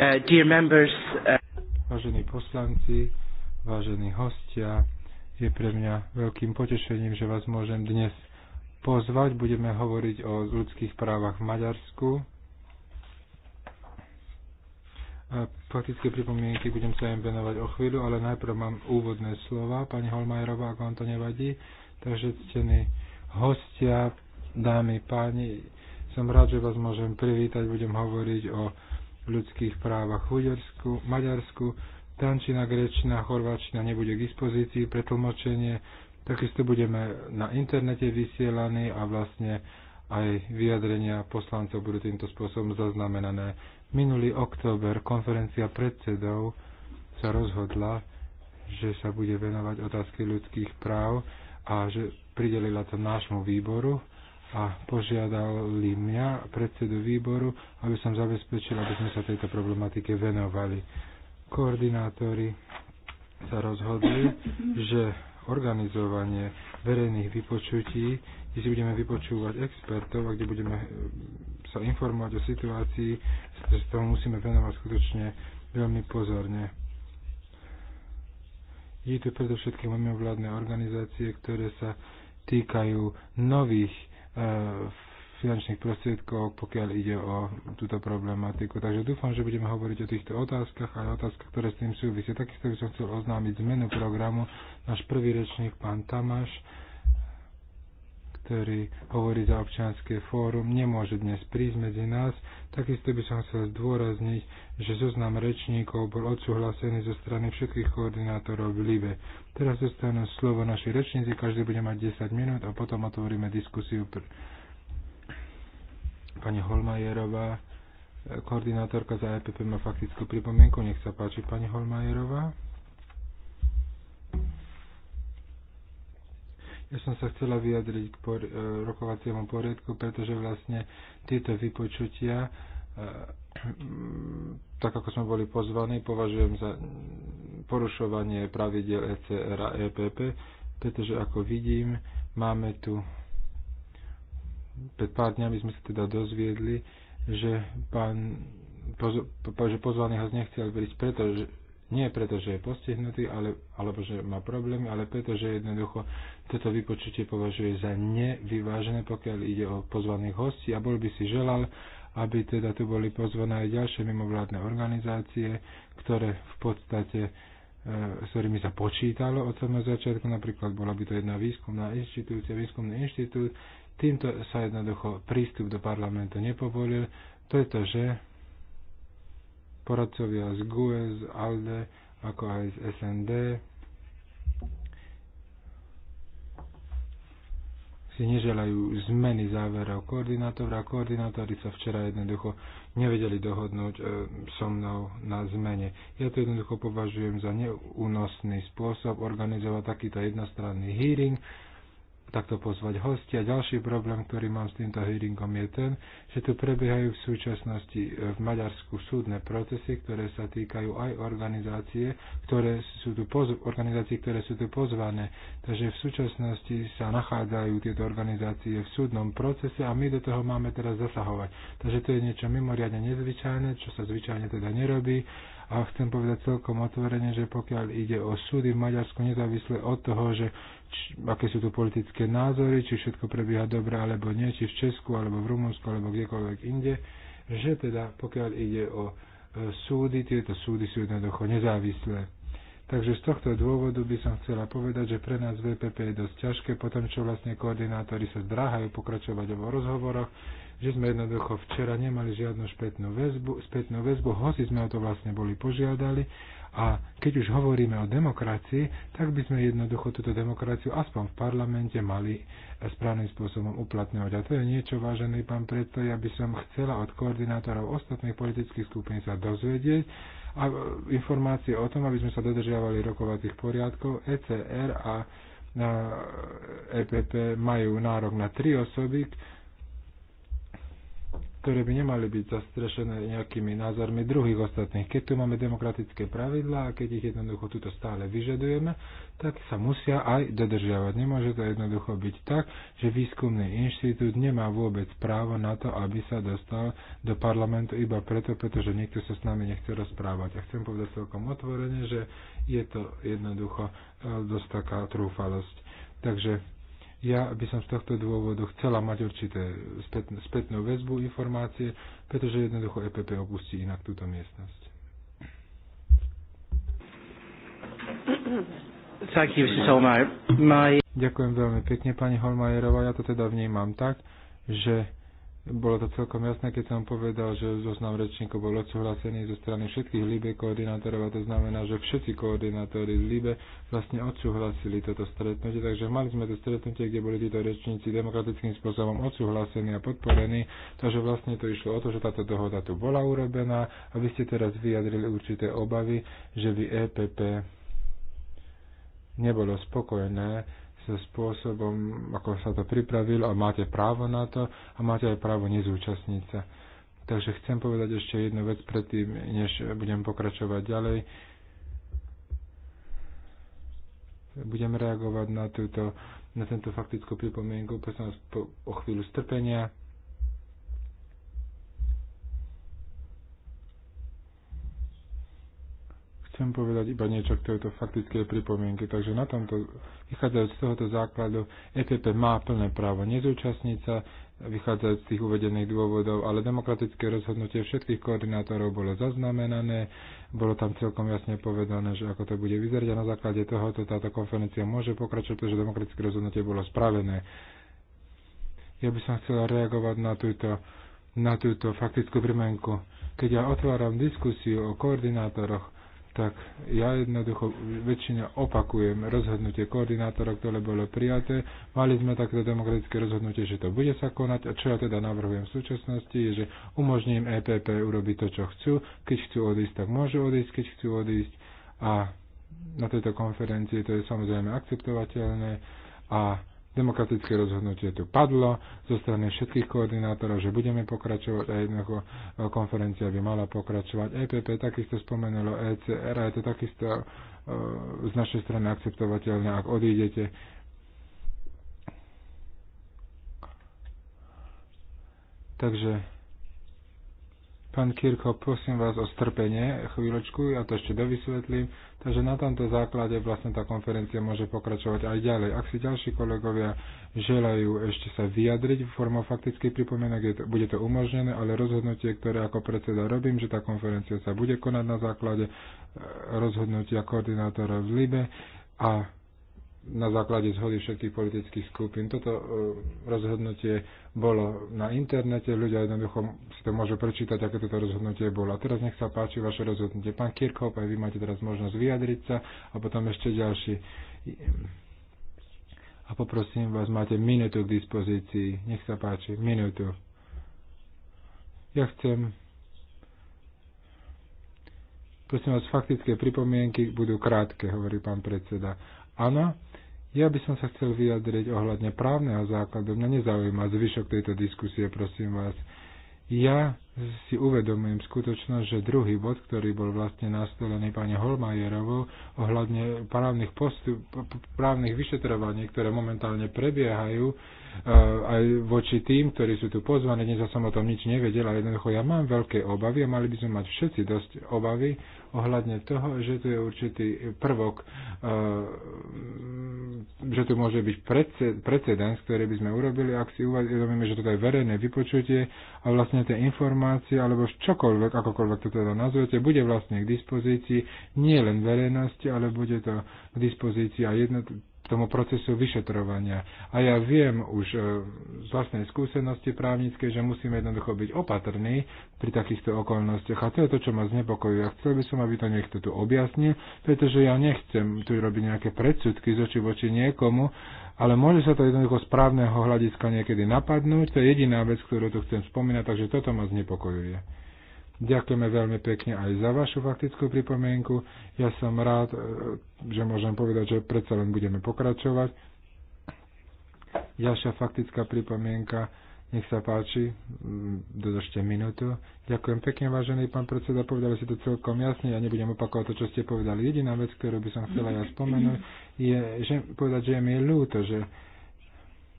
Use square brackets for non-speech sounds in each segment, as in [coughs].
Uh, dear members, uh... Vážení poslanci, vážení hostia, je pre mňa veľkým potešením, že vás môžem dnes pozvať. Budeme hovoriť o ľudských právach v Maďarsku. Faktické pripomienky budem sa im venovať o chvíľu, ale najprv mám úvodné slova. Pani Holmajerová, ak vám to nevadí. Takže ctení hostia, dámy, páni, som rád, že vás môžem privítať. Budem hovoriť o v ľudských právach v Uďarsku, Maďarsku, tančina, grečina, chorvačina nebude k dispozícii pre tlmočenie, takisto budeme na internete vysielaní a vlastne aj vyjadrenia poslancov budú týmto spôsobom zaznamenané. Minulý október konferencia predsedov sa rozhodla, že sa bude venovať otázky ľudských práv a že pridelila to nášmu výboru a požiadali mňa, predsedu výboru, aby som zabezpečil, aby sme sa tejto problematike venovali. Koordinátori sa rozhodli, že organizovanie verejných vypočutí, kde si budeme vypočúvať expertov a kde budeme eh, sa informovať o situácii, že tomu musíme venovať skutočne veľmi pozorne. Je tu predovšetkým mimovládne organizácie, ktoré sa týkajú nových Eh, finančných prostriedkov, pokiaľ ide o túto problematiku. Takže dúfam, že budeme hovoriť o týchto otázkach a otázkach, ktoré s tým súvisia. Takisto by som chcel oznámiť zmenu programu. Náš prvý rečník, pán Tamáš, ktorý hovorí za občianské fórum, nemôže dnes prísť medzi nás. Takisto by som chcel zdôrazniť, že zoznam rečníkov bol odsúhlasený zo strany všetkých koordinátorov v Libe. Teraz zostanú slovo naši rečníci, každý bude mať 10 minút a potom otvoríme diskusiu. Pr- Pani Holmajerová, koordinátorka za EPP má faktickú pripomienku. Nech sa páči, pani Holmajerová. Ja som sa chcela vyjadriť k por, e, rokovaciemu poriadku, pretože vlastne tieto vypočutia, e, mm, tak ako sme boli pozvaní, považujem za porušovanie pravidel ECR a EPP, pretože ako vidím, máme tu pred pár dňami sme sa teda dozviedli, že pán že pozvaný ho nechcel byť, pretože nie preto, že je postihnutý, ale, alebo že má problémy, ale preto, že jednoducho toto vypočutie považuje za nevyvážené, pokiaľ ide o pozvaných hostí a bol by si želal, aby teda tu boli pozvané aj ďalšie mimovládne organizácie, ktoré v podstate e, s ktorými sa počítalo od samého začiatku, napríklad bola by to jedna výskumná inštitúcia, výskumný inštitút, týmto sa jednoducho prístup do parlamentu nepovolil, pretože poradcovia z GUE, z ALDE, ako aj z SND, si neželajú zmeny záverov koordinátora. Koordinátori sa včera jednoducho nevedeli dohodnúť e, so mnou na zmene. Ja to jednoducho považujem za neúnosný spôsob organizovať takýto jednostranný hearing, takto pozvať hosti. A ďalší problém, ktorý mám s týmto hearingom je ten, že tu prebiehajú v súčasnosti e, v Maďarsku súdne procesy, ktoré sa týkajú aj organizácie, ktoré sú tu poz- organizácie, ktoré sú tu pozvané. Takže v súčasnosti sa nachádzajú tieto organizácie v súdnom procese a my do toho máme teraz zasahovať. Takže to je niečo mimoriadne nezvyčajné, čo sa zvyčajne teda nerobí. A chcem povedať celkom otvorene, že pokiaľ ide o súdy v Maďarsku, nezávisle od toho, že či, aké sú tu politické názory, či všetko prebieha dobre alebo nie, či v Česku, alebo v Rumunsku, alebo kdekoľvek inde, že teda pokiaľ ide o e, súdy, tieto súdy sú jednoducho nezávislé. Takže z tohto dôvodu by som chcela povedať, že pre nás VPP je dosť ťažké, potom čo vlastne koordinátori sa zdráhajú pokračovať vo rozhovoroch, že sme jednoducho včera nemali žiadnu spätnú väzbu, spätnú väzbu, hoci sme o to vlastne boli požiadali a keď už hovoríme o demokracii, tak by sme jednoducho túto demokraciu aspoň v parlamente mali správnym spôsobom uplatňovať. A to je niečo, vážený pán predstav, ja by som chcela od koordinátorov ostatných politických skupín sa dozvedieť a e, informácie o tom, aby sme sa dodržiavali rokovacích poriadkov ECR a EPP e majú nárok na tri osoby, ktoré by nemali byť zastrešené nejakými názormi druhých ostatných. Keď tu máme demokratické pravidlá a keď ich jednoducho tuto stále vyžadujeme, tak sa musia aj dodržiavať. Nemôže to jednoducho byť tak, že výskumný inštitút nemá vôbec právo na to, aby sa dostal do parlamentu iba preto, pretože niekto sa s nami nechce rozprávať. A chcem povedať celkom otvorene, že je to jednoducho eh, dosť taká trúfalosť. Takže ja by som z tohto dôvodu chcela mať určité spätn- spätnú väzbu informácie, pretože jednoducho EPP opustí inak túto miestnosť. Thank you, Mr. Holmeyer. My... Ďakujem veľmi pekne, pani Holmajerová. Ja to teda vnímam tak, že bolo to celkom jasné, keď som povedal, že zoznam rečníkov bol odsúhlasený zo strany všetkých LIBE koordinátorov a to znamená, že všetci koordinátori z LIBE vlastne odsúhlasili toto stretnutie, takže mali sme to stretnutie, kde boli títo rečníci demokratickým spôsobom odsúhlasení a podporení, takže vlastne to išlo o to, že táto dohoda tu bola urobená a vy ste teraz vyjadrili určité obavy, že by EPP nebolo spokojné so spôsobom, ako sa to pripravil a máte právo na to a máte aj právo nezúčastniť sa. Takže chcem povedať ešte jednu vec predtým, než budem pokračovať ďalej. Budem reagovať na, túto, na tento faktickú pripomienku, prosím vás po, o chvíľu strpenia. Chcem povedať iba niečo k tejto faktickej pripomienke. Takže na tomto, vychádzajúc z tohoto základu, EPP má plné právo nezúčastniť sa, vychádzajúc z tých uvedených dôvodov, ale demokratické rozhodnutie všetkých koordinátorov bolo zaznamenané, bolo tam celkom jasne povedané, že ako to bude vyzerať a na základe tohoto táto konferencia môže pokračovať, pretože demokratické rozhodnutie bolo spravené. Ja by som chcela reagovať na túto, na túto faktickú primenku. Keď ja otváram diskusiu o koordinátoroch, tak ja jednoducho väčšine opakujem rozhodnutie koordinátorov, ktoré bolo prijaté. Mali sme takto demokratické rozhodnutie, že to bude sa konať a čo ja teda navrhujem v súčasnosti je, že umožním EPP urobiť to, čo chcú. Keď chcú odísť, tak môžu odísť, keď chcú odísť a na tejto konferencii to je samozrejme akceptovateľné a demokratické rozhodnutie tu padlo zo strany všetkých koordinátorov, že budeme pokračovať a jednoducho e, konferencia by mala pokračovať. EPP takisto spomenulo ECR a je to takisto e, z našej strany akceptovateľné, ak odídete. Takže Pán Kirko, prosím vás o strpenie chvíľočku, ja to ešte dovysvetlím. Takže na tomto základe vlastne tá konferencia môže pokračovať aj ďalej. Ak si ďalší kolegovia želajú ešte sa vyjadriť v formu faktických pripomienok, to, bude to umožnené, ale rozhodnutie, ktoré ako predseda robím, že tá konferencia sa bude konať na základe eh, rozhodnutia koordinátora v Libe a na základe zhody všetkých politických skupín. Toto e, rozhodnutie bolo na internete, ľudia jednoducho si to môžu prečítať, aké toto rozhodnutie bolo. A teraz nech sa páči vaše rozhodnutie. Pán Kirchhoff, aj vy máte teraz možnosť vyjadriť sa a potom ešte ďalší. A poprosím vás, máte minútu k dispozícii. Nech sa páči, minútu. Ja chcem Prosím vás, faktické pripomienky budú krátke, hovorí pán predseda. Áno, ja by som sa chcel vyjadriť ohľadne právneho základu. Mňa nezaujíma zvyšok tejto diskusie, prosím vás. Ja si uvedomujem skutočnosť, že druhý bod, ktorý bol vlastne nastolený pani Holmajerovou ohľadne právnych, postup, právnych vyšetrovaní, ktoré momentálne prebiehajú, e, aj voči tým, ktorí sú tu pozvaní, dnes ja som o tom nič nevedel, ale jednoducho ja mám veľké obavy a mali by sme mať všetci dosť obavy ohľadne toho, že tu je určitý prvok, e, že tu môže byť precedens, ktorý by sme urobili, ak si uvedomíme, že toto je verejné vypočutie a vlastne tie informácie, informácie alebo čokoľvek, akokoľvek to teda nazvete, bude vlastne k dispozícii nie len verejnosti, ale bude to k dispozícii aj jedno, tomu procesu vyšetrovania. A ja viem už e, z vlastnej skúsenosti právnickej, že musíme jednoducho byť opatrní pri takýchto okolnostiach. A to je to, čo ma znepokojuje. chcel by som, aby to niekto tu objasnil, pretože ja nechcem tu robiť nejaké predsudky z oči voči niekomu, ale môže sa to jednoducho z právneho hľadiska niekedy napadnúť. To je jediná vec, ktorú tu chcem spomínať, takže toto ma znepokojuje. Ďakujeme veľmi pekne aj za vašu faktickú pripomienku. Ja som rád, e, že môžem povedať, že predsa len budeme pokračovať. Ďalšia faktická pripomienka nech sa páči, dodržte minútu. Ďakujem pekne, vážený pán predseda, povedali si to celkom jasne, ja nebudem opakovať to, čo ste povedali. Jediná vec, ktorú by som chcela ja spomenúť, je že, povedať, že mi ľúto, že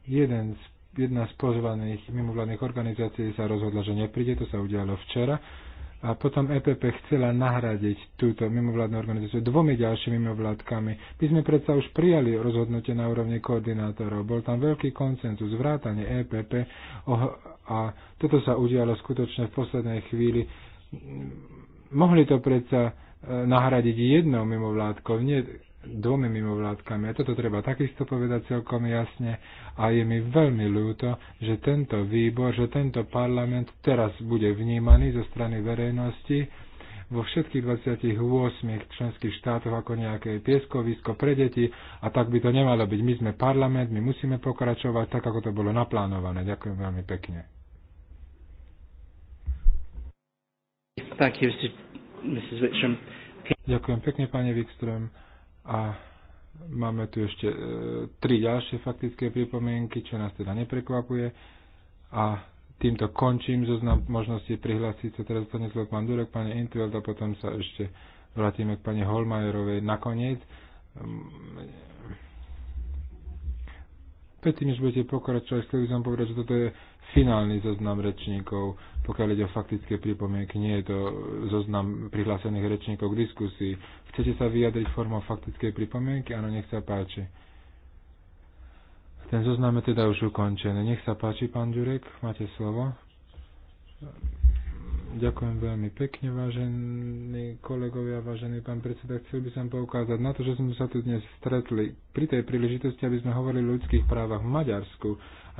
jeden z, jedna z pozvaných mimovládnych organizácií sa rozhodla, že nepríde, to sa udialo včera a potom EPP chcela nahradiť túto mimovládnu organizáciu dvomi ďalšími mimovládkami. My sme predsa už prijali rozhodnutie na úrovni koordinátorov. Bol tam veľký koncenzus, vrátanie EPP a toto sa udialo skutočne v poslednej chvíli. Mohli to predsa e, nahradiť jednou mimovládkou, nie dvomi mimovládkami. A toto treba takisto povedať celkom jasne a je mi veľmi ľúto, že tento výbor, že tento parlament teraz bude vnímaný zo strany verejnosti vo všetkých 28 členských štátoch ako nejaké pieskovisko pre deti a tak by to nemalo byť. My sme parlament, my musíme pokračovať tak, ako to bolo naplánované. Ďakujem veľmi pekne. Thank you, Mrs. Ďakujem pekne, pani Wikström. A máme tu ešte e, tri ďalšie faktické pripomienky, čo nás teda neprekvapuje. A týmto končím zoznam možnosti prihlásiť sa teraz pani slovo pán Durek, pani Intveld a potom sa ešte vrátime k pani Holmajerovej nakoniec. Ehm, predtým, než budete pokračovať, chcel by som povedať, že toto je finálny zoznam rečníkov. Pokiaľ ide o faktické pripomienky, nie je to zoznam prihlásených rečníkov k diskusii. Chcete sa vyjadriť formou faktickej pripomienky? Áno, nech sa páči. Ten zoznam je teda už ukončený. Nech sa páči, pán Ďurek, máte slovo. Ďakujem veľmi pekne, vážení kolegovia, vážený pán predseda. Chcel by som poukázať na to, že sme sa tu dnes stretli pri tej príležitosti, aby sme hovorili o ľudských právach v Maďarsku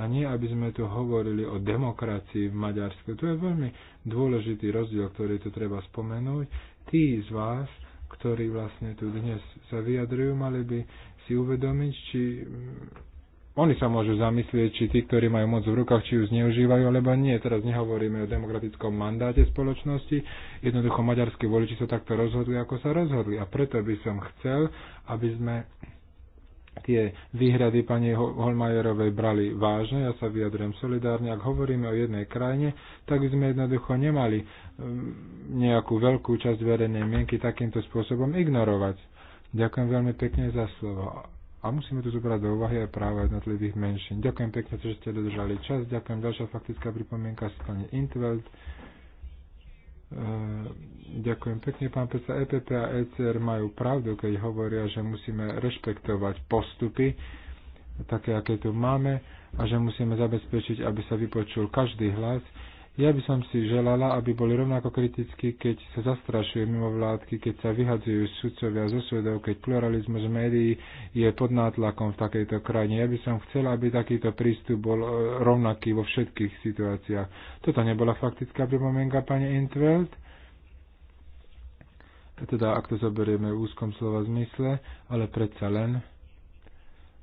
a nie, aby sme tu hovorili o demokracii v Maďarsku. To je veľmi dôležitý rozdiel, ktorý tu treba spomenúť. Tí z vás, ktorí vlastne tu dnes sa vyjadrujú, mali by si uvedomiť, či mm, oni sa môžu zamyslieť, či tí, ktorí majú moc v rukách, či ju zneužívajú, alebo nie. Teraz nehovoríme o demokratickom mandáte spoločnosti. Jednoducho maďarskí voliči sa takto rozhodli, ako sa rozhodli. A preto by som chcel, aby sme tie výhrady pani Holmajerovej brali vážne, ja sa vyjadrujem solidárne, ak hovoríme o jednej krajine, tak by sme jednoducho nemali um, nejakú veľkú časť verejnej mienky takýmto spôsobom ignorovať. Ďakujem veľmi pekne za slovo. A musíme tu zobrať do úvahy aj práva jednotlivých menšín. Ďakujem pekne, že ste dodržali čas. Ďakujem. Ďalšia faktická pripomienka sa pani Intveld. Ehm, ďakujem pekne, pán Peca. EPP a ECR majú pravdu, keď hovoria, že musíme rešpektovať postupy, také, aké tu máme, a že musíme zabezpečiť, aby sa vypočul každý hlas, ja by som si želala, aby boli rovnako kritickí, keď sa mimo mimovládky, keď sa vyhadzujú sudcovia zo svedov, keď pluralizmus médií je pod nátlakom v takejto krajine. Ja by som chcela, aby takýto prístup bol e, rovnaký vo všetkých situáciách. Toto nebola faktická pripomienka pani Intveld? Teda, ak to zoberieme v úzkom slova zmysle, ale predsa len.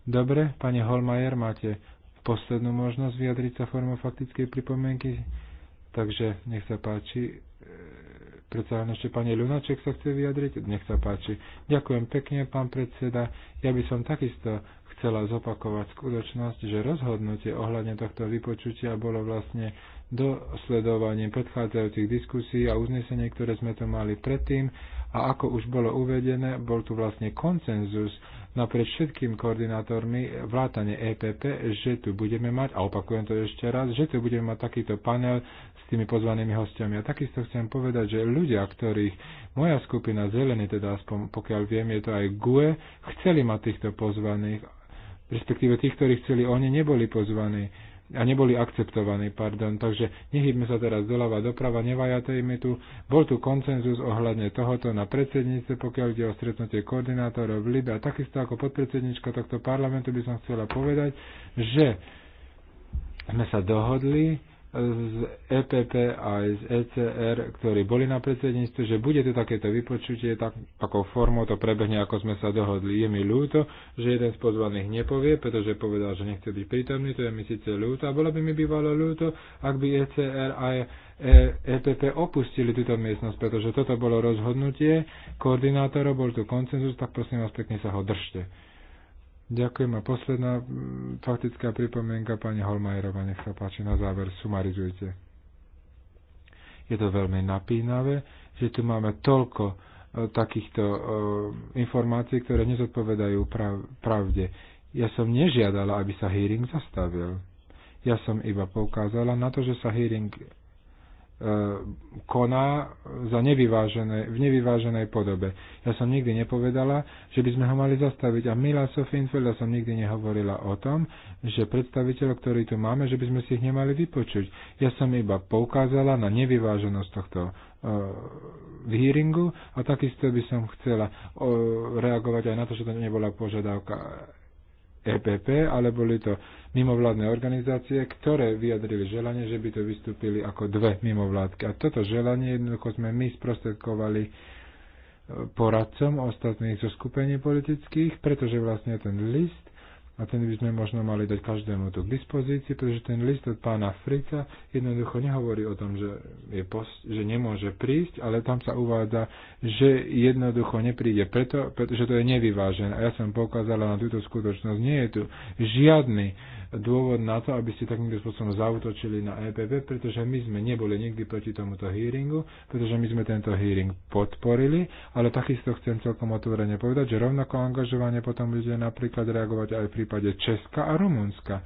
Dobre, pani Holmajer, máte poslednú možnosť vyjadriť sa formou faktickej pripomienky. Takže nech sa páči. E, predsa len ešte pani Lunaček sa chce vyjadriť. Nech sa páči. Ďakujem pekne, pán predseda. Ja by som takisto chcela zopakovať skutočnosť, že rozhodnutie ohľadne tohto vypočutia bolo vlastne dosledovaním predchádzajúcich diskusí a uznesení, ktoré sme tu mali predtým. A ako už bolo uvedené, bol tu vlastne koncenzus naprieč všetkým koordinátormi vrátane EPP, že tu budeme mať, a opakujem to ešte raz, že tu budeme mať takýto panel tými pozvanými hostiami. A takisto chcem povedať, že ľudia, ktorých moja skupina Zelený, teda aspoň pokiaľ viem, je to aj GUE, chceli mať týchto pozvaných, respektíve tých, ktorí chceli, oni neboli pozvaní a neboli akceptovaní, pardon. Takže nehybme sa teraz doľava doprava, nevajate mi tu. Bol tu koncenzus ohľadne tohoto na predsednice, pokiaľ ide o stretnutie koordinátorov v Libe. A takisto ako podpredsednička tohto parlamentu by som chcela povedať, že sme sa dohodli z EPP aj z ECR, ktorí boli na predsedníctve, že bude tu takéto vypočutie, tak, takou formou to prebehne, ako sme sa dohodli. Je mi ľúto, že jeden z pozvaných nepovie, pretože povedal, že nechce byť prítomný, to je mi síce ľúto a bolo by mi bývalo ľúto, ak by ECR aj EPP opustili túto miestnosť, pretože toto bolo rozhodnutie koordinátorov, bol tu koncenzus, tak prosím vás pekne sa ho držte. Ďakujem a posledná faktická pripomienka pani Holmajerova, nech sa páči na záver, sumarizujte. Je to veľmi napínavé, že tu máme toľko e, takýchto e, informácií, ktoré nezodpovedajú pravde. Ja som nežiadala, aby sa hearing zastavil. Ja som iba poukázala na to, že sa hearing E, koná za nevyvážené, v nevyváženej podobe. Ja som nikdy nepovedala, že by sme ho mali zastaviť. A Mila Sofinfelda som nikdy nehovorila o tom, že predstaviteľov, ktorí tu máme, že by sme si ich nemali vypočuť. Ja som iba poukázala na nevyváženosť tohto e, v hearingu a takisto by som chcela reagovať aj na to, že to nebola požiadavka EPP, ale boli to mimovládne organizácie, ktoré vyjadrili želanie, že by to vystúpili ako dve mimovládky. A toto želanie jednoducho sme my sprostredkovali e, poradcom ostatných zoskupení politických, pretože vlastne ten list a ten by sme možno mali dať každému tu k dispozícii, pretože ten list od pána Frica jednoducho nehovorí o tom, že, je post, že nemôže prísť, ale tam sa uvádza, že jednoducho nepríde, preto, pretože to je nevyvážené. A ja som poukázala na túto skutočnosť. Nie je tu žiadny dôvod na to, aby ste takýmto spôsobom zautočili na EPP, pretože my sme neboli nikdy proti tomuto hearingu, pretože my sme tento hearing podporili, ale takisto chcem celkom otvorene povedať, že rovnako angažovanie potom bude napríklad reagovať aj v prípade Česka a Rumunska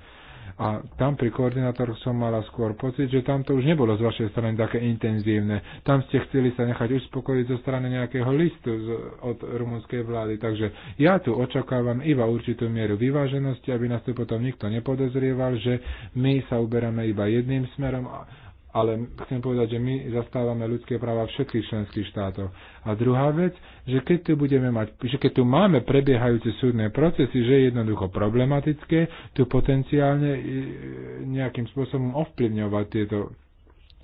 a tam pri koordinátoroch som mala skôr pocit, že tam to už nebolo z vašej strany také intenzívne. Tam ste chceli sa nechať uspokojiť zo strany nejakého listu z, od rumunskej vlády. Takže ja tu očakávam iba určitú mieru vyváženosti, aby nás tu potom nikto nepodozrieval, že my sa uberáme iba jedným smerom a ale chcem povedať, že my zastávame ľudské práva všetkých členských štátov. A druhá vec, že keď tu, budeme mať, že keď tu máme prebiehajúce súdne procesy, že je jednoducho problematické tu potenciálne e, nejakým spôsobom ovplyvňovať tieto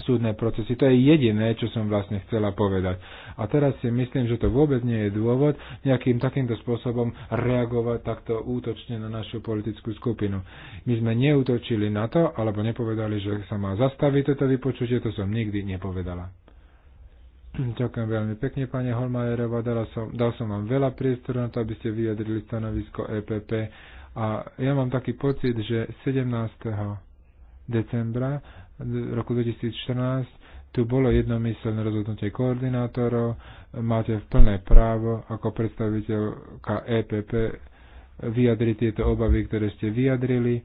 súdne procesy. To je jediné, čo som vlastne chcela povedať. A teraz si myslím, že to vôbec nie je dôvod nejakým takýmto spôsobom reagovať takto útočne na našu politickú skupinu. My sme neútočili na to, alebo nepovedali, že sa má zastaviť toto vypočutie, to som nikdy nepovedala. Ďakujem veľmi pekne, pani Holmajerová. Dal som, dal som vám veľa priestoru na to, aby ste vyjadrili stanovisko EPP. A ja mám taký pocit, že 17. decembra roku 2014 tu bolo jednomyselné rozhodnutie koordinátorov, máte plné právo ako predstaviteľka EPP vyjadriť tieto obavy, ktoré ste vyjadrili.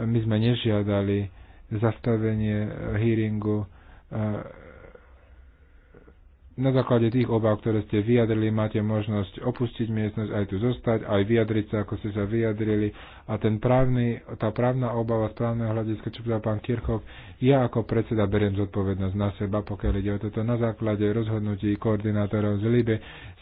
My sme nežiadali zastavenie hearingu. E, na základe tých obav, ktoré ste vyjadrili, máte možnosť opustiť miestnosť, aj tu zostať, aj vyjadriť sa, ako ste sa vyjadrili, a ten právny, tá právna obava z právneho hľadiska, čo povedal pán Kirchhoff, ja ako predseda beriem zodpovednosť na seba, pokiaľ ide o toto. Na základe rozhodnutí koordinátorov z Libe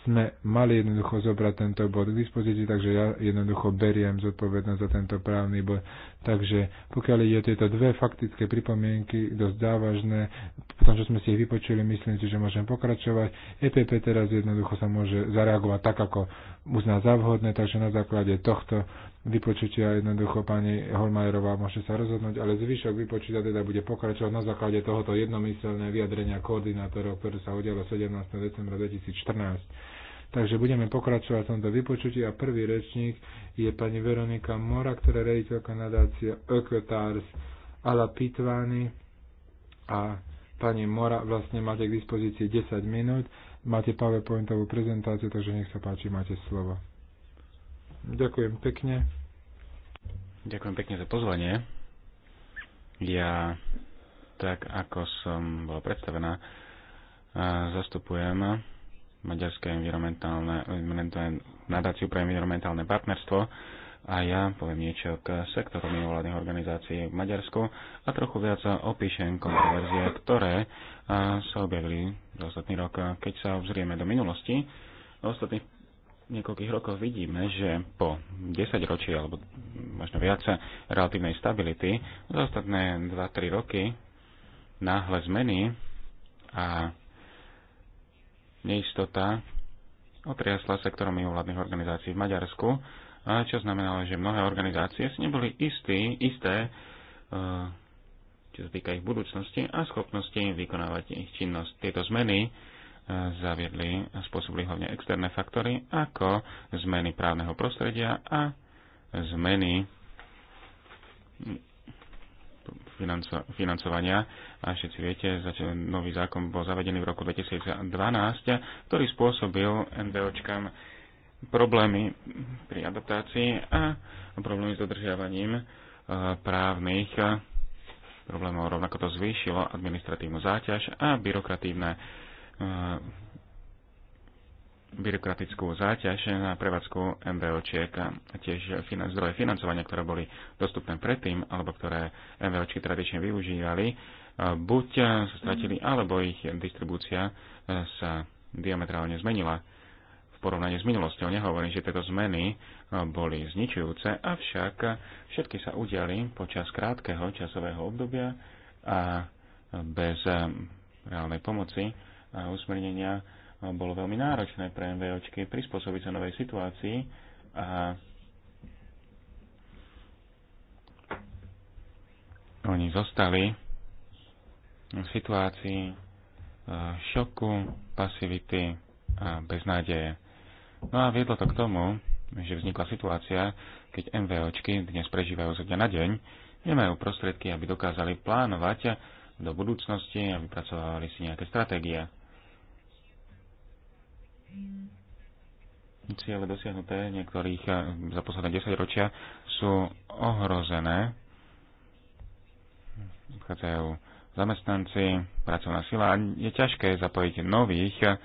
sme mali jednoducho zobrať tento bod k dispozícii, takže ja jednoducho beriem zodpovednosť za tento právny bod. Takže pokiaľ ide o tieto dve faktické pripomienky, dosť závažné, po tom, čo sme si ich vypočuli, myslím si, že môžem pokračovať. EPP teraz jednoducho sa môže zareagovať tak, ako uzná za vhodné, takže na základe tohto vypočutia jednoducho pani Holmajerová môže sa rozhodnúť, ale zvyšok vypočutia teda bude pokračovať na základe tohoto jednomyselné vyjadrenia koordinátorov, ktoré sa udialo 17. decembra 2014. Takže budeme pokračovať v tomto vypočutí a prvý rečník je pani Veronika Mora, ktorá je rejiteľka nadácie Ökotars Ala Pitvány a pani Mora vlastne máte k dispozícii 10 minút Máte PowerPointovú prezentáciu, takže nech sa páči, máte slovo. Ďakujem pekne. Ďakujem pekne za pozvanie. Ja, tak ako som bola predstavená, zastupujem Maďarské environmentálne, nadáciu pre environmentálne partnerstvo a ja poviem niečo k sektoru mimovládnych organizácií v Maďarsku a trochu viac opíšem kontroverzie, ktoré sa objavili za ostatný rok. Keď sa obzrieme do minulosti, v ostatných niekoľkých rokoch vidíme, že po 10 ročí alebo možno viac relatívnej stability za ostatné 2-3 roky náhle zmeny a neistota otriasla sektorom mimovládnych organizácií v Maďarsku a čo znamenalo, že mnohé organizácie si neboli istý, isté, e, čo sa týka ich budúcnosti a schopnosti vykonávať ich činnosť. Tieto zmeny e, zaviedli a spôsobili hlavne externé faktory, ako zmeny právneho prostredia a zmeny financo- financovania. A všetci viete, začal, nový zákon bol zavedený v roku 2012, ktorý spôsobil NBOčkám problémy pri adaptácii a problémy s dodržiavaním e, právnych e, problémov. Rovnako to zvýšilo administratívnu záťaž a byrokratívne e, byrokratickú záťaž na prevádzku MVOčiek a tiež finan- zdroje financovania, ktoré boli dostupné predtým, alebo ktoré MVOčky tradične využívali, buď sa stratili, alebo ich distribúcia sa diametrálne zmenila porovnaní s minulosťou. Nehovorím, že tieto zmeny eh, boli zničujúce, avšak eh, všetky sa udiali počas krátkeho časového obdobia a bez eh, reálnej pomoci a usmernenia bolo veľmi náročné pre MVOčky prispôsobiť sa novej situácii a oni zostali v situácii šoku, pasivity a beznádeje. No a viedlo to k tomu, že vznikla situácia, keď MVOčky dnes prežívajú zo dňa na deň, nemajú prostriedky, aby dokázali plánovať do budúcnosti a vypracovali si nejaké stratégie. Ciele dosiahnuté niektorých eh, za posledné 10 ročia sú ohrozené. Vchádzajú zamestnanci, pracovná sila a je ťažké zapojiť nových,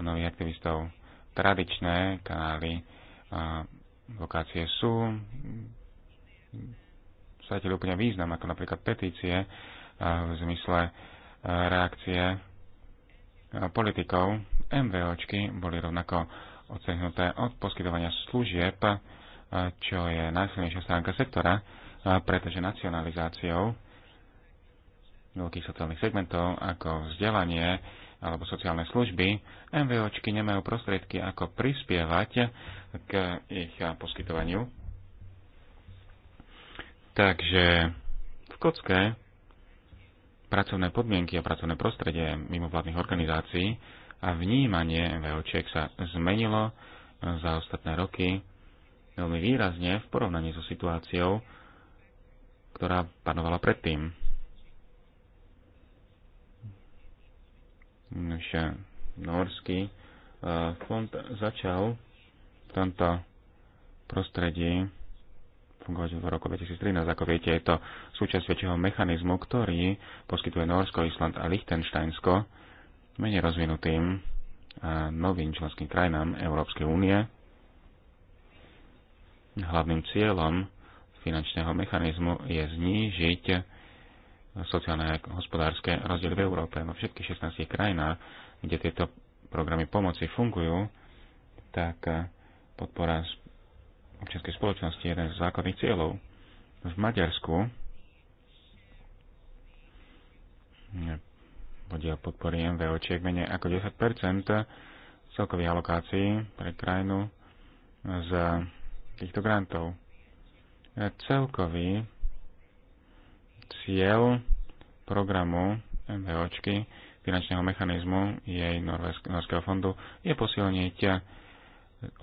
nových aktivistov tradičné kanály a vokácie sú stratili úplne význam, ako napríklad petície v zmysle reakcie politikov. MVOčky boli rovnako odcehnuté od poskytovania služieb, čo je najsilnejšia stránka sektora, pretože nacionalizáciou veľkých sociálnych segmentov ako vzdelanie, alebo sociálne služby, MVOčky nemajú prostriedky, ako prispievať k ich poskytovaniu. Takže v kocke pracovné podmienky a pracovné prostredie mimovládnych organizácií a vnímanie MVOčiek sa zmenilo za ostatné roky veľmi výrazne v porovnaní so situáciou, ktorá panovala predtým. že Norský e, fond začal v tomto prostredí fungovať v roku 2013. Ako viete, je to súčasť väčšieho mechanizmu, ktorý poskytuje Norsko, Island a Liechtensteinsko menej rozvinutým a novým členským krajinám Európskej únie. Hlavným cieľom finančného mechanizmu je znížiť sociálne a hospodárske rozdiely v Európe. vo všetkých 16 krajinách, kde tieto programy pomoci fungujú, tak eh, podpora občianskej spoločnosti je jeden z základných cieľov. V Maďarsku podiel eh, podpory je menej ako 10 celkových alokácií pre krajinu z týchto grantov. Eh, celkový cieľ programu MVOčky finančného mechanizmu jej Norského fondu je posilniť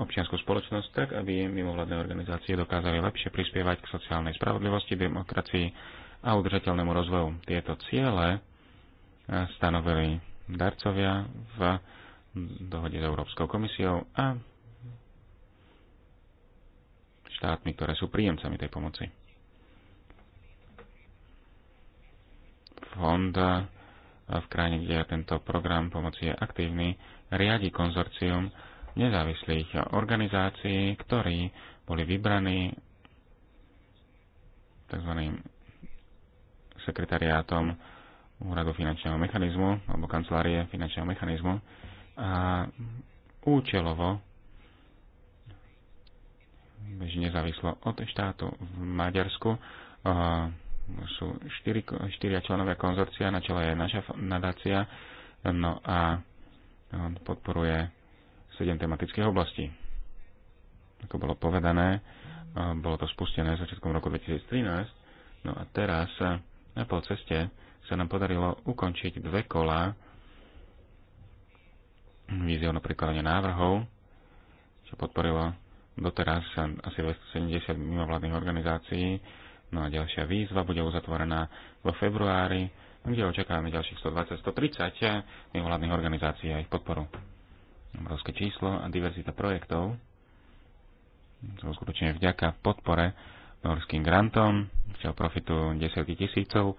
občianskú spoločnosť tak, aby mimovládne organizácie dokázali lepšie prispievať k sociálnej spravodlivosti, demokracii a udržateľnému rozvoju. Tieto ciele stanovili darcovia v dohode s Európskou komisiou a štátmi, ktoré sú príjemcami tej pomoci. Honda v krajine, kde tento program pomoci je aktívny, riadi konzorcium nezávislých organizácií, ktorí boli vybraní tzv. sekretariátom Úradu finančného mechanizmu alebo kancelárie finančného mechanizmu a účelovo beží nezávislo od štátu v Maďarsku sú štyri, štyria členovia konzorcia, na čele je naša nadácia, no a on podporuje sedem tematických oblastí. Ako bolo povedané, bolo to spustené začiatkom roku 2013, no a teraz na pol ceste sa nám podarilo ukončiť dve kola víziou na prikladanie návrhov, čo podporilo doteraz asi 270 mimovládnych organizácií, No a ďalšia výzva bude uzatvorená vo februári, kde očakávame ďalších 120-130 mimovládnych organizácií a ich podporu. Obrovské číslo a diverzita projektov Som skutočne vďaka podpore norským grantom, čo profitujú desiatky tisícov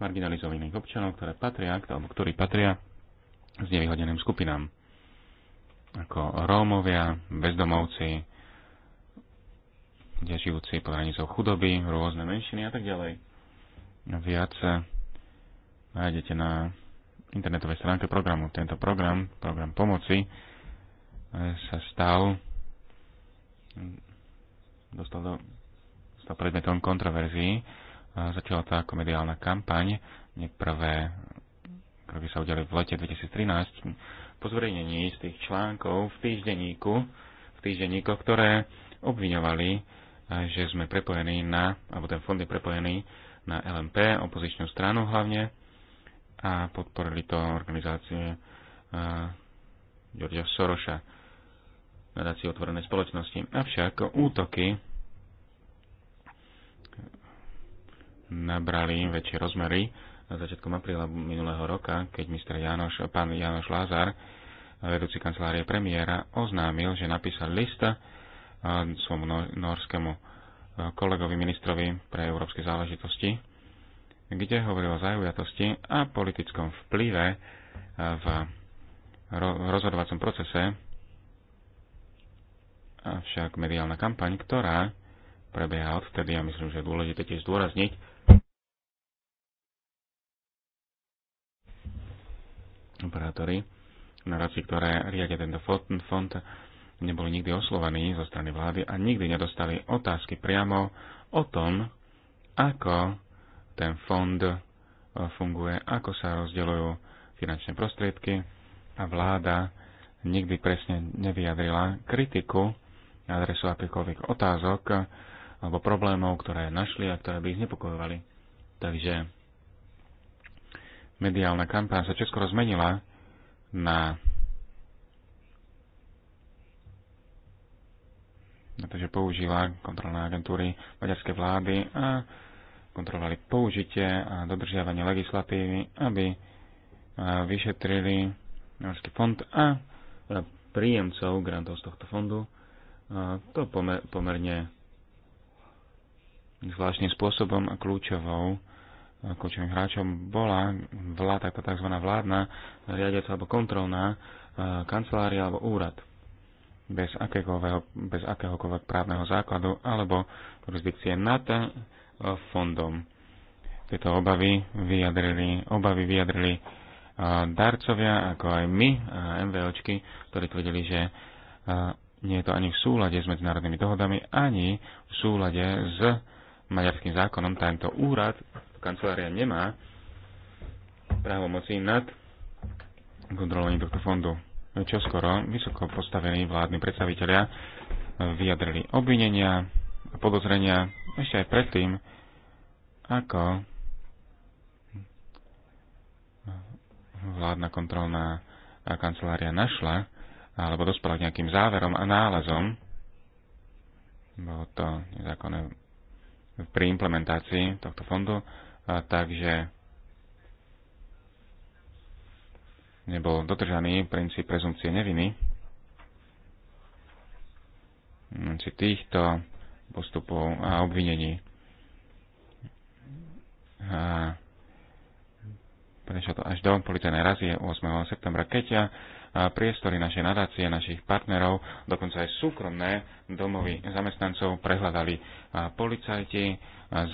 marginalizovaných občanov, ktoré patria, alebo ktorí patria s nevyhodeným skupinám, ako Rómovia, bezdomovci, ľudia žijúci pod hranicou chudoby, rôzne menšiny a tak ďalej. Viac eh, nájdete na internetovej stránke programu. Tento program, program pomoci, eh, sa stal hm, dostal, do, dostal predmetom kontroverzií. Začala tá ako mediálna kampaň. Prvé kroky sa udiali v lete 2013 po zverejnení z tých článkov v týždenníku, v týždenníkoch, ktoré obviňovali že sme prepojení na, alebo ten fond je prepojený na LMP, opozičnú stranu hlavne, a podporili to organizácie Georgia Soroša, nadácie otvorenej spoločnosti. Avšak útoky nabrali väčšie rozmery na začiatkom apríla minulého roka, keď mister Janoš, pán Janoš Lázar, vedúci kancelárie premiéra, oznámil, že napísal lista svojmu norskému e, kolegovi ministrovi pre európske záležitosti, kde hovoril o zaujatosti a politickom vplyve e, v rozhodovacom procese, avšak mediálna kampaň, ktorá prebieha odtedy a myslím, že je dôležité tiež zdôrazniť, operátori narácii, ktoré riadia tento fond, fond neboli nikdy oslovení zo strany vlády a nikdy nedostali otázky priamo o tom, ako ten fond e, funguje, ako sa rozdeľujú finančné prostriedky a vláda nikdy presne nevyjadrila kritiku na adresu akýchkoľvek otázok alebo problémov, ktoré našli a ktoré by ich nepokojovali. Takže mediálna kampaň sa čoskoro zmenila na pretože použila kontrolné agentúry maďarskej vlády a kontrolovali použitie a dodržiavanie legislatívy, aby e, vyšetrili Maďarský fond a teda príjemcov grantov z tohto fondu. E, to pomer, pomerne zvláštnym spôsobom a kľúčovou e, kľúčovým hráčom bola vláda, tá tzv. vládna riadiaca alebo kontrolná kancelária alebo úrad bez, bez akéhokoľvek právneho základu alebo jurisdikcie nad eh, fondom. Tieto obavy vyjadrili, obavy vyjadrili eh, darcovia, ako aj my, eh, MVOčky, ktorí tvrdili, že nie je to ani v súlade s medzinárodnými dohodami, ani v súlade s maďarským zákonom. Tento úrad, kancelária nemá právomocí nad kontrolovaním tohto fondu čoskoro vysoko postavení vládni predstavitelia vyjadrili obvinenia a podozrenia ešte aj predtým, ako vládna kontrolná kancelária našla alebo dospela k nejakým záverom a nálezom. Bolo to nezákonné pri implementácii tohto fondu, a takže nebol dodržaný princíp prezumcie neviny. Či týchto postupov a obvinení. A prešlo to až do politenej razie 8. septembra, keď a priestory našej nadácie, našich partnerov, dokonca aj súkromné domovy zamestnancov prehľadali policajti,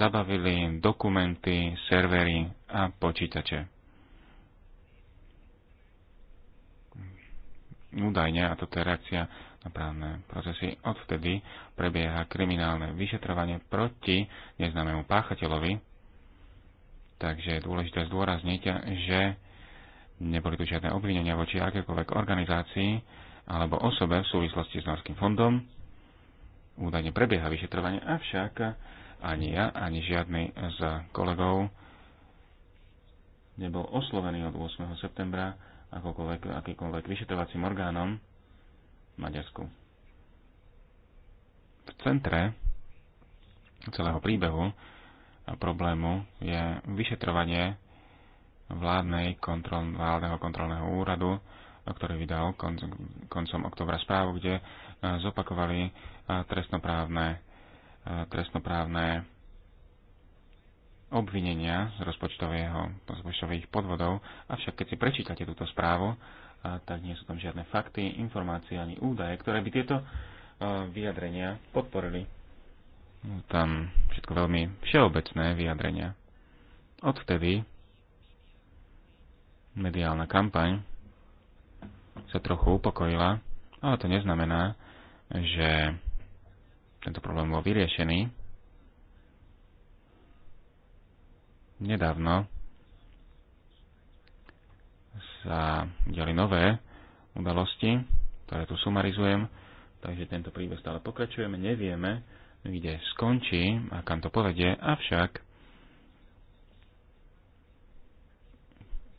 zabavili dokumenty, servery a počítače. údajne, a toto je reakcia na právne procesy, odvtedy prebieha kriminálne vyšetrovanie proti neznámemu páchateľovi. Takže je dôležité zdôrazniť, že neboli tu žiadne obvinenia voči akékoľvek organizácii alebo osobe v súvislosti s Norským fondom. Údajne prebieha vyšetrovanie, avšak ani ja, ani žiadny z kolegov nebol oslovený od 8. septembra akýmkoľvek vyšetrovacím orgánom v Maďarsku. V centre celého príbehu a problému je vyšetrovanie vládnej kontrol, vládneho kontrolného úradu, ktorý vydal kon, koncom oktobra správu, kde eh, zopakovali eh, trestnoprávne, eh, trestnoprávne obvinenia z rozpočtových podvodov, avšak keď si prečítate túto správu, tak nie sú tam žiadne fakty, informácie ani údaje, ktoré by tieto vyjadrenia podporili. No, tam všetko veľmi všeobecné vyjadrenia. Odvtedy mediálna kampaň sa trochu upokojila, ale to neznamená, že tento problém bol vyriešený. Nedávno sa diali nové udalosti, ktoré tu sumarizujem, takže tento príbeh stále pokračujeme, nevieme, kde skončí a kam to povedie, avšak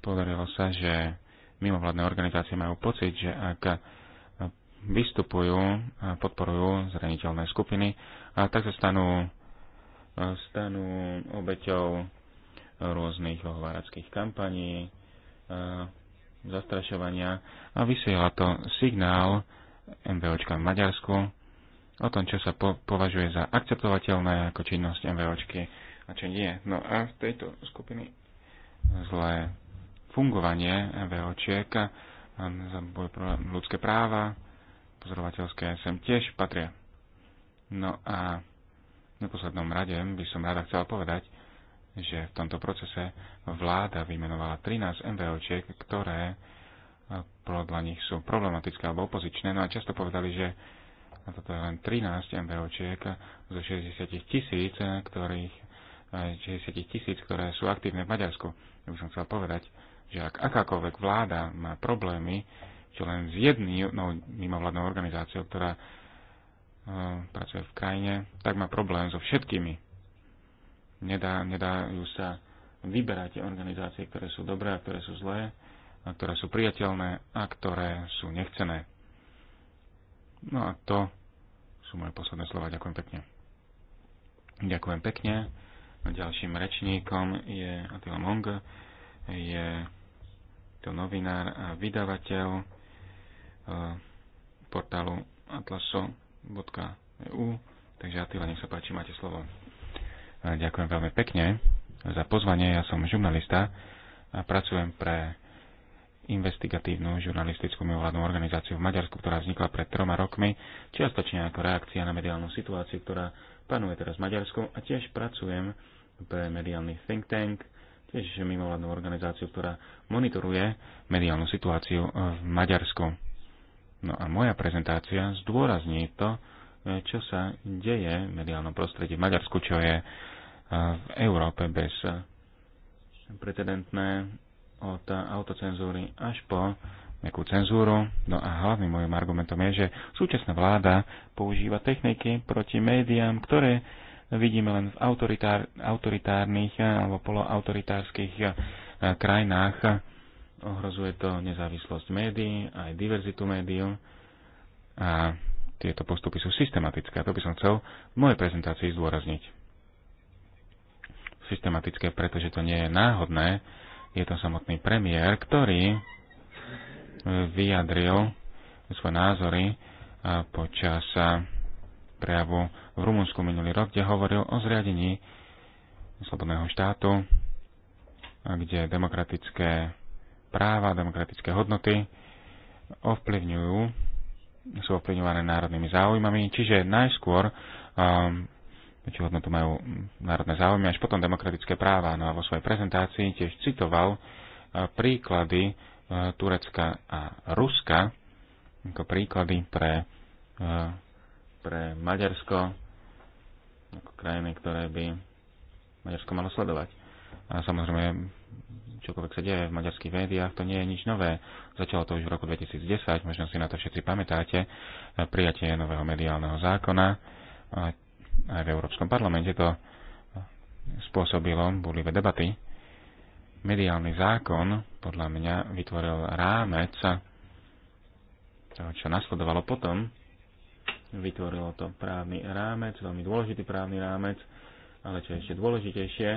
podarilo sa, že mimovládne organizácie majú pocit, že ak vystupujú a podporujú zraniteľné skupiny, a tak sa stanú, stanú obeťou rôznych ohováračských kampaní, e, zastrašovania a vysiela to signál MVOčka v Maďarsku o tom, čo sa po- považuje za akceptovateľné ako činnosť MVOčky a čo nie. No a v tejto skupiny zlé fungovanie MVOčiek za boj pro ľudské práva, pozorovateľské sem tiež patria. No a v neposlednom rade by som rada chcela povedať, že v tomto procese vláda vymenovala 13 MVOčiek, ktoré eh, podľa nich sú problematické alebo opozičné. No a často povedali, že toto je len 13 MVOčiek zo 60 tisíc, eh, ktorých 60 eh, tisíc, ktoré sú aktívne v Maďarsku. Ja by som chcel povedať, že ak akákoľvek vláda má problémy, čo len s jednou no, mimovládnou organizáciou, ktorá pracuje v krajine, tak má problém so všetkými nedá, nedajú sa vyberať organizácie, ktoré sú dobré a ktoré sú zlé, a ktoré sú priateľné a ktoré sú nechcené. No a to sú moje posledné slova. Ďakujem pekne. Ďakujem pekne. Ďalším rečníkom je Attila Mong. Je to novinár a vydavateľ e, portálu atlaso.eu. Takže Attila, nech sa páči, máte slovo. Ďakujem veľmi pekne za pozvanie. Ja som žurnalista a pracujem pre investigatívnu žurnalistickú mimovládnu organizáciu v Maďarsku, ktorá vznikla pred troma rokmi, čiastočne ako reakcia na mediálnu situáciu, ktorá panuje teraz v Maďarsku a tiež pracujem pre mediálny think tank, tiež mimovládnu organizáciu, ktorá monitoruje mediálnu situáciu v Maďarsku. No a moja prezentácia zdôrazní to, čo sa deje v mediálnom prostredí v Maďarsku, čo je v Európe bez e, precedentné od autocenzúry až po nejakú cenzúru. No a hlavným mojim argumentom je, že súčasná vláda používa techniky proti médiám, ktoré vidíme len v autoritár, autoritárnych alebo poloautoritárskych e, krajinách. Ohrozuje to nezávislosť médií, aj diverzitu médií a tieto postupy sú systematické. A to by som chcel v mojej prezentácii zdôrazniť systematické, pretože to nie je náhodné. Je to samotný premiér, ktorý e, vyjadril svoje názory e, počas e, prejavu v Rumunsku minulý rok, kde hovoril o zriadení slobodného štátu, kde demokratické práva, demokratické hodnoty ovplyvňujú, sú ovplyvňované národnými záujmami, čiže najskôr um, či hodnotu majú mm, národné záujmy, až potom demokratické práva. No a vo svojej prezentácii tiež citoval e, príklady e, Turecka a Ruska ako príklady pre, e, pre Maďarsko ako krajiny, ktoré by Maďarsko malo sledovať. A samozrejme, čokoľvek sa deje v maďarských médiách, to nie je nič nové. Začalo to už v roku 2010, možno si na to všetci pamätáte, prijatie nového mediálneho zákona aj v Európskom parlamente to spôsobilo búlivé debaty. Mediálny zákon podľa mňa vytvoril rámec toho, čo nasledovalo potom. Vytvorilo to právny rámec, veľmi dôležitý právny rámec, ale čo je ešte dôležitejšie,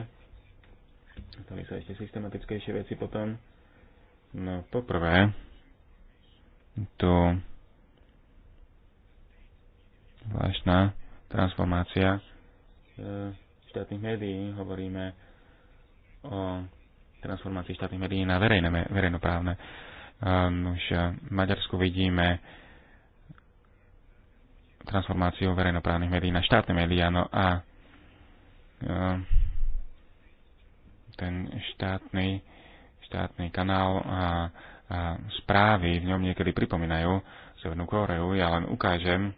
to sa ešte systematickejšie veci potom. No poprvé, tu zvláštna transformácia e, štátnych médií. Hovoríme o transformácii štátnych médií na verejné, verejnoprávne. Ehm, už e, v Maďarsku vidíme transformáciu verejnoprávnych médií na štátne médiá. No a e, ten štátny, štátny kanál a, a správy v ňom niekedy pripomínajú Severnú Kóreu. Ja len ukážem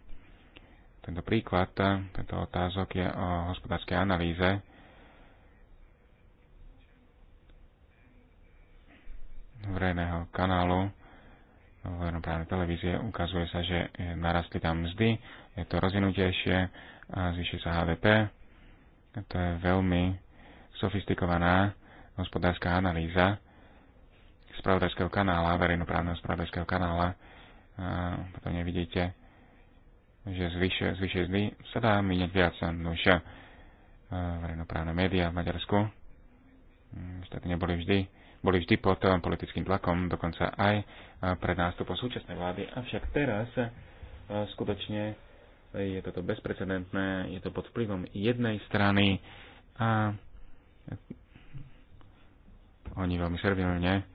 tento príklad, e, tento otázok je o hospodárskej analýze. verejného kanálu verejnoprávnej televízie ukazuje sa, že narastli tam mzdy, je to rozvinutejšie a zvyšuje sa HDP. To je veľmi sofistikovaná hospodárska analýza spravodajského kanála, verejnoprávneho spravodajského kanála. A potom nevidíte že zvyšuje zvyše zdy sa dá míňať viac, nož eh, verejnoprávne médiá v Maďarsku mm, štáty neboli vždy, boli vždy pod eh, politickým tlakom, dokonca aj eh, pred nástupom súčasnej vlády, avšak teraz skutočne je toto bezprecedentné, je to pod vplyvom jednej strany a oni veľmi servilne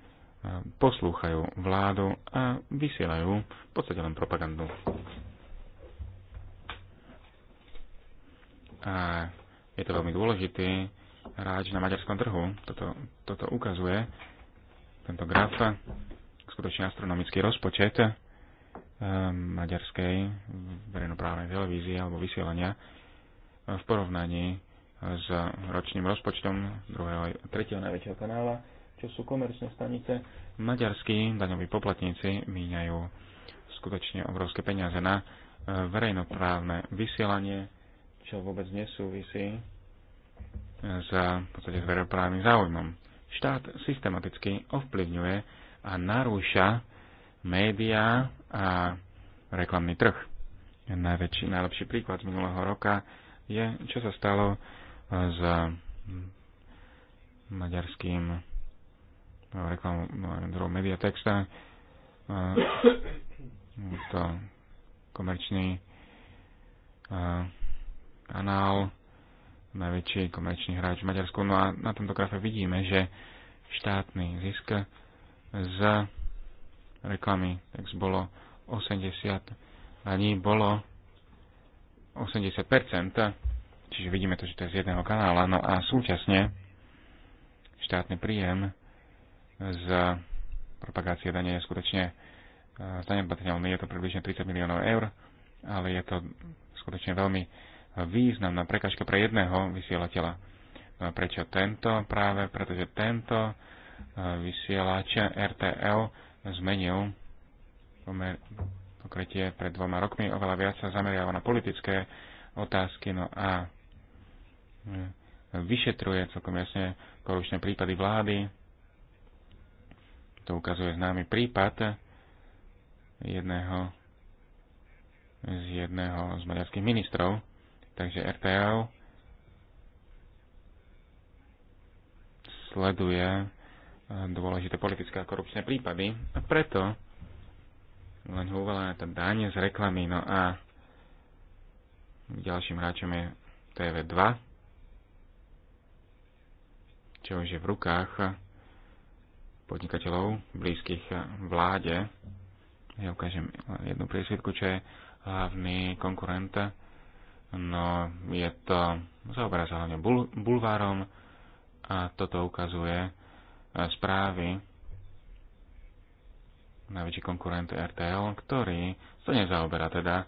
poslúchajú vládu a vysielajú v podstate len propagandu. a je to veľmi dôležitý hráč na maďarskom trhu. Toto, toto ukazuje tento graf, skutočne astronomický rozpočet eh, maďarskej verejnoprávnej televízie alebo vysielania eh, v porovnaní s ročným rozpočtom druhého, tretieho najväčšieho kanála, čo sú komerčné stanice. Maďarskí daňoví poplatníci míňajú skutočne obrovské peniaze na eh, verejnoprávne vysielanie čo vôbec nesúvisí s v podstate s verejnoprávnym záujmom. Štát systematicky ovplyvňuje a narúša médiá a reklamný trh. Najväčší, najlepší príklad z minulého roka je, čo sa stalo s maďarským no, reklamou no, mediatexta. To komerčný kanál, najväčší komerčný hráč v Maďarsku. No a na tomto grafe vidíme, že štátny zisk z reklamy tak bolo 80 ani bolo 80%, čiže vidíme to, že to je z jedného kanála. No a súčasne štátny príjem z propagácie dane je skutočne e, zanedbateľný. Je to približne 30 miliónov eur, ale je to skutočne veľmi významná prekažka pre jedného vysielateľa. No a prečo tento? Práve pretože tento e, vysielač RTL zmenil pomer pokrytie pred dvoma rokmi. Oveľa viac sa zameriava na politické otázky, no a e, vyšetruje celkom jasne korupčné prípady vlády. To ukazuje známy prípad jedného z jedného z maďarských ministrov. Takže RTL sleduje eh, dôležité politické a korupčné prípady a preto len ho tá dáne z reklamy. No a ďalším hráčom je TV2, čo už je v rukách podnikateľov blízkych vláde. Ja ukážem jednu prísvitku, čo je hlavný konkurent No, je to, zaoberá sa hlavne bul, bulvárom a toto ukazuje e, správy najväčší konkurent RTL, ktorý sa nezaoberá teda e,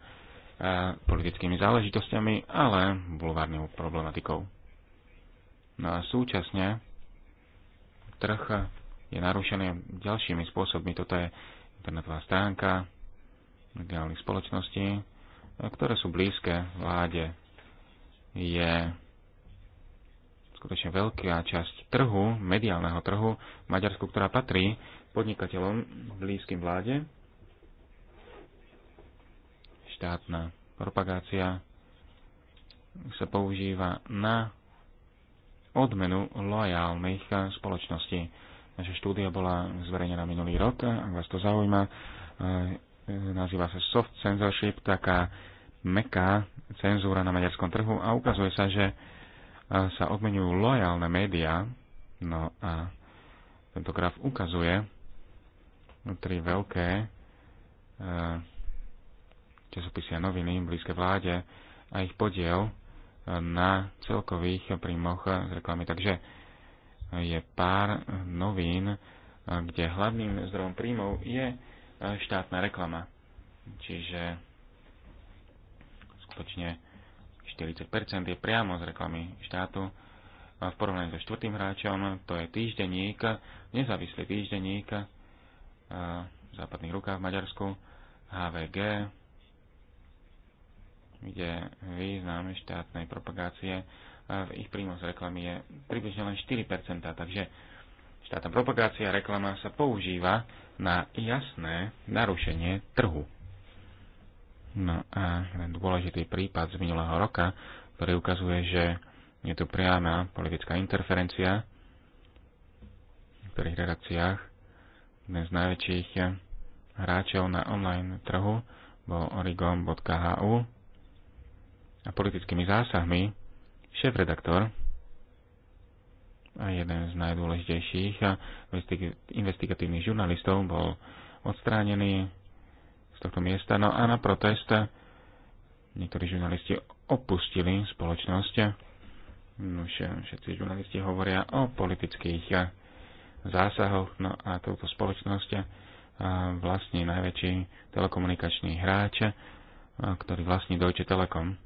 politickými záležitosťami, ale bulvárnou problematikou. No a súčasne trh je narušený ďalšími spôsobmi. Toto je internetová stránka mediálnych spoločností, ktoré sú blízke vláde. Je skutočne veľká časť trhu, mediálneho trhu v Maďarsku, ktorá patrí podnikateľom blízkym vláde. Štátna propagácia sa používa na odmenu lojálnych spoločností. Naša štúdia bola zverejnená minulý rok, ak vás to zaujíma. E, e, nazýva sa soft censorship, taká meká cenzúra na maďarskom trhu a ukazuje sa, že e, sa odmenujú lojálne médiá. No a tento graf ukazuje tri veľké e, časopisy a noviny blízke vláde a ich podiel e, na celkových príjmoch z reklamy. Takže je pár novín, kde hlavným zdrojom príjmov je štátna reklama. Čiže skutočne 40% je priamo z reklamy štátu. A v porovnaní so štvrtým hráčom, to je týždenník, nezávislý týždenník v západných rukách v Maďarsku, HVG, kde význam štátnej propagácie v ich príjmu z reklamy je približne len 4%, takže štátna propagácia reklama sa používa na jasné narušenie trhu. No a ten dôležitý prípad z minulého roka, ktorý ukazuje, že je tu priama politická interferencia v niektorých redakciách. Jeden z najväčších hráčov na online trhu bol origom.hu a politickými zásahmi šéf-redaktor a jeden z najdôležitejších investigatívnych žurnalistov bol odstránený tohto miesta. No a na protest niektorí žurnalisti opustili spoločnosť. Už eh, všetci žurnalisti hovoria o politických eh, zásahoch. No a touto spoločnosť eh, vlastní najväčší telekomunikačný hráč, ktorý vlastní Deutsche Telekom.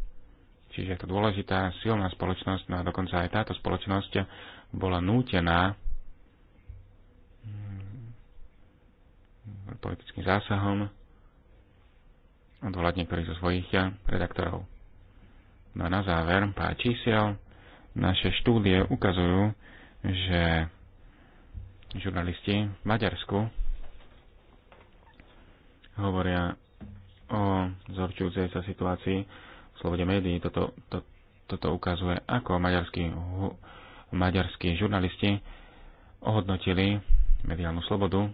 Čiže je to dôležitá, silná spoločnosť, no a dokonca aj táto spoločnosť bola nútená hm, politickým zásahom odvolať niektorých zo svojich eh, redaktorov. No a na záver, pár čísiel. Naše štúdie ukazujú, že žurnalisti v Maďarsku hovoria o zhorčujúcej sa situácii v slobode médií. Toto, to, toto ukazuje, ako maďarskí, maďarskí žurnalisti ohodnotili mediálnu slobodu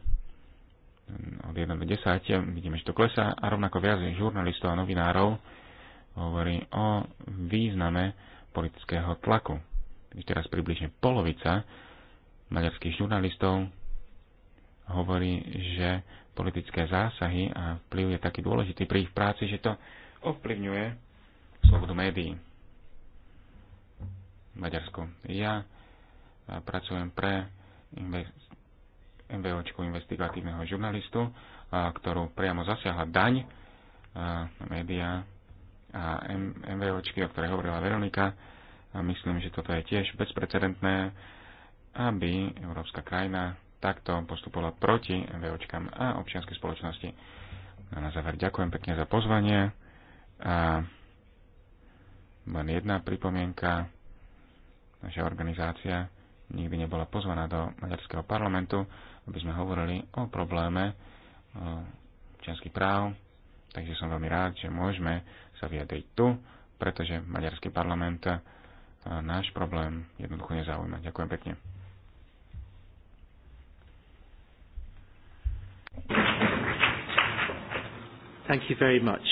od 1 do 10, vidíme, že to klesá a rovnako viac žurnalistov a novinárov hovorí o význame politického tlaku. Takže teraz približne polovica maďarských žurnalistov hovorí, že politické zásahy a vplyv je taký dôležitý pri ich práci, že to ovplyvňuje slobodu médií v Maďarsku. Ja pracujem pre MVOčku investigatívneho žurnalistu, ktorú priamo zasiahla daň média a MVOčky, o ktorej hovorila Veronika. A myslím, že toto je tiež bezprecedentné, aby európska krajina takto postupovala proti MVOčkám a občianskej spoločnosti. A na záver ďakujem pekne za pozvanie. A len jedna pripomienka. Naša organizácia nikdy nebola pozvaná do maďarského parlamentu aby sme hovorili o probléme občianských práv. Takže som veľmi rád, že môžeme sa vyjadriť tu, pretože maďarský parlament e, náš problém jednoducho nezaujíma. Ďakujem pekne. Thank you very much.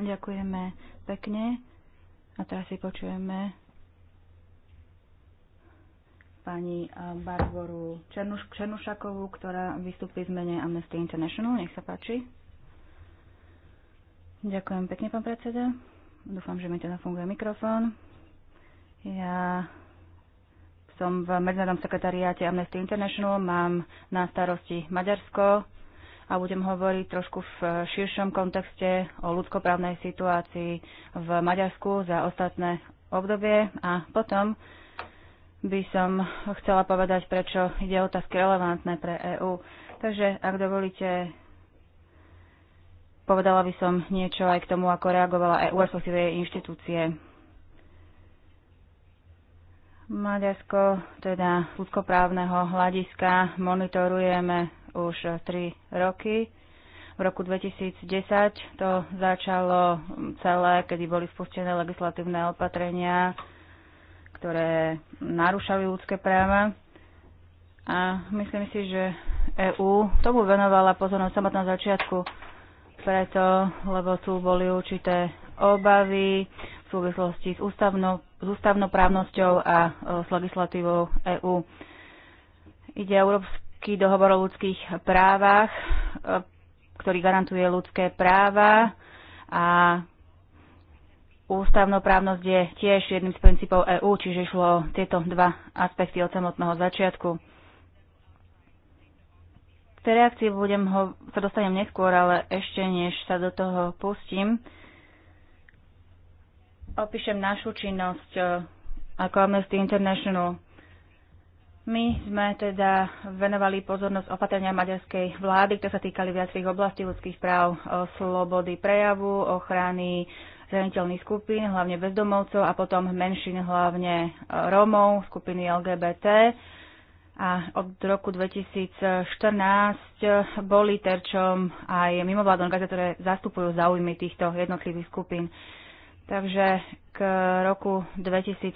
Ďakujeme pekne. A teraz si počujeme pani eh, Barboru Černuš- Černušakovú, ktorá vystúpi v mene Amnesty International. Nech sa páči. Ďakujem pekne, pán predseda. Dúfam, že mi teda funguje mikrofón. Ja som v medzinárodnom sekretariáte Amnesty International, mám na starosti Maďarsko a budem hovoriť trošku v širšom kontexte o ľudskoprávnej situácii v Maďarsku za ostatné obdobie a potom by som chcela povedať, prečo ide otázky relevantné pre EÚ. Takže, ak dovolíte, povedala by som niečo aj k tomu, ako reagovala EÚ, respektíve jej inštitúcie. Maďarsko, teda ľudskoprávneho hľadiska, monitorujeme už 3 roky. V roku 2010 to začalo celé, kedy boli spustené legislatívne opatrenia ktoré narúšali ľudské práva. A myslím si, že EÚ tomu venovala pozornosť samotnom začiatku, preto, lebo tu boli určité obavy v súvislosti s, ústavno, s ústavnoprávnosťou a e, s legislatívou EÚ. Ide o Európsky dohovor o ľudských právach, e, ktorý garantuje ľudské práva a Ústavnoprávnosť je tiež jedným z princípov EÚ, čiže išlo o tieto dva aspekty od samotného začiatku. K tej reakcii budem ho, sa dostanem neskôr, ale ešte než sa do toho pustím, opíšem našu činnosť e, ako Amnesty International. My sme teda venovali pozornosť opatrenia maďarskej vlády, ktoré sa týkali viacerých oblastí ľudských práv, e, slobody prejavu, ochrany zraniteľných skupín, hlavne bezdomovcov a potom menšín, hlavne e, Rómov, skupiny LGBT. A od roku 2014 e, boli terčom aj mimovládne organizácie, ktoré zastupujú záujmy týchto jednotlivých skupín. Takže k roku 2014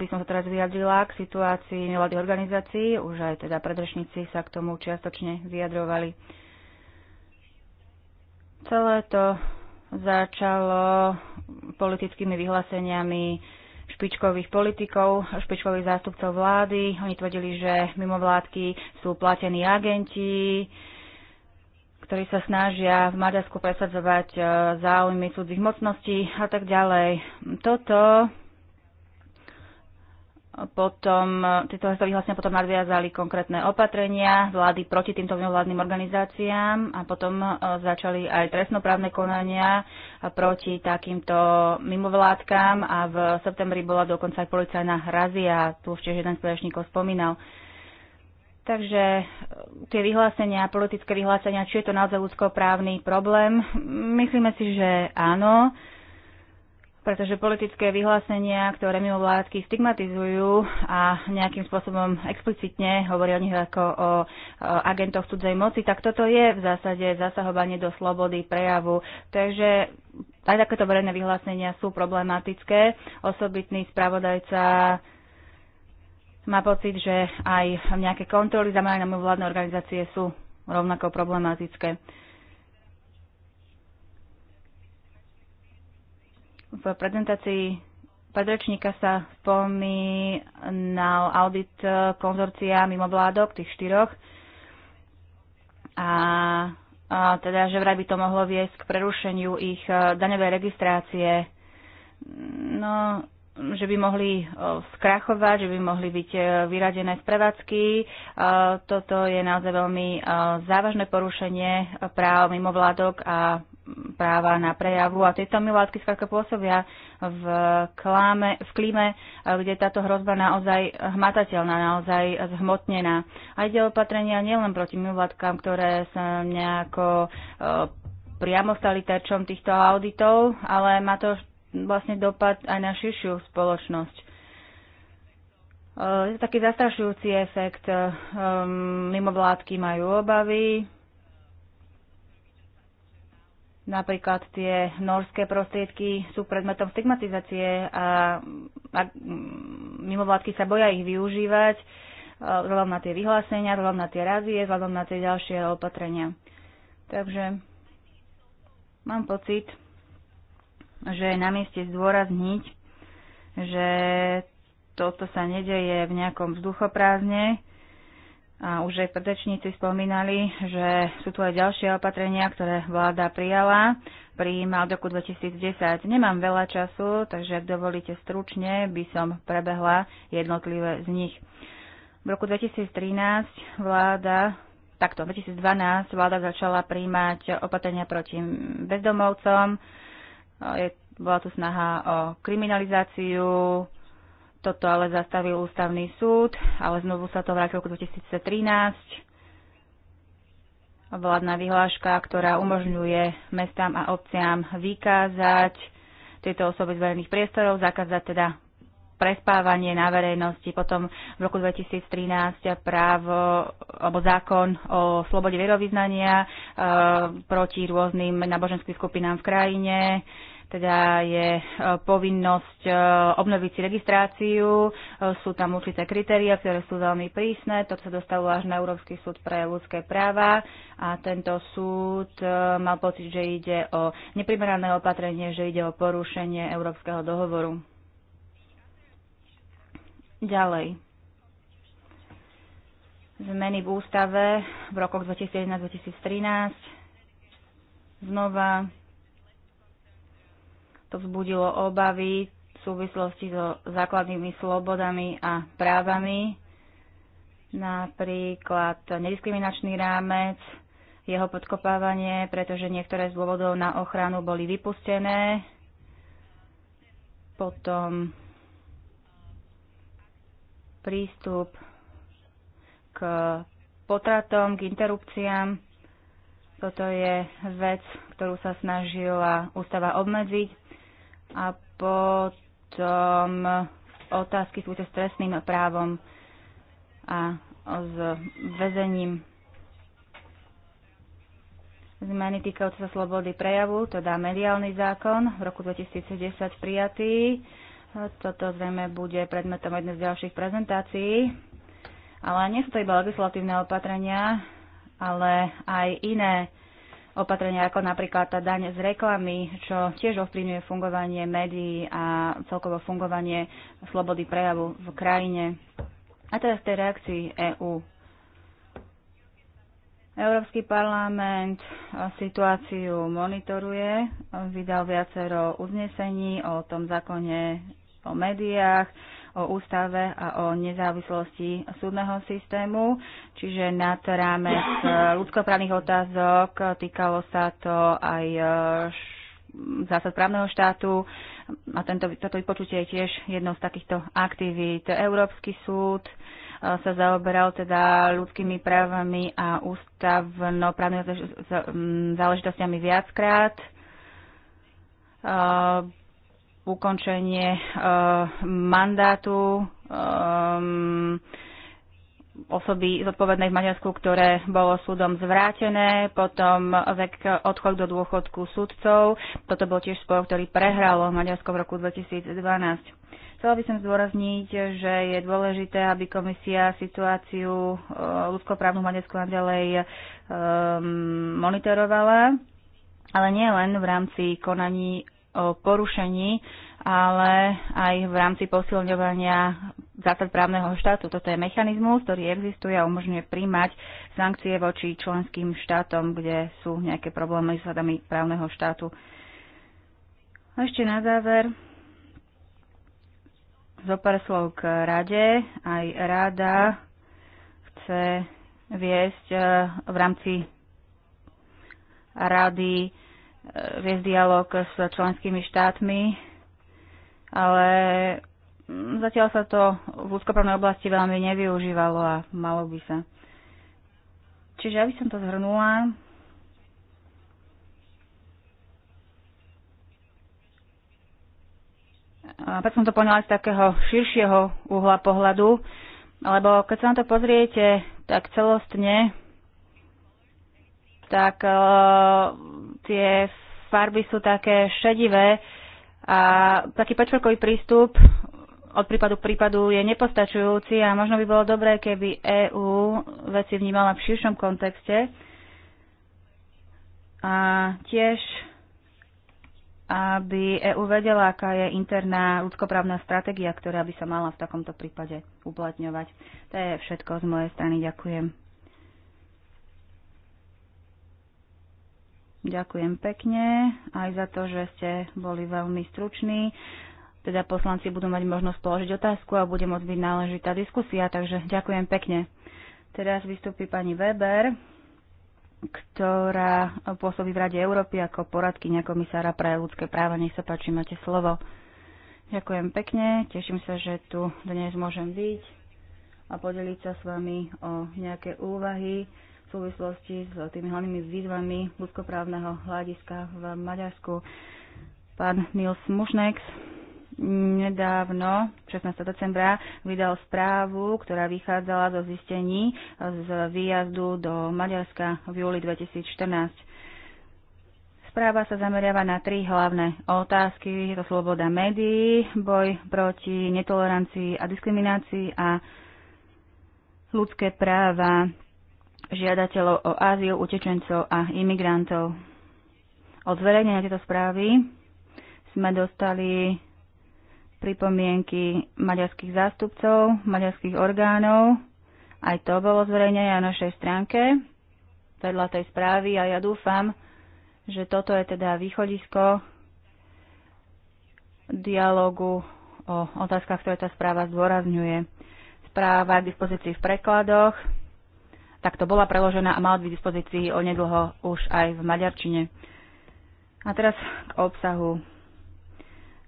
by som sa teraz vyjadrila k situácii mimovládnych organizácií, už aj teda predrečníci sa k tomu čiastočne vyjadrovali. Celé to začalo politickými vyhláseniami špičkových politikov, špičkových zástupcov vlády. Oni tvrdili, že mimovládky sú platení agenti, ktorí sa snažia v Maďarsku presadzovať eh, záujmy cudzích mocností a tak ďalej. Toto potom tieto heslo vyhlásenia potom nadviazali konkrétne opatrenia vlády proti týmto mimovládnym organizáciám a potom e, začali aj trestnoprávne konania proti takýmto mimovládkam a v septembri bola dokonca aj policajná hrazia, tu už tiež jeden z spomínal. Takže e, tie vyhlásenia, politické vyhlásenia, či je to naozaj ľudskoprávny problém, myslíme si, že áno pretože politické vyhlásenia, ktoré mimo vládky stigmatizujú a nejakým spôsobom explicitne hovoria o nich ako o agentoch cudzej moci, tak toto je v zásade zasahovanie do slobody prejavu. Takže aj takéto verejné vyhlásenia sú problematické. Osobitný spravodajca má pocit, že aj nejaké kontroly zamerané na vládne organizácie sú rovnako problematické. V prezentácii predrečníka sa spomínal audit konzorcia mimovládok, tých štyroch. A, a teda, že vraj by to mohlo viesť k prerušeniu ich e, daňovej registrácie. No, že by mohli e, skrachovať, že by mohli byť e, vyradené z prevádzky. Toto je naozaj veľmi závažné porušenie práv mimovládok a práva na prejavu a tieto milátky skrátka pôsobia v, klame, v klíme, eh, kde táto hrozba naozaj hmatateľná, naozaj zhmotnená. A ide o opatrenia nielen proti milátkam, ktoré sa nejako eh, priamo stali terčom týchto auditov, ale má to vlastne dopad aj na širšiu spoločnosť. Eh, je to taký zastrašujúci efekt. Mm, mimovládky majú obavy, Napríklad tie norské prostriedky sú predmetom stigmatizácie a, a mm, mimovládky sa boja ich využívať eh, vzhľadom na tie vyhlásenia, vzhľadom na tie razie, vzhľadom na tie ďalšie opatrenia. Takže mám pocit, že je na mieste zdôrazniť, že toto sa nedeje v nejakom vzduchoprázdne, a už aj predečníci spomínali, že sú tu aj ďalšie opatrenia, ktoré vláda prijala, Prijímal v roku 2010. Nemám veľa času, takže ak dovolíte stručne, by som prebehla jednotlivé z nich. V roku 2013 vláda takto, 2012 vláda začala príjmať opatrenia proti bezdomovcom, bola tu snaha o kriminalizáciu, toto ale zastavil ústavný súd, ale znovu sa to vrátilo v roku 2013 vládna vyhláška, ktorá umožňuje mestám a obciám vykázať tieto osoby z verejných priestorov, zakázať teda prespávanie na verejnosti. Potom v roku 2013 právo alebo zákon o slobode vierovýznania e, eh, proti rôznym náboženským skupinám v krajine. E, teda je e, povinnosť e, obnoviť si registráciu, e, sú tam určité kritéria, ktoré sú veľmi prísne, to sa dostalo až na Európsky súd pre ľudské práva a tento súd mal pocit, že ide o neprimerané opatrenie, že ide o porušenie Európskeho dohovoru. Ďalej zmeny v ústave v rokoch 2011-2013. Znova to vzbudilo obavy v súvislosti so základnými slobodami a právami, napríklad nediskriminačný rámec, jeho podkopávanie, pretože niektoré z dôvodov na ochranu boli vypustené. Potom prístup k potratom, k interrupciám. Toto je vec, ktorú sa snažila ústava obmedziť. A potom otázky sú s trestným právom a s väzením zmeny týkajúce sa slobody prejavu, teda mediálny zákon v roku 2010 prijatý. Toto zrejme bude predmetom jednej z ďalších prezentácií. Ale nie sú to iba legislatívne opatrenia, ale aj iné opatrenia ako napríklad tá daň z reklamy, čo tiež ovplyvňuje fungovanie médií a celkovo fungovanie slobody prejavu v krajine. A teraz tej reakcii EÚ. Európsky parlament situáciu monitoruje, vydal viacero uznesení o tom zákone o médiách, o ústave a o nezávislosti súdneho systému, čiže nad rámec e, ľudskoprávnych otázok týkalo sa to aj e, zásad právneho štátu a tento, toto vypočutie je tiež jednou z takýchto aktivít. Európsky súd e, sa zaoberal teda ľudskými právami a ústavnoprávnymi záležitostiami viackrát ukončenie eh, mandátu ehm, osoby zodpovednej v Maďarsku, ktoré bolo súdom zvrátené, potom vek odchod do dôchodku súdcov. Toto bol tiež spor, ktorý prehralo Maďarsko v roku 2012. Chcela by som zdôrazniť, že je dôležité, aby komisia situáciu eh, ľudskoprávnu Maďarsku naďalej ehm, monitorovala, ale nie len v rámci konaní o porušení, ale aj v rámci posilňovania zásad právneho štátu. Toto je mechanizmus, ktorý existuje a umožňuje príjmať sankcie voči členským štátom, kde sú nejaké problémy s zásadami právneho štátu. A ešte na záver zo pár slov k rade. Aj rada chce viesť eh, v rámci rady E, viesť dialog s členskými štátmi, ale mm, zatiaľ sa to v ľudskoprávnej oblasti veľmi nevyužívalo a malo by sa. Čiže aby som to zhrnula, preto som to poňala z takého širšieho uhla pohľadu, lebo keď sa na to pozriete tak celostne, tak e, tie farby sú také šedivé a taký patchworkový prístup od prípadu k prípadu je nepostačujúci a možno by bolo dobré, keby EÚ veci vnímala v širšom kontexte a tiež aby EÚ vedela, aká je interná ľudskoprávna stratégia, ktorá by sa mala v takomto prípade uplatňovať. To je všetko z mojej strany. Ďakujem. Ďakujem pekne aj za to, že ste boli veľmi struční. Teda poslanci budú mať možnosť položiť otázku a bude môcť byť náležitá diskusia, takže ďakujem pekne. Teraz vystúpi pani Weber, ktorá pôsobí v Rade Európy ako poradkynia komisára pre ľudské práva. Nech sa páči, máte slovo. Ďakujem pekne, teším sa, že tu dnes môžem byť a podeliť sa s vami o nejaké úvahy, v súvislosti s tými hlavnými výzvami ľudskoprávneho hľadiska v Maďarsku. Pán Nils Mušnex nedávno, 16. decembra, vydal správu, ktorá vychádzala zo zistení z výjazdu do Maďarska v júli 2014. Správa sa zameriava na tri hlavné otázky. Je to sloboda médií, boj proti netolerancii a diskriminácii a ľudské práva žiadateľov o azyl, utečencov a imigrantov. Od zverejnenia tejto správy sme dostali pripomienky maďarských zástupcov, maďarských orgánov. Aj to bolo zverejnené na našej stránke vedľa tej správy a ja dúfam, že toto je teda východisko dialogu o otázkach, ktoré tá správa zdôrazňuje. Správa k dispozícii v prekladoch tak to bola preložená a mala byť v dispozícii onedlho už aj v maďarčine. A teraz k obsahu.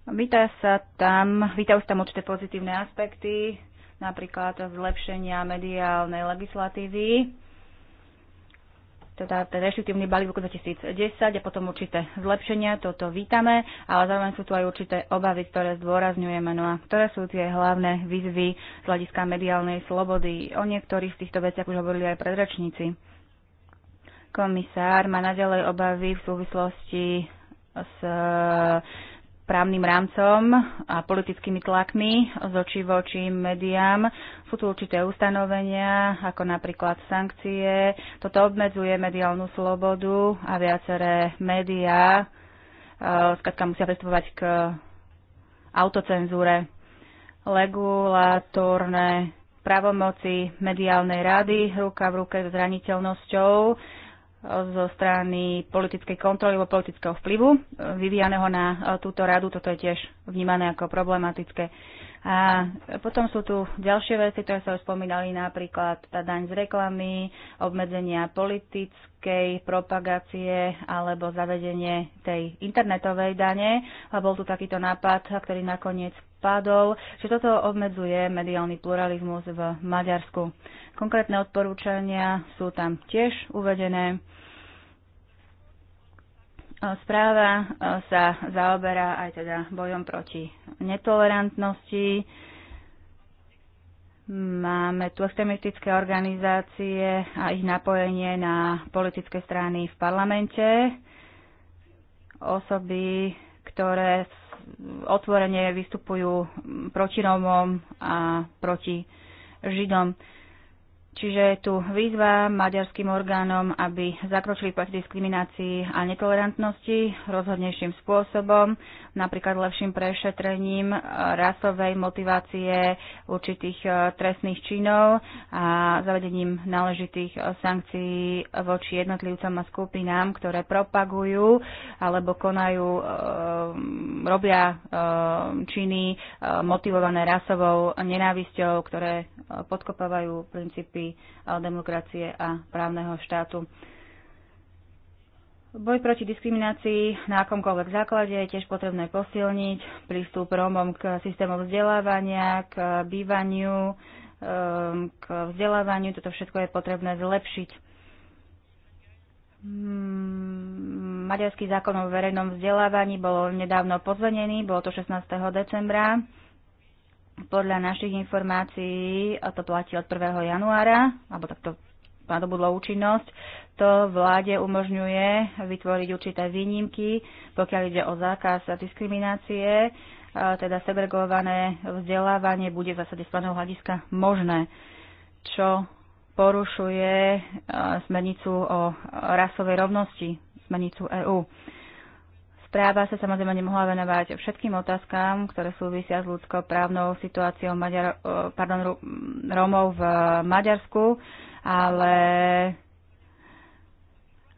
Vítajú sa tam, vítajú sa tam určité pozitívne aspekty, napríklad zlepšenia mediálnej legislatívy, teda ten reštriktívny balík v roku 2010 a potom určité zlepšenia, toto vítame, ale zároveň sú tu aj určité obavy, ktoré zdôrazňujeme. No a ktoré sú tie hlavné výzvy z hľadiska mediálnej slobody? O niektorých z týchto veciach už hovorili aj predračníci. Komisár má naďalej obavy v súvislosti s právnym rámcom a politickými tlakmi z očí voči médiám. Sú tu určité ustanovenia, ako napríklad sankcie. Toto obmedzuje mediálnu slobodu a viaceré médiá eh, skladka musia pristupovať k autocenzúre. Legulatórne pravomoci mediálnej rady ruka v ruke s zraniteľnosťou zo strany politickej kontroly alebo politického vplyvu e, vyvíjaného na e, túto radu. Toto je tiež vnímané ako problematické. A potom sú tu ďalšie veci, ktoré sa už spomínali, napríklad tá daň z reklamy, obmedzenia politickej propagácie alebo zavedenie tej internetovej dane. A bol tu takýto nápad, ktorý nakoniec padol, že toto obmedzuje mediálny pluralizmus v Maďarsku. Konkrétne odporúčania sú tam tiež uvedené. Správa e, sa zaoberá aj teda bojom proti netolerantnosti. Máme tu extremistické organizácie a ich napojenie na politické strany v parlamente. Osoby, ktoré otvorene vystupujú proti Rómom a proti Židom. Čiže je tu výzva maďarským orgánom, aby zakročili proti diskriminácii a netolerantnosti rozhodnejším spôsobom, napríklad lepším prešetrením e, rasovej motivácie určitých e, trestných činov a zavedením náležitých e, sankcií voči jednotlivcom a skupinám, ktoré propagujú alebo konajú, robia činy motivované rasovou nenávisťou, ktoré podkopávajú princípy demokracie a právneho štátu. Boj proti diskriminácii na akomkoľvek základe je tiež potrebné posilniť prístup Rómom k systému vzdelávania, k bývaniu, ehm, k vzdelávaniu. Toto všetko je potrebné zlepšiť. Hmm, maďarský zákon o verejnom vzdelávaní bol nedávno pozvenený, bolo to 16. decembra. Podľa našich informácií, a to platí od 1. januára, alebo takto nadobudlo účinnosť, to vláde umožňuje vytvoriť určité výnimky, pokiaľ ide o zákaz diskriminácie, teda segregované vzdelávanie bude v zásade z hľadiska možné, čo porušuje smernicu o rasovej rovnosti, smernicu EÚ. Správa sa samozrejme nemohla venovať všetkým otázkam, ktoré súvisia s ľudskoprávnou situáciou Maďar, pardon, Rómov v Maďarsku, ale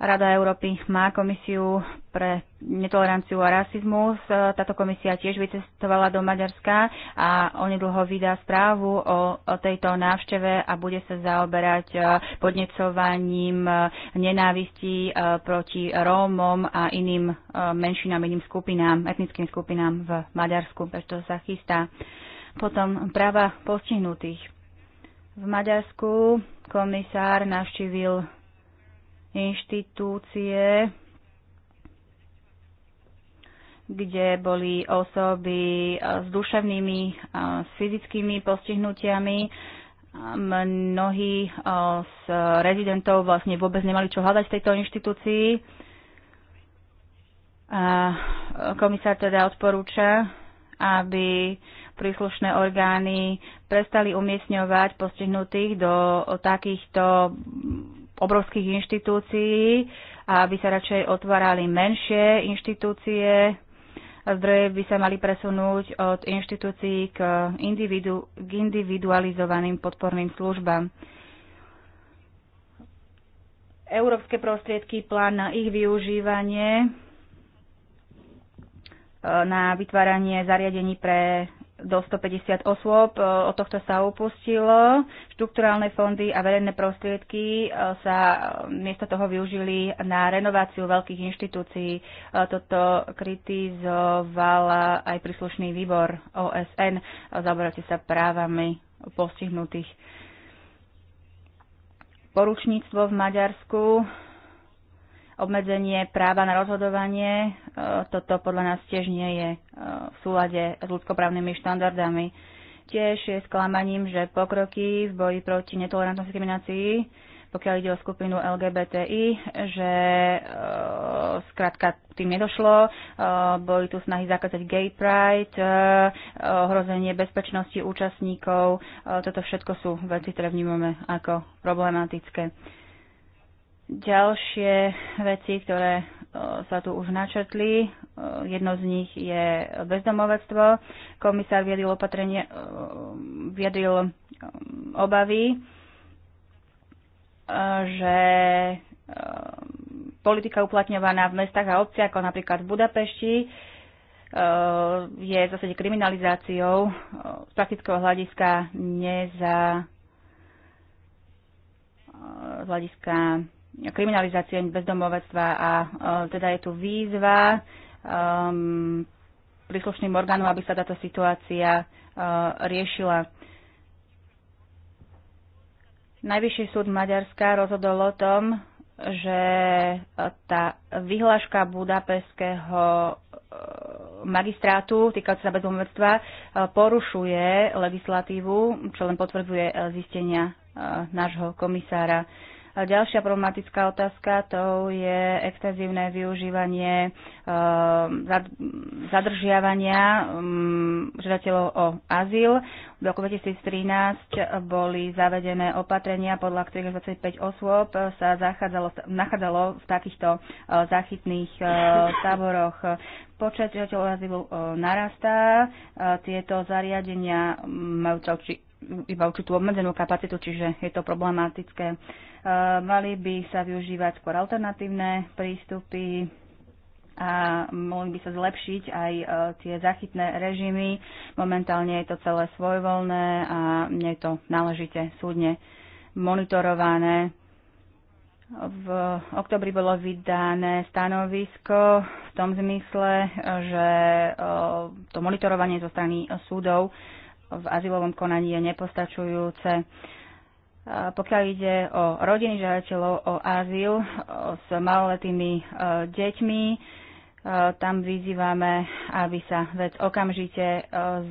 Rada Európy má komisiu pre netoleranciu a rasizmus. Táto komisia tiež vycestovala do Maďarska a onedlho vydá správu o, o tejto návšteve a bude sa zaoberať e, podnecovaním e, nenávistí e, proti Rómom a iným menšinám, iným skupinám, etnickým skupinám v Maďarsku. Preto sa chystá potom práva postihnutých. V Maďarsku komisár navštívil inštitúcie, kde boli osoby s duševnými, s fyzickými postihnutiami. Mnohí z rezidentov vlastne vôbec nemali čo hľadať v tejto inštitúcii. Komisár teda odporúča, aby príslušné orgány prestali umiestňovať postihnutých do takýchto obrovských inštitúcií, aby sa radšej otvárali menšie inštitúcie, zdroje by sa mali presunúť od inštitúcií k, individu, k individualizovaným podporným službám. Európske prostriedky, plán na ich využívanie, e, na vytváranie zariadení pre do 150 osôb. E, od tohto sa upustilo. Štrukturálne fondy a verejné prostriedky e, sa e, miesto toho využili na renováciu veľkých inštitúcií. Toto kritizovala aj príslušný výbor OSN. Zaoberáte sa právami postihnutých. Poručníctvo v Maďarsku obmedzenie práva na rozhodovanie, e, toto podľa nás tiež nie je e, v súlade s ľudskoprávnymi štandardami. Tiež je sklamaním, že pokroky v boji proti netolerantnosti diskriminácii, pokiaľ ide o skupinu LGBTI, že e, skrátka tým nedošlo. E, boli tu snahy zakázať gay pride, e, ohrozenie bezpečnosti účastníkov. E, toto všetko sú veci, ktoré vnímame ako problematické. Ďalšie veci, ktoré e, sa tu už načetli. E, jedno z nich je bezdomovectvo. Komisár viedil opatrenie, e, vyjadril obavy, že politika uplatňovaná v mestách a obciach, ako napríklad v Budapešti, je v zásade kriminalizáciou z praktického hľadiska neza z hľadiska kriminalizácie bezdomovectva a e, teda je tu výzva um, príslušným orgánom, aby sa táto situácia uh, riešila. Najvyšší súd Maďarska rozhodol o tom, že e, tá vyhláška budapeského magistrátu týkajúca sa bezdomovectva porušuje legislatívu, čo len potvrdzuje zistenia nášho komisára ďalšia problematická otázka to je extenzívne využívanie ehm, zadržiavania ehm, žiadateľov o azyl. V roku 2013 boli zavedené opatrenia, podľa ktorých 25 osôb sa nachádzalo v takýchto e, záchytných e, táboroch. Počet žiadateľov o azylu e, narastá. Tieto zariadenia majú iba určitú obmedzenú kapacitu, čiže je to problematické. E, mali by sa využívať skôr alternatívne prístupy a mohli by sa zlepšiť aj e, tie zachytné režimy. Momentálne je to celé svojvoľné a nie je to náležite súdne monitorované. V oktobri bolo vydané stanovisko v tom zmysle, že e, to monitorovanie zo strany súdov v azylovom konaní je nepostačujúce. Pokiaľ ide o rodiny žiadateľov o azyl s maloletými e, deťmi, e, tam vyzývame, aby sa vec okamžite e,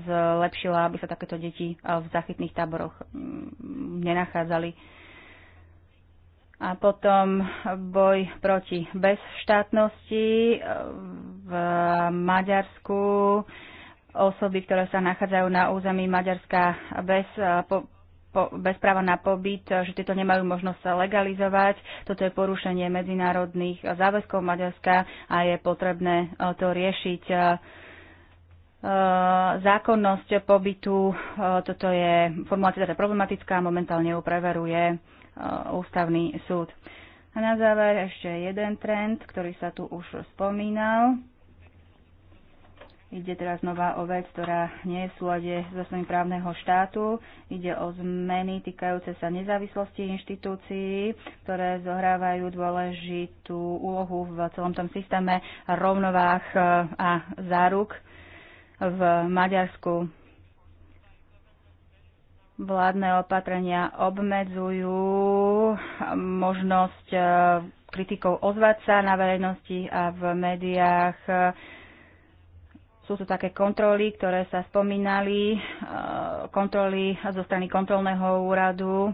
zlepšila, aby sa takéto deti v zachytných táboroch mm, nenachádzali. A potom boj proti bezštátnosti v Maďarsku osoby, ktoré sa nachádzajú na území Maďarska bez eh, po, po, bez práva na pobyt, eh, že tieto nemajú možnosť sa legalizovať. Toto je porušenie medzinárodných záväzkov Maďarska a je potrebné eh, to riešiť. Zákonnosť pobytu, toto je formulácia teda problematická, momentálne ju preveruje ústavný súd. A na záver ešte jeden trend, ktorý sa tu už spomínal. Ide teraz nová o vec, ktorá nie je v súlade so svojím právneho štátu. Ide o zmeny týkajúce sa nezávislosti inštitúcií, ktoré zohrávajú dôležitú úlohu v celom tom systéme rovnovách e, a záruk v Maďarsku. Vládne opatrenia obmedzujú e, možnosť e, kritikov ozvať sa na verejnosti a v médiách sú to také kontroly, ktoré sa spomínali, e, kontroly zo strany kontrolného úradu,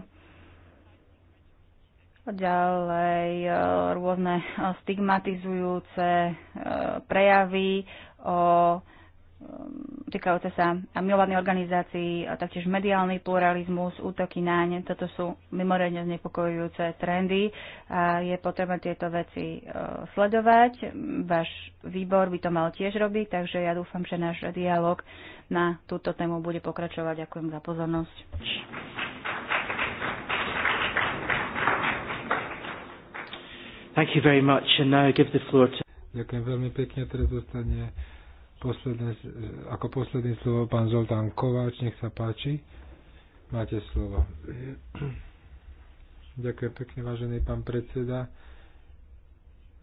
ďalej e, rôzne stigmatizujúce e, prejavy o Ehm, týkajúce sa a milovaných organizácií, a taktiež mediálny pluralizmus, útoky naň. Toto sú mimoriadne znepokojujúce trendy a je potrebné tieto veci e, sledovať. Váš výbor by to mal tiež robiť, takže ja dúfam, že náš dialog na túto tému bude pokračovať. Ďakujem za pozornosť. Thank you very much. And now I give the floor to... Ďakujem veľmi pekne. Teraz zostane Posledné, ako posledné slovo pán Zoltán Kováč, nech sa páči. Máte slovo. Ďakujem pekne, vážený pán predseda.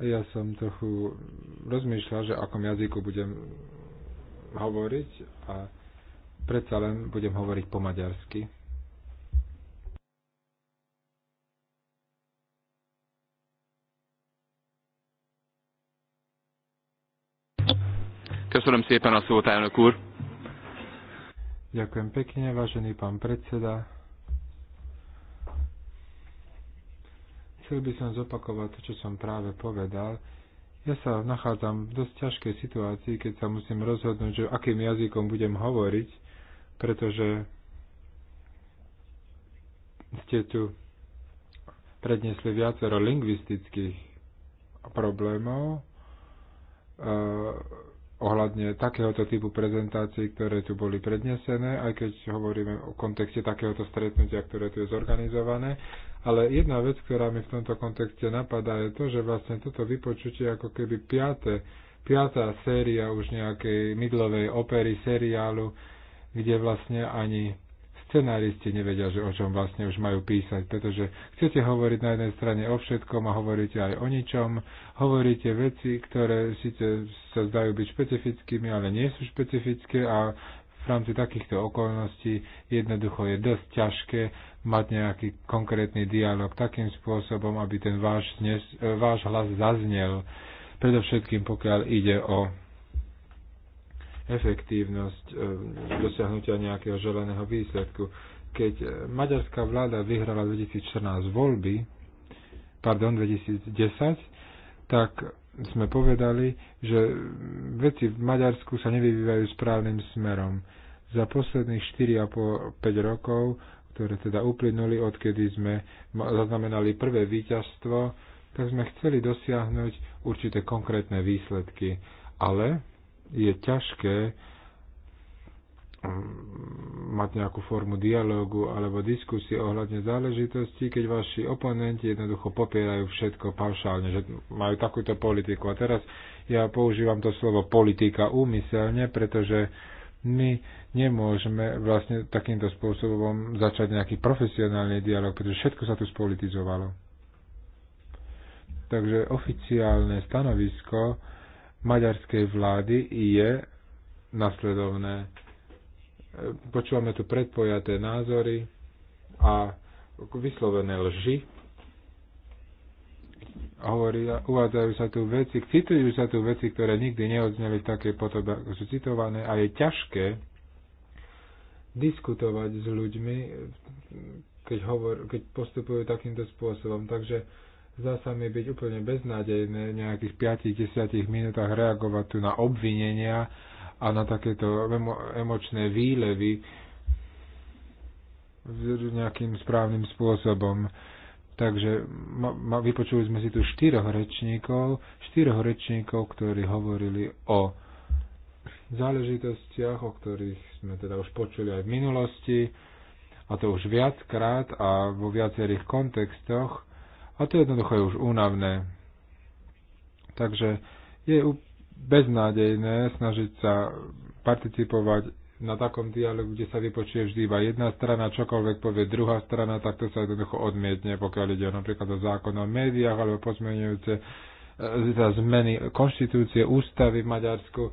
Ja som trochu rozmýšľal, že akom jazyku budem hovoriť a predsa len budem hovoriť po maďarsky. Köszönöm szépen a szót, elnök úr. Ďakujem pekne, vážený pán predseda. Chcel by som zopakovať to, čo som práve povedal. Ja sa nachádzam v dosť ťažkej situácii, keď sa musím rozhodnúť, že akým jazykom budem hovoriť, pretože ste tu predniesli viacero lingvistických problémov ohľadne takéhoto typu prezentácií, ktoré tu boli prednesené, aj keď hovoríme o kontexte takéhoto stretnutia, ktoré tu je zorganizované. Ale jedna vec, ktorá mi v tomto kontexte napadá, je to, že vlastne toto vypočutie ako keby piaté, piatá séria už nejakej midlovej opery, seriálu, kde vlastne ani scenáristi nevedia, že o čom vlastne už majú písať, pretože chcete hovoriť na jednej strane o všetkom a hovoríte aj o ničom, hovoríte veci, ktoré síce sa zdajú byť špecifickými, ale nie sú špecifické a v rámci takýchto okolností jednoducho je dosť ťažké mať nejaký konkrétny dialog takým spôsobom, aby ten váš, eh, váš hlas zaznel, predovšetkým pokiaľ ide o efektívnosť eh, dosiahnutia nejakého želeného výsledku. Keď maďarská vláda vyhrala 2014 voľby, pardon, 2010, tak sme povedali, že veci v Maďarsku sa nevyvíjajú správnym smerom. Za posledných 4,5-5 rokov, ktoré teda uplynuli, odkedy sme zaznamenali prvé víťazstvo, tak sme chceli dosiahnuť určité konkrétne výsledky. Ale je ťažké um, mať nejakú formu dialógu alebo diskusie ohľadne záležitosti, keď vaši oponenti jednoducho popierajú všetko paušálne, že majú takúto politiku. A teraz ja používam to slovo politika úmyselne, pretože my nemôžeme vlastne takýmto spôsobom začať nejaký profesionálny dialog, pretože všetko sa tu spolitizovalo. Takže oficiálne stanovisko maďarskej vlády je nasledovné. E, počúvame tu predpojaté názory a vyslovené lži. Hovorí, uvádzajú sa tu veci, citujú sa tu veci, ktoré nikdy neodzneli také potom ako sú citované a je ťažké diskutovať s ľuďmi, keď, hovor, keď postupujú takýmto spôsobom. Takže Zdá sa mi byť úplne beznádejné v nejakých 5-10 minútach reagovať tu na obvinenia a na takéto emo- emočné výlevy nejakým správnym spôsobom. Takže ma, ma, vypočuli sme si tu štyroch rečníkov, štyroch rečníkov, ktorí hovorili o záležitostiach, o ktorých sme teda už počuli aj v minulosti, a to už viackrát a vo viacerých kontextoch. A to jednoducho je už únavné. Takže je beznádejné snažiť sa participovať na takom dialogu, kde sa vypočuje vždy iba jedna strana, čokoľvek povie druhá strana, tak to sa jednoducho odmietne, pokiaľ ide napríklad o zákon o médiách alebo pozmenujúce e, za zmeny konštitúcie ústavy v Maďarsku.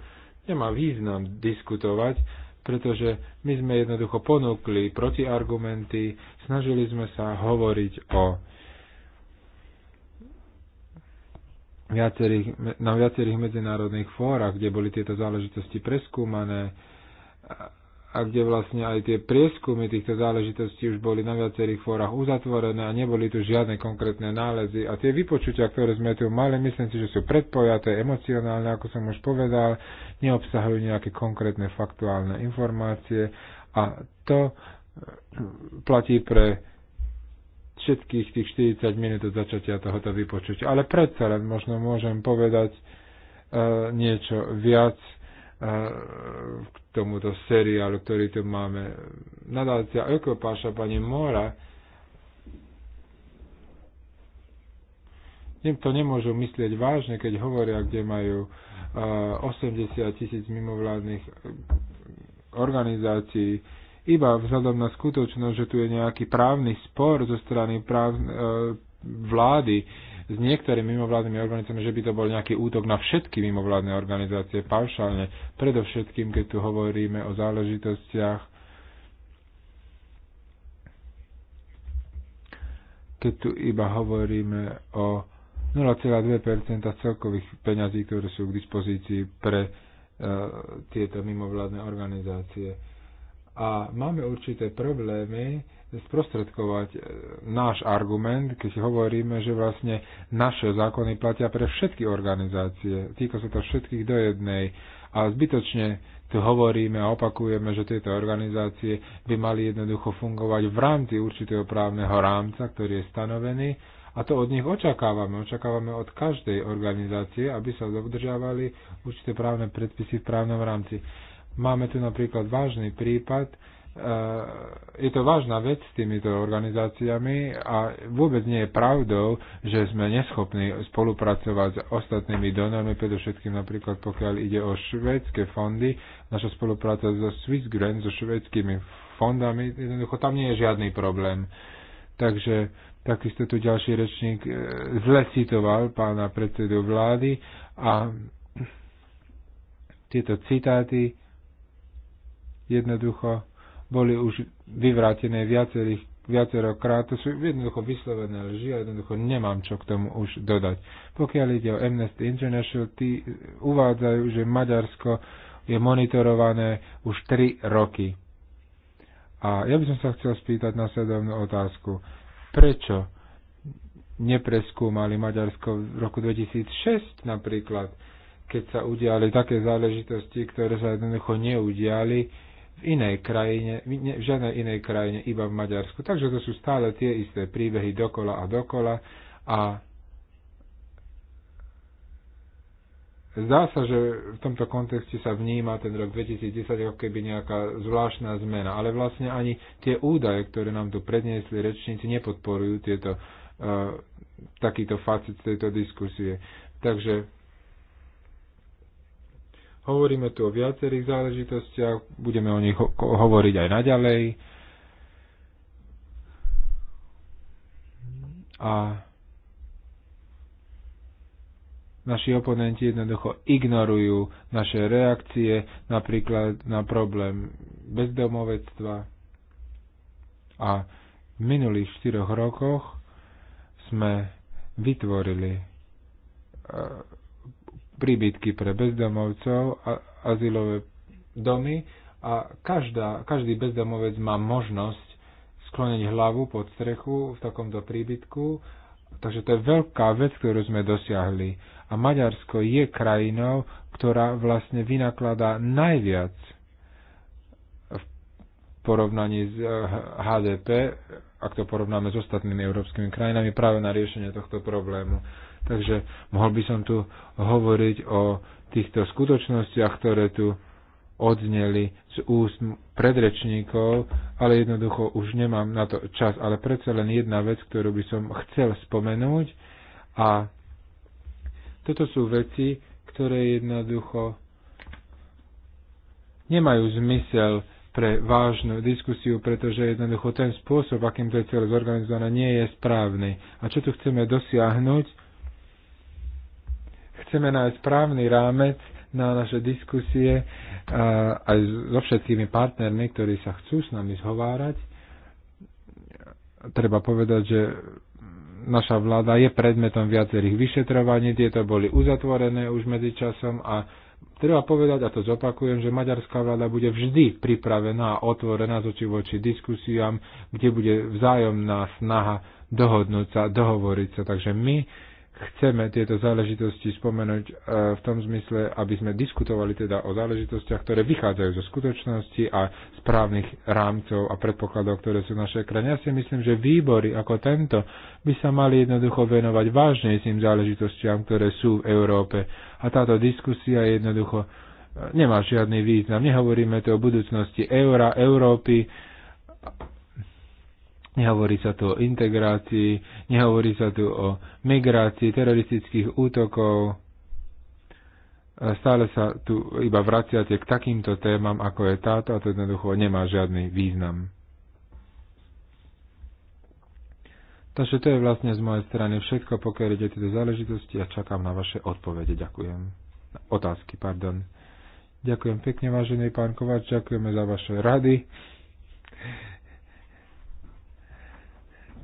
Nemá význam diskutovať, pretože my sme jednoducho ponúkli protiargumenty, snažili sme sa hovoriť o viacerých, na viacerých medzinárodných fórach, kde boli tieto záležitosti preskúmané a kde vlastne aj tie prieskumy týchto záležitostí už boli na viacerých fórach uzatvorené a neboli tu žiadne konkrétne nálezy. A tie vypočutia, ktoré sme tu mali, myslím si, že sú predpojaté, emocionálne, ako som už povedal, neobsahujú nejaké konkrétne faktuálne informácie a to platí pre všetkých tých 40 minút od začatia tohoto vypočutia. Ale predsa len možno môžem povedať e, niečo viac e, k tomuto seriálu, ktorý tu máme. Nadácia Ökopáša pani Mora to nemôžu myslieť vážne, keď hovoria, kde majú uh, e, 80 tisíc mimovládnych organizácií, iba vzhľadom na skutočnosť, že tu je nejaký právny spor zo strany práv, e, vlády s niektorými mimovládnymi organizáciami, že by to bol nejaký útok na všetky mimovládne organizácie paušálne, predovšetkým, keď tu hovoríme o záležitostiach, keď tu iba hovoríme o 0,2% celkových peňazí, ktoré sú k dispozícii pre e, tieto mimovládne organizácie a máme určité problémy sprostredkovať e, náš argument, keď hovoríme, že vlastne naše zákony platia pre všetky organizácie. Týka sa to všetkých do jednej. A zbytočne tu hovoríme a opakujeme, že tieto organizácie by mali jednoducho fungovať v rámci určitého právneho rámca, ktorý je stanovený. A to od nich očakávame. Očakávame od každej organizácie, aby sa dodržiavali určité právne predpisy v právnom rámci. Máme tu napríklad vážny prípad, e, je to vážna vec s týmito organizáciami a vôbec nie je pravdou, že sme neschopní spolupracovať s ostatnými donormi, predovšetkým napríklad pokiaľ ide o švédske fondy, naša spolupráca so Swiss Grant, so švédskými fondami, jednoducho tam nie je žiadny problém. Takže takisto tu ďalší rečník e, zle citoval pána predsedu vlády a tieto citáty jednoducho boli už vyvrátené viacerých, viacerokrát. To sú jednoducho vyslovené lži a jednoducho nemám čo k tomu už dodať. Pokiaľ ide o Amnesty International, tí uvádzajú, že Maďarsko je monitorované už 3 roky. A ja by som sa chcel spýtať na sedovnú otázku. Prečo nepreskúmali Maďarsko v roku 2006 napríklad, keď sa udiali také záležitosti, ktoré sa jednoducho neudiali, v inej krajine, v žiadnej inej krajine, iba v Maďarsku. Takže to sú stále tie isté príbehy dokola a dokola a Zdá sa, že v tomto kontexte sa vníma ten rok 2010 ako keby nejaká zvláštna zmena, ale vlastne ani tie údaje, ktoré nám tu predniesli rečníci, nepodporujú tieto, uh, takýto facet tejto diskusie. Takže Hovoríme tu o viacerých záležitostiach, budeme o nich ho- hovoriť aj naďalej. A naši oponenti jednoducho ignorujú naše reakcie napríklad na problém bezdomovectva. A v minulých 4 rokoch sme vytvorili e, príbytky pre bezdomovcov, a, azylové domy a každá, každý bezdomovec má možnosť skloniť hlavu pod strechu v takomto príbytku. Takže to je veľká vec, ktorú sme dosiahli. A Maďarsko je krajinou, ktorá vlastne vynakladá najviac v porovnaní s HDP, eh, ak to porovnáme s ostatnými európskymi krajinami, práve na riešenie tohto problému. Takže mohol by som tu hovoriť o týchto skutočnostiach, ktoré tu odzneli z úst predrečníkov, ale jednoducho už nemám na to čas. Ale predsa len jedna vec, ktorú by som chcel spomenúť a toto sú veci, ktoré jednoducho nemajú zmysel pre vážnu diskusiu, pretože jednoducho ten spôsob, akým to je celé zorganizované, nie je správny. A čo tu chceme dosiahnuť, Chceme nájsť správny rámec na naše diskusie aj so všetkými partnermi, ktorí sa chcú s nami zhovárať. Treba povedať, že naša vláda je predmetom viacerých vyšetrovaní, tieto boli uzatvorené už medzičasom a treba povedať, a to zopakujem, že maďarská vláda bude vždy pripravená a otvorená z oči voči diskusiám, kde bude vzájomná snaha dohodnúť sa, dohovoriť sa. Takže my chceme tieto záležitosti spomenúť e, v tom zmysle, aby sme diskutovali teda o záležitostiach, ktoré vychádzajú zo skutočnosti a správnych rámcov a predpokladov, ktoré sú naše krajine. Ja si myslím, že výbory ako tento by sa mali jednoducho venovať vážnejším záležitostiam, ktoré sú v Európe. A táto diskusia je jednoducho e, nemá žiadny význam. Nehovoríme to o budúcnosti eura, Európy Nehovorí sa tu o integrácii, nehovorí sa tu o migrácii teroristických útokov. Stále sa tu iba vraciate k takýmto témam, ako je táto, a to jednoducho nemá žiadny význam. Takže to je vlastne z mojej strany všetko, pokiaľ ide tieto záležitosti a čakám na vaše odpovede. Ďakujem. Otázky, pardon. Ďakujem pekne, vážený pán Kovač, ďakujeme za vaše rady.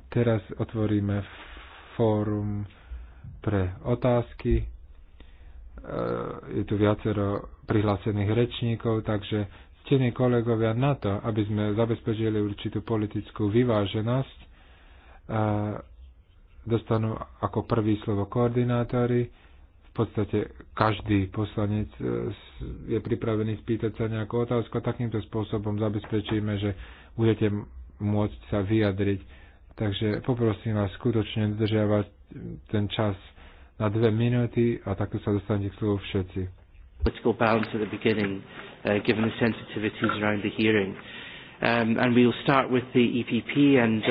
Teraz otvoríme fórum pre otázky. E, je tu viacero prihlásených rečníkov, takže ctení kolegovia na to, aby sme zabezpečili určitú politickú vyváženosť, e, dostanú ako prvý slovo koordinátori. V podstate každý poslanec e, je pripravený spýtať sa nejakú otázku a takýmto spôsobom zabezpečíme, že budete môcť sa vyjadriť Takže poprosím vás skutočne dodržiavať ten čas na dve minúty a takto sa dostanete k slovu všetci. Political balance at the beginning, uh, given the sensitivities around the hearing. Um, and we will start with the EPP and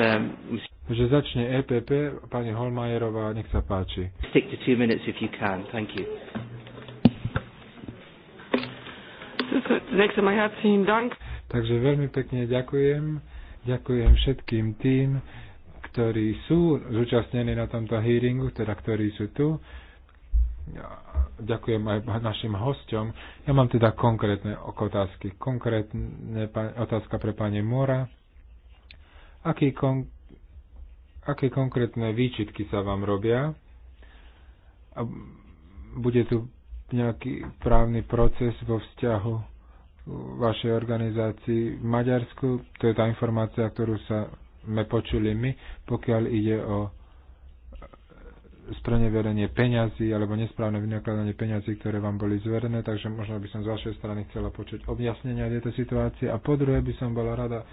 um, Takže začne EPP, pani Holmajerová, nech sa páči. Stick to two minutes if you can. Thank you. Takže veľmi pekne ďakujem. Ďakujem všetkým tým, ktorí sú zúčastnení na tomto hearingu, teda ktorí sú tu. Ďakujem aj našim hosťom. Ja mám teda konkrétne otázky. Konkrétne otázka pre pani Mora. Aký kon- aké konkrétne výčitky sa vám robia? A bude tu nejaký právny proces vo vzťahu vašej organizácii v Maďarsku? To je tá informácia, ktorú sa sme počuli my, pokiaľ ide o spreneverenie peňazí alebo nesprávne vynakladanie peňazí, ktoré vám boli zverené, takže možno by som z vašej strany chcela počuť objasnenia tejto situácie. A po druhé by som bola rada,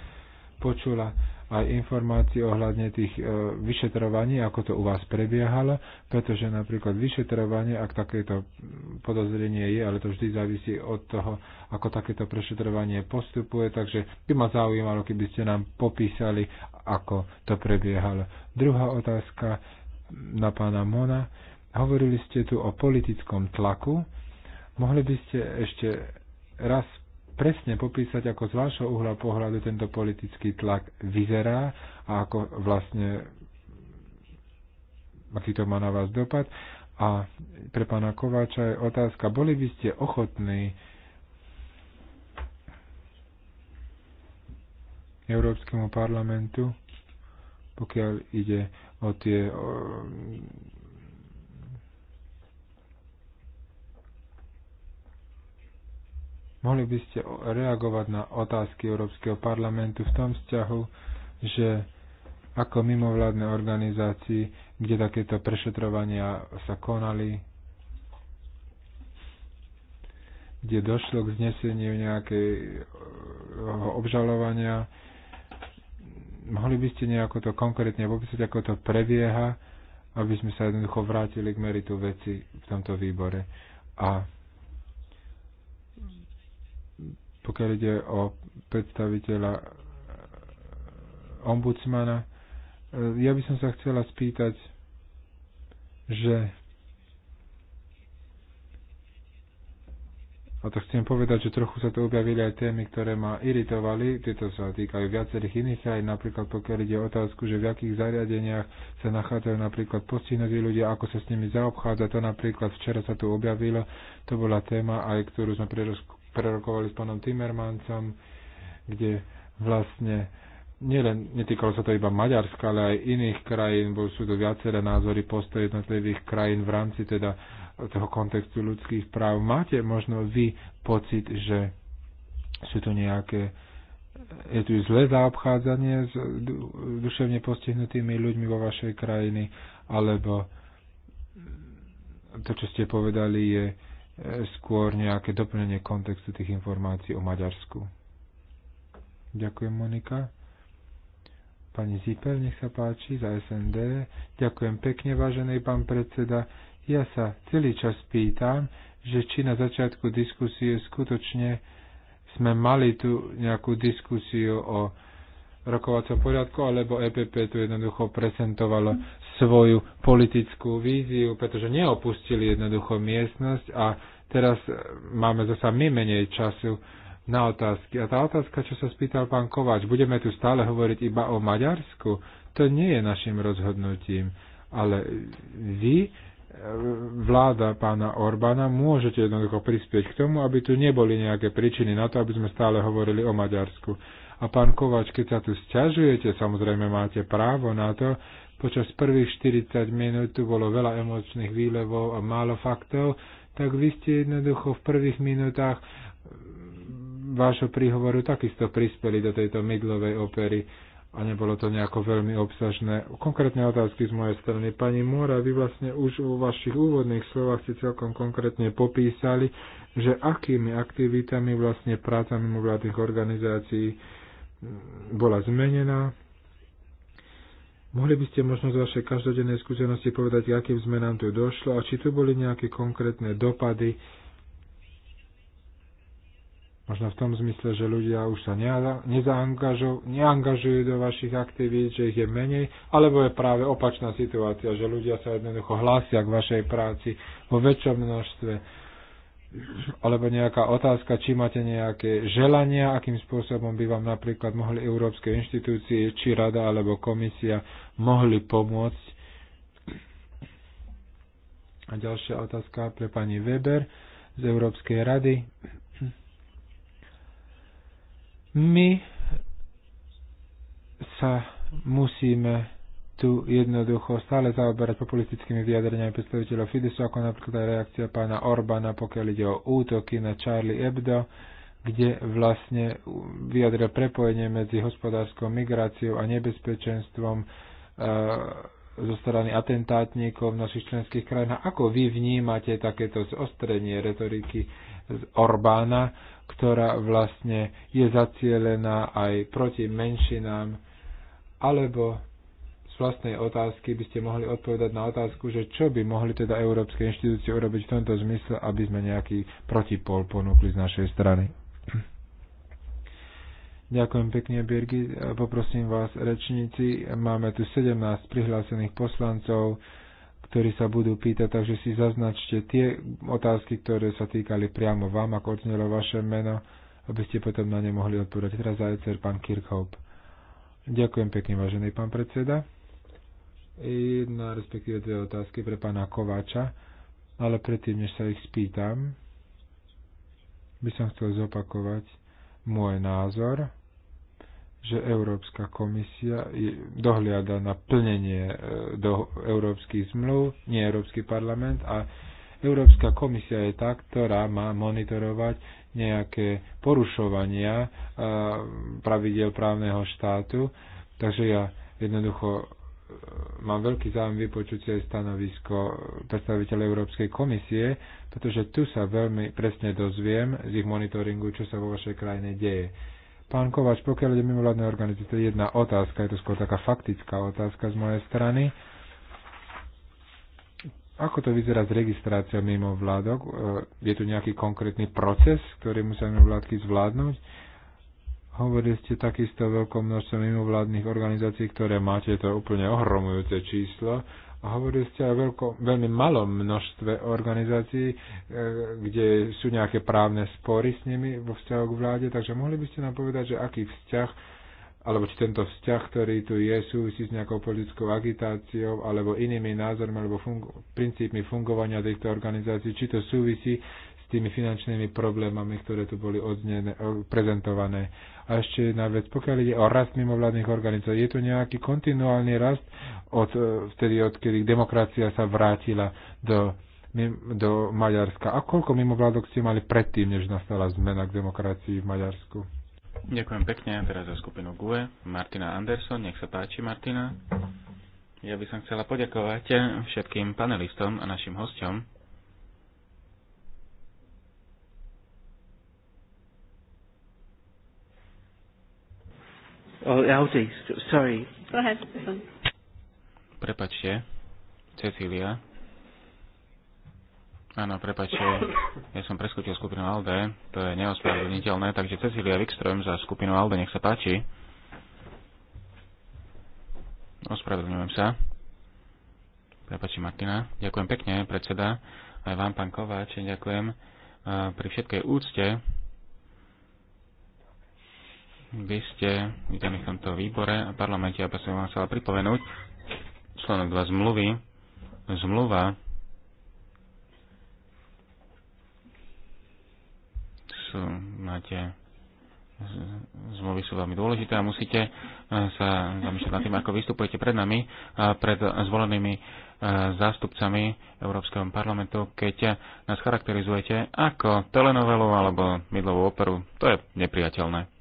počula aj informácie ohľadne tých e, vyšetrovaní, ako to u vás prebiehalo, pretože napríklad vyšetrovanie, ak takéto podozrenie je, ale to vždy závisí od toho, ako takéto prešetrovanie postupuje, takže by ma zaujímalo, keby ste nám popísali, ako to prebiehalo. Druhá otázka na pána Mona. Hovorili ste tu o politickom tlaku. Mohli by ste ešte raz presne popísať, ako z vášho uhla pohľadu tento politický tlak vyzerá a ako vlastne aký to má na vás dopad. A pre pána Kováča je otázka, boli by ste ochotní Európskemu parlamentu, pokiaľ ide o tie Mohli by ste reagovať na otázky Európskeho parlamentu v tom vzťahu, že ako mimovládne organizácii, kde takéto prešetrovania sa konali, kde došlo k zneseniu nejakého obžalovania. Mohli by ste nejako to konkrétne popísať, ako to prebieha, aby sme sa jednoducho vrátili k meritu veci v tomto výbore. A pokiaľ ide o predstaviteľa eh, ombudsmana. Eh, ja by som sa chcela spýtať, že A to chcem povedať, že trochu sa to objavili aj témy, ktoré ma iritovali. Tieto sa týkajú viacerých iných aj napríklad pokiaľ ide o otázku, že v akých zariadeniach sa nachádzajú napríklad postihnutí ľudia, ako sa s nimi zaobchádza. To napríklad včera sa tu objavilo. To bola téma, aj ktorú sme prerokovali s pánom Timmermancom, kde vlastne nielen, netýkalo sa to iba Maďarska, ale aj iných krajín, bo sú to viaceré názory, postoje jednotlivých krajín v rámci teda toho kontextu ľudských práv. Máte možno vy pocit, že sú tu nejaké je tu zlé zaobchádzanie s duševne postihnutými ľuďmi vo vašej krajiny, alebo to, čo ste povedali, je skôr nejaké doplnenie kontextu tých informácií o Maďarsku. Ďakujem, Monika. Pani Zipel, nech sa páči, za SND. Ďakujem pekne, vážený pán predseda. Ja sa celý čas pýtam, že či na začiatku diskusie skutočne sme mali tu nejakú diskusiu o rokovacom poriadku, alebo EPP tu jednoducho prezentovalo svoju politickú víziu, pretože neopustili jednoducho miestnosť a teraz e, máme zasa my menej času na otázky. A tá otázka, čo sa spýtal pán Kováč, budeme tu stále hovoriť iba o Maďarsku? To nie je našim rozhodnutím, ale vy e, vláda pána Orbána, môžete jednoducho prispieť k tomu, aby tu neboli nejaké príčiny na to, aby sme stále hovorili o Maďarsku. A pán Kovač, keď sa tu sťažujete, samozrejme máte právo na to, počas prvých 40 minút tu bolo veľa emočných výlevov a málo faktov, tak vy ste jednoducho v prvých minútach mm, vášho príhovoru takisto prispeli do tejto mydlovej opery a nebolo to nejako veľmi obsažné. Konkrétne otázky z mojej strany. Pani Mora, vy vlastne už vo vašich úvodných slovách ste celkom konkrétne popísali, že akými aktivitami vlastne práca mimovládnych organizácií bola zmenená. Mohli by ste možno z vašej každodennej skúsenosti povedať, akým zmenám tu došlo a či tu boli nejaké konkrétne dopady, možno v tom zmysle, že ľudia už sa neangažujú do vašich aktivít, že ich je menej, alebo je práve opačná situácia, že ľudia sa jednoducho hlásia k vašej práci vo väčšom množstve alebo nejaká otázka, či máte nejaké želania, akým spôsobom by vám napríklad mohli európske inštitúcie, či rada alebo komisia mohli pomôcť. A ďalšia otázka pre pani Weber z Európskej rady. My sa musíme tu jednoducho stále zaoberať populistickými vyjadreniami predstaviteľov Fidesu, ako napríklad aj reakcia pána Orbána, pokiaľ ide o útoky na Charlie Hebdo, kde vlastne vyjadril prepojenie medzi hospodárskou migráciou a nebezpečenstvom e, zo strany atentátníkov v našich členských krajinách. Ako vy vnímate takéto zostrenie retoriky z Orbána, ktorá vlastne je zacielená aj proti menšinám, alebo z vlastnej otázky by ste mohli odpovedať na otázku, že čo by mohli teda európske inštitúcie urobiť v tomto zmysle, aby sme nejaký protipol ponúkli z našej strany. Ďakujem pekne, Birgi, Poprosím vás, rečníci, máme tu 17 prihlásených poslancov, ktorí sa budú pýtať, takže si zaznačte tie otázky, ktoré sa týkali priamo vám, ako odznelo vaše meno, aby ste potom na ne mohli odpovedať. Teraz za pán Kirchhoff. Ďakujem pekne, vážený pán predseda jedna, respektíve dve otázky pre pána Kováča, ale predtým, než sa ich spýtam, by som chcel zopakovať môj názor, že Európska komisia dohliada na plnenie e, do európskych zmluv, nie Európsky parlament a Európska komisia je tá, ktorá má monitorovať nejaké porušovania e, pravidel právneho štátu. Takže ja jednoducho mám veľký záujem vypočuť aj stanovisko predstaviteľa Európskej komisie, pretože tu sa veľmi presne dozviem z ich monitoringu, čo sa vo vašej krajine deje. Pán Kovač, pokiaľ ide mimovládne organizácie, to je jedna otázka, je to skôr taká faktická otázka z mojej strany. Ako to vyzerá s registráciou mimovládok? E, je tu nejaký konkrétny proces, ktorý musia mimovládky zvládnuť? Hovorili ste takisto o veľkom množstve mimovládnych organizácií, ktoré máte, to je úplne ohromujúce číslo. A hovorili ste aj o veľko, veľmi malom množstve organizácií, e, kde sú nejaké právne spory s nimi vo vzťahu k vláde, takže mohli by ste nám povedať, že aký vzťah alebo či tento vzťah, ktorý tu je, súvisí s nejakou politickou agitáciou alebo inými názormi alebo fungu- princípmi fungovania týchto organizácií, či to súvisí s tými finančnými problémami, ktoré tu boli odznené, eh, prezentované. A ešte jedna vec, pokiaľ ide o rast mimovládnych organizácií, je to nejaký kontinuálny rast od eh, vtedy, odkedy demokracia sa vrátila do, do Maďarska. A koľko mimovládok ste mali predtým, než nastala zmena k demokracii v Maďarsku? Ďakujem pekne. Teraz za skupinu GUE. Martina Anderson, nech sa páči Martina. Ja by som chcela poďakovať všetkým panelistom a našim hosťom Oh, Aldi, sorry. Go ahead. Prepačte, Cecília. Áno, prepačte, ja som preskutil skupinu ALDE, to je neospravedlniteľné, takže Cecília Wikström za skupinu ALDE, nech sa páči. Ospravedlňujem sa. Prepačte, Martina. Ďakujem pekne, predseda. Aj vám, pán Kováč, ďakujem eh, pri všetkej úcte vy ste vítaní v tomto výbore a parlamente, aby som vám chcela pripomenúť článok 2 zmluvy. Zmluva sú, máte zmluvy sú veľmi dôležité a musíte eh, sa zamýšľať nad tým, ako vystupujete pred nami, pred zvolenými eh, zástupcami Európskeho parlamentu, keď nás charakterizujete ako telenovelu alebo mydlovú operu. To je nepriateľné.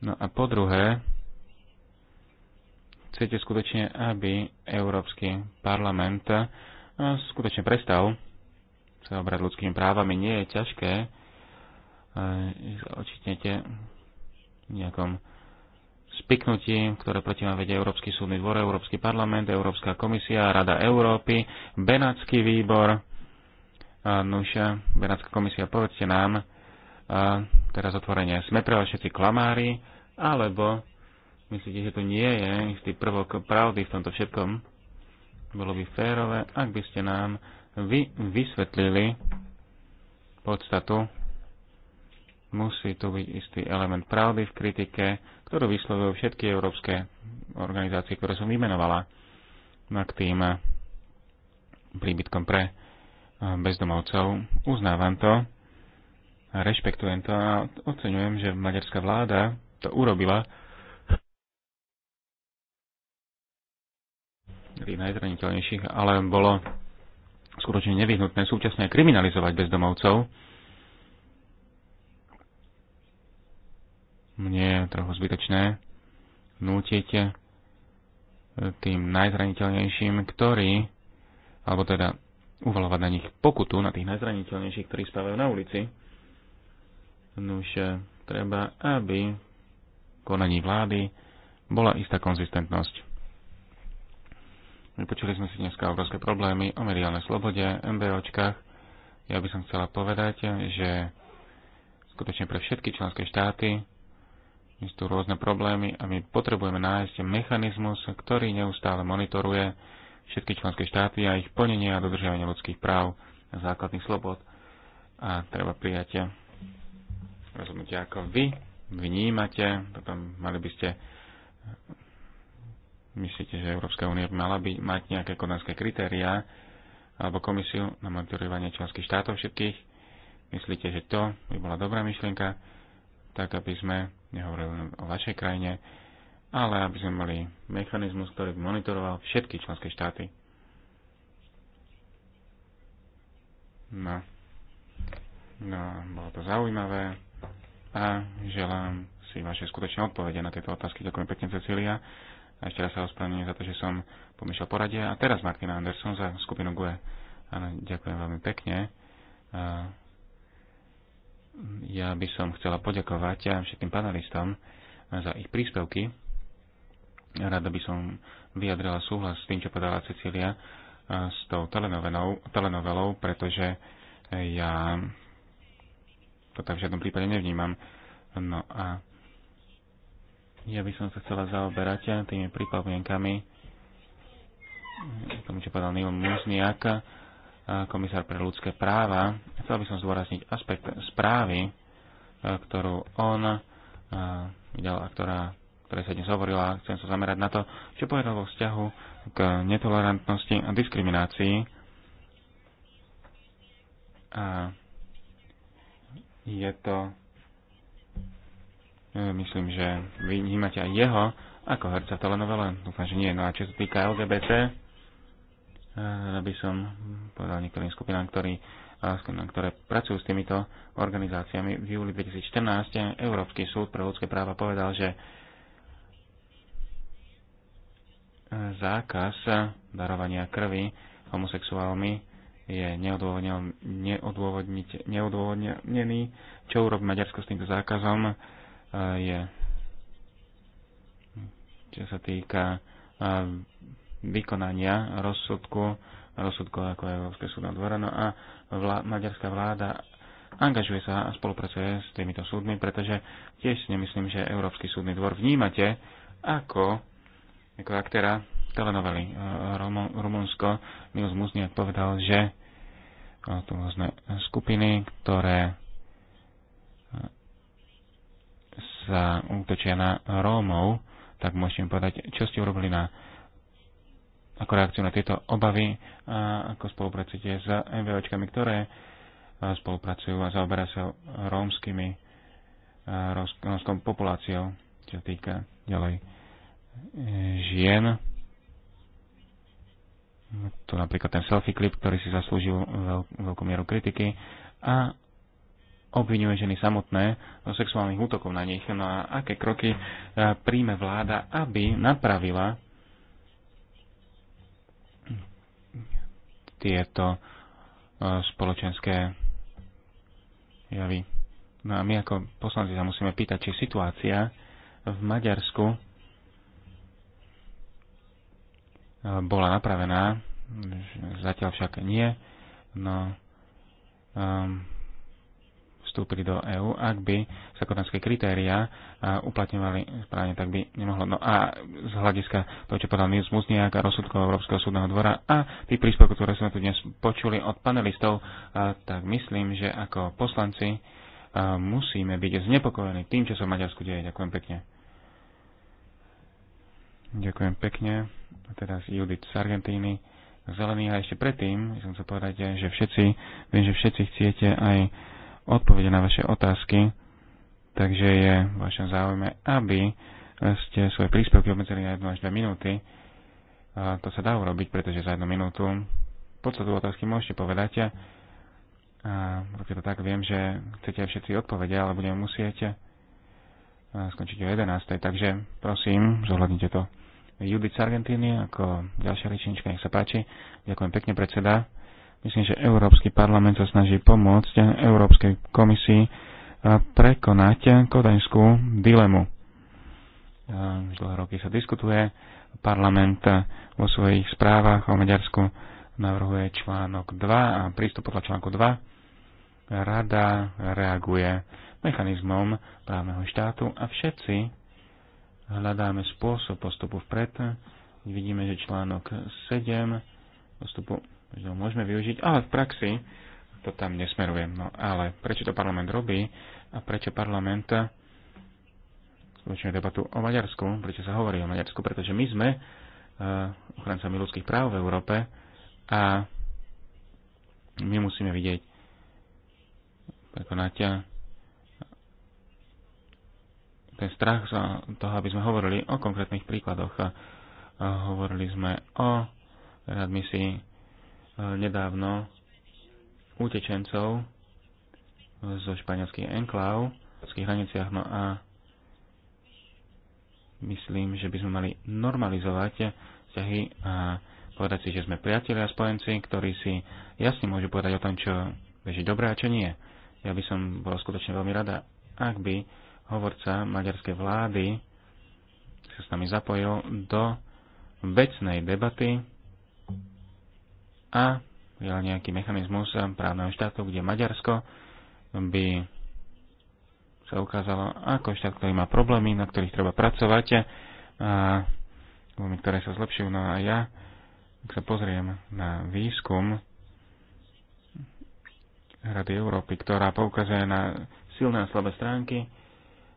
No a po druhé, chcete skutočne, aby Európsky parlament eh, skutočne prestal sa obrať ľudskými právami. Nie je ťažké, eh, očitnete nejakom spiknutí, ktoré proti vám vedie Európsky súdny dvor, Európsky parlament, Európska komisia, Rada Európy, Benátsky výbor. Nuž, eh, Benátska komisia, povedzte nám, teraz otvorenie, sme pre vás všetci klamári, alebo myslíte, že to nie je istý prvok pravdy v tomto všetkom? Bolo by férové, ak by ste nám vy vysvetlili podstatu. Musí tu byť istý element pravdy v kritike, ktorú vyslovujú všetky európske organizácie, ktoré som vymenovala na no k tým príbytkom pre bezdomovcov. Uznávam to rešpektujem to a oceňujem, že maďarská vláda to urobila. Tých najzraniteľnejších, ale bolo skutočne nevyhnutné súčasne kriminalizovať bezdomovcov. Mne je trochu zbytočné nútiť tým najzraniteľnejším, ktorí, alebo teda uvalovať na nich pokutu, na tých najzraniteľnejších, ktorí spávajú na ulici. Nuž no eh, treba, aby v konaní vlády bola istá konzistentnosť. Vypočuli sme si dneska obrovské problémy o mediálnej slobode, MBOčkách. Ja by som chcela povedať, že skutočne pre všetky členské štáty sú rôzne problémy a my potrebujeme nájsť mechanizmus, ktorý neustále monitoruje všetky členské štáty a ich plnenie a dodržiavanie ľudských práv a základných slobod. A treba prijať rozhodnutia, ako vy vnímate, potom mali by ste myslíte, že Európska únia by mala by mať nejaké konanské kritériá alebo komisiu na monitorovanie členských štátov všetkých. Myslíte, že to by bola dobrá myšlienka, tak aby sme nehovorili o vašej krajine, ale aby sme mali mechanizmus, ktorý by monitoroval všetky členské štáty. No, no bolo to zaujímavé a želám si vaše skutočné odpovede na tieto otázky. Ďakujem pekne, Cecília. A ešte raz sa ospravedlňujem za to, že som pomýšľal poradie. A teraz Martina Anderson za skupinu GUE. Áno, ďakujem veľmi pekne. Ja by som chcela poďakovať všetkým panelistom za ich príspevky. Rada by som vyjadrila súhlas s tým, čo podala Cecília s tou telenovelou pretože ja to tak v žiadnom prípade nevnímam. No a ja by som sa chcela zaoberať tými pripomienkami, tomu, čo povedal Neil Muzniak, komisár pre ľudské práva. Chcel by som zdôrazniť aspekt správy, ktorú on videl a ktorá, ktoré sa dnes hovorila. Chcem sa zamerať na to, čo povedal vo vzťahu k netolerantnosti a diskriminácii. A je to, e, myslím, že vy vnímate aj jeho ako herca telenovele. dúfam, že nie. No a čo sa týka LGBT, aby e, som povedal niektorým skupinám, ktorí, e, ktoré pracujú s týmito organizáciami. V júli 2014 Európsky súd pre ľudské práva povedal, že zákaz darovania krvi homosexuálmi je neodôvodnený. Čo urobí Maďarsko s týmto zákazom e, je, čo sa týka e, vykonania rozsudku, rozsudkov ako Európske súdne dvora. No a vlá, maďarská vláda angažuje sa a spolupracuje s týmito súdmi, pretože tiež nemyslím, že Európsky súdny dvor vnímate ako, ako aktéra telenovely. E, Rumunsko Milos Musniak povedal, že tu rôzne skupiny, ktoré sa útočia na Rómov, tak môžete povedať, čo ste urobili na, ako reakciu na tieto obavy a ako spolupracujete s MVOčkami, ktoré e, spolupracujú a zaoberá sa rómskymi, e, rómskou populáciou, čo týka ďalej e, žien tu napríklad ten selfie klip, ktorý si zaslúžil veľk, veľkú mieru kritiky a obvinuje ženy samotné zo sexuálnych útokov na nich. No a aké kroky e, príjme vláda, aby napravila tieto e, spoločenské javy. No a my ako poslanci sa musíme pýtať, či situácia v Maďarsku bola napravená, zatiaľ však nie, no um, vstúpili do EÚ, ak by sa kodanské kritéria uplatňovali správne, tak by nemohlo. No a z hľadiska toho, čo povedal Nils Musniak a rozsudkov Európskeho súdneho dvora a tých príspevkov, ktoré sme tu dnes počuli od panelistov, tak myslím, že ako poslanci musíme byť znepokojení tým, čo sa v Maďarsku deje. Ďakujem pekne. Ďakujem pekne teda z Judith z Argentíny, zelených a ešte predtým, som chcel povedať, že všetci, viem, že všetci chcete aj odpovede na vaše otázky, takže je v vašom záujme, aby ste svoje príspevky obmedzili na 1 až 2 minúty. A to sa dá urobiť, pretože za 1 minútu podstatu otázky môžete povedať. A robte to tak, viem, že chcete všetci odpovede, ale budeme musieť skončiť o 11. Takže prosím, zohľadnite to. Judith z Argentíny ako ďalšia rečnička, nech sa páči. Ďakujem pekne, predseda. Myslím, že Európsky parlament sa snaží pomôcť Európskej komisii prekonať kodaňskú dilemu. Už dlhé roky sa diskutuje. Parlament vo svojich správach o Maďarsku navrhuje článok 2 a prístup podľa článku 2. Rada reaguje mechanizmom právneho štátu a všetci hľadáme spôsob postupu vpred. Vidíme, že článok 7 postupu že môžeme využiť, ale v praxi to tam nesmerujem. No ale prečo to parlament robí a prečo parlament skutočne debatu o Maďarsku, prečo sa hovorí o Maďarsku, pretože my sme eh, ochrancami ľudských práv v Európe a my musíme vidieť prekonať ten strach z toho, aby sme hovorili o konkrétnych príkladoch. Hovorili sme o readmisii e, nedávno utečencov zo španielských enkláv v hraniciach. No a myslím, že by sme mali normalizovať vzťahy a povedať si, že sme priatelia a spojenci, ktorí si jasne môžu povedať o tom, čo beží dobré a čo nie. Ja by som bola skutočne veľmi rada, ak by hovorca maďarskej vlády sa s nami zapojil do vecnej debaty a je nejaký mechanizmus právneho štátu, kde Maďarsko by sa ukázalo ako štát, ktorý má problémy, na ktorých treba pracovať, a, ktoré sa zlepšujú. No a ja, ak sa pozriem na výskum Rady Európy, ktorá poukazuje na silné a slabé stránky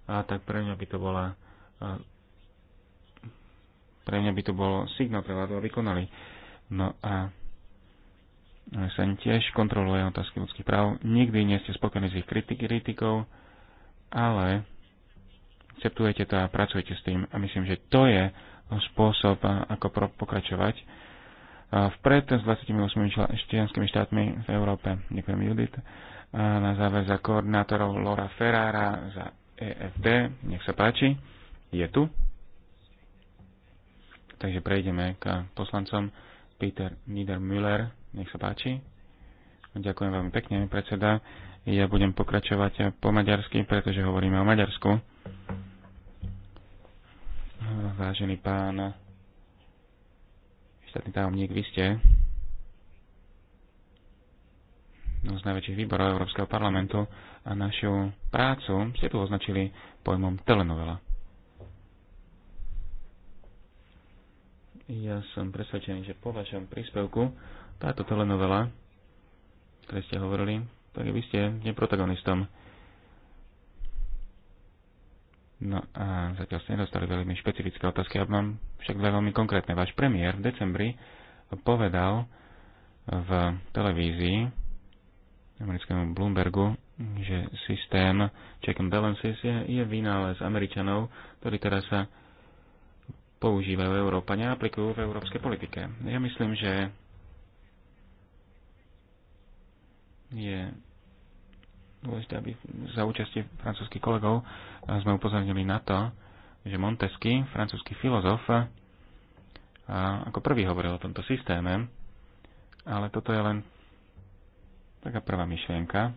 a tak pre mňa by to bola pre mňa by to bol signál pre vládu, aby konali. No a sa tiež kontroluje otázky ľudských práv. Nikdy nie ste spokojní s ich kritikou, ale akceptujete to a pracujete s tým. A myslím, že to je spôsob, ako pokračovať vpred s 28 členskými štátmi v Európe. Ďakujem Judith. A na záver za koordinátorov Laura Ferrara, za EFD, nech sa páči, je tu. Takže prejdeme k poslancom Peter Niedermüller, nech sa páči. Ďakujem veľmi pekne, predseda. Ja budem pokračovať po maďarsky, pretože hovoríme o Maďarsku. Vážený pán štátny tajomník, vy ste jednou z najväčších výborov Európskeho parlamentu a našu prácu ste tu označili pojmom telenovela. Ja som presvedčený, že po vašom príspevku táto telenovela, ktoré ste hovorili, tak vy ste neprotagonistom. No a zatiaľ ste nedostali veľmi špecifické otázky, ja mám však dve veľmi konkrétne. Váš premiér v decembri povedal v televízii, americkému Bloombergu, že systém check and balances je, je vynález Američanov, ktorý teraz sa používajú Európania a aplikujú v európskej politike. Ja myslím, že je dôležité, aby za účasti francúzských kolegov sme upozornili na to, že Montesky, francúzsky filozof, a ako prvý hovoril o tomto systéme, ale toto je len Taká prvá myšlienka.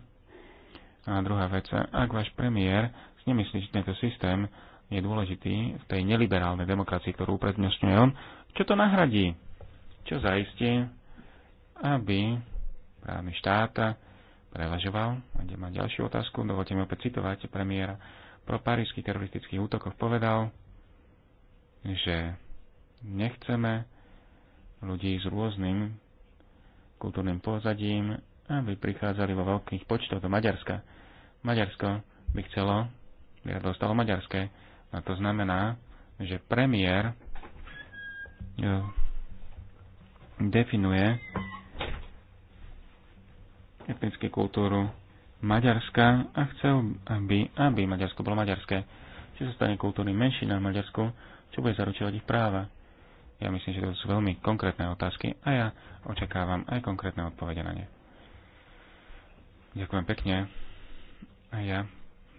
A druhá vec, ak váš premiér si nemyslí, že tento systém je dôležitý v tej neliberálnej demokracii, ktorú uprednostňuje on, čo to nahradí? Čo zaistí, aby právny štát prevažoval? A kde má ďalšiu otázku, dovolte mi opäť citovať premiéra pro parížských teroristických útokoch povedal, že nechceme ľudí s rôznym kultúrnym pozadím aby prichádzali vo veľkých počtoch do Maďarska. Maďarsko by chcelo, by dostalo maďarské. A to znamená, že premiér e, definuje etnickú kultúru Maďarska a chcel, aby, aby Maďarsko bolo maďarské. Či sa stane kultúrny menšinám v Maďarsku, čo bude zaručovať ich práva? Ja myslím, že to sú veľmi konkrétne otázky a ja očakávam aj konkrétne odpovede na ne. Ďakujem pekne. A ja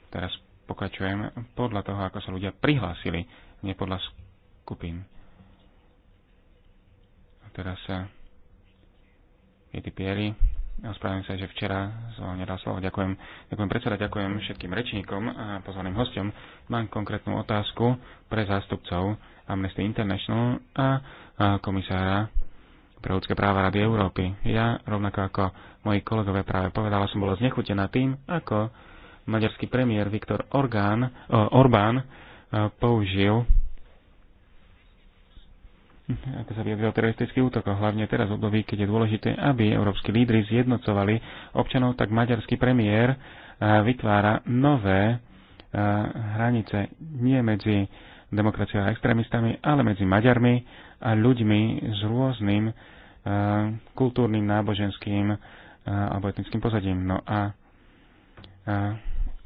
teraz pokračujem podľa toho, ako sa ľudia prihlásili, nie podľa skupín. A teraz sa eh, Katy Pieri. Ospravedlňujem sa, že včera som nedal slovo. Ďakujem, ďakujem predseda, ďakujem všetkým rečníkom a pozvaným hostom. Mám konkrétnu otázku pre zástupcov Amnesty International a komisára pre ľudské práva Rady Európy. Ja, rovnako ako moji kolegové práve povedala, som bola znechutená tým, ako maďarský premiér Viktor Orgán, eh, Orbán eh, použil ako sa vyjadril teroristický útok, hlavne teraz v období, keď je dôležité, aby európsky lídry zjednocovali občanov, tak maďarský premiér eh, vytvára nové hranice nie medzi demokraciou a extrémistami, ale medzi Maďarmi a ľuďmi s rôznym e, kultúrnym, náboženským e, alebo etnickým pozadím. No a e,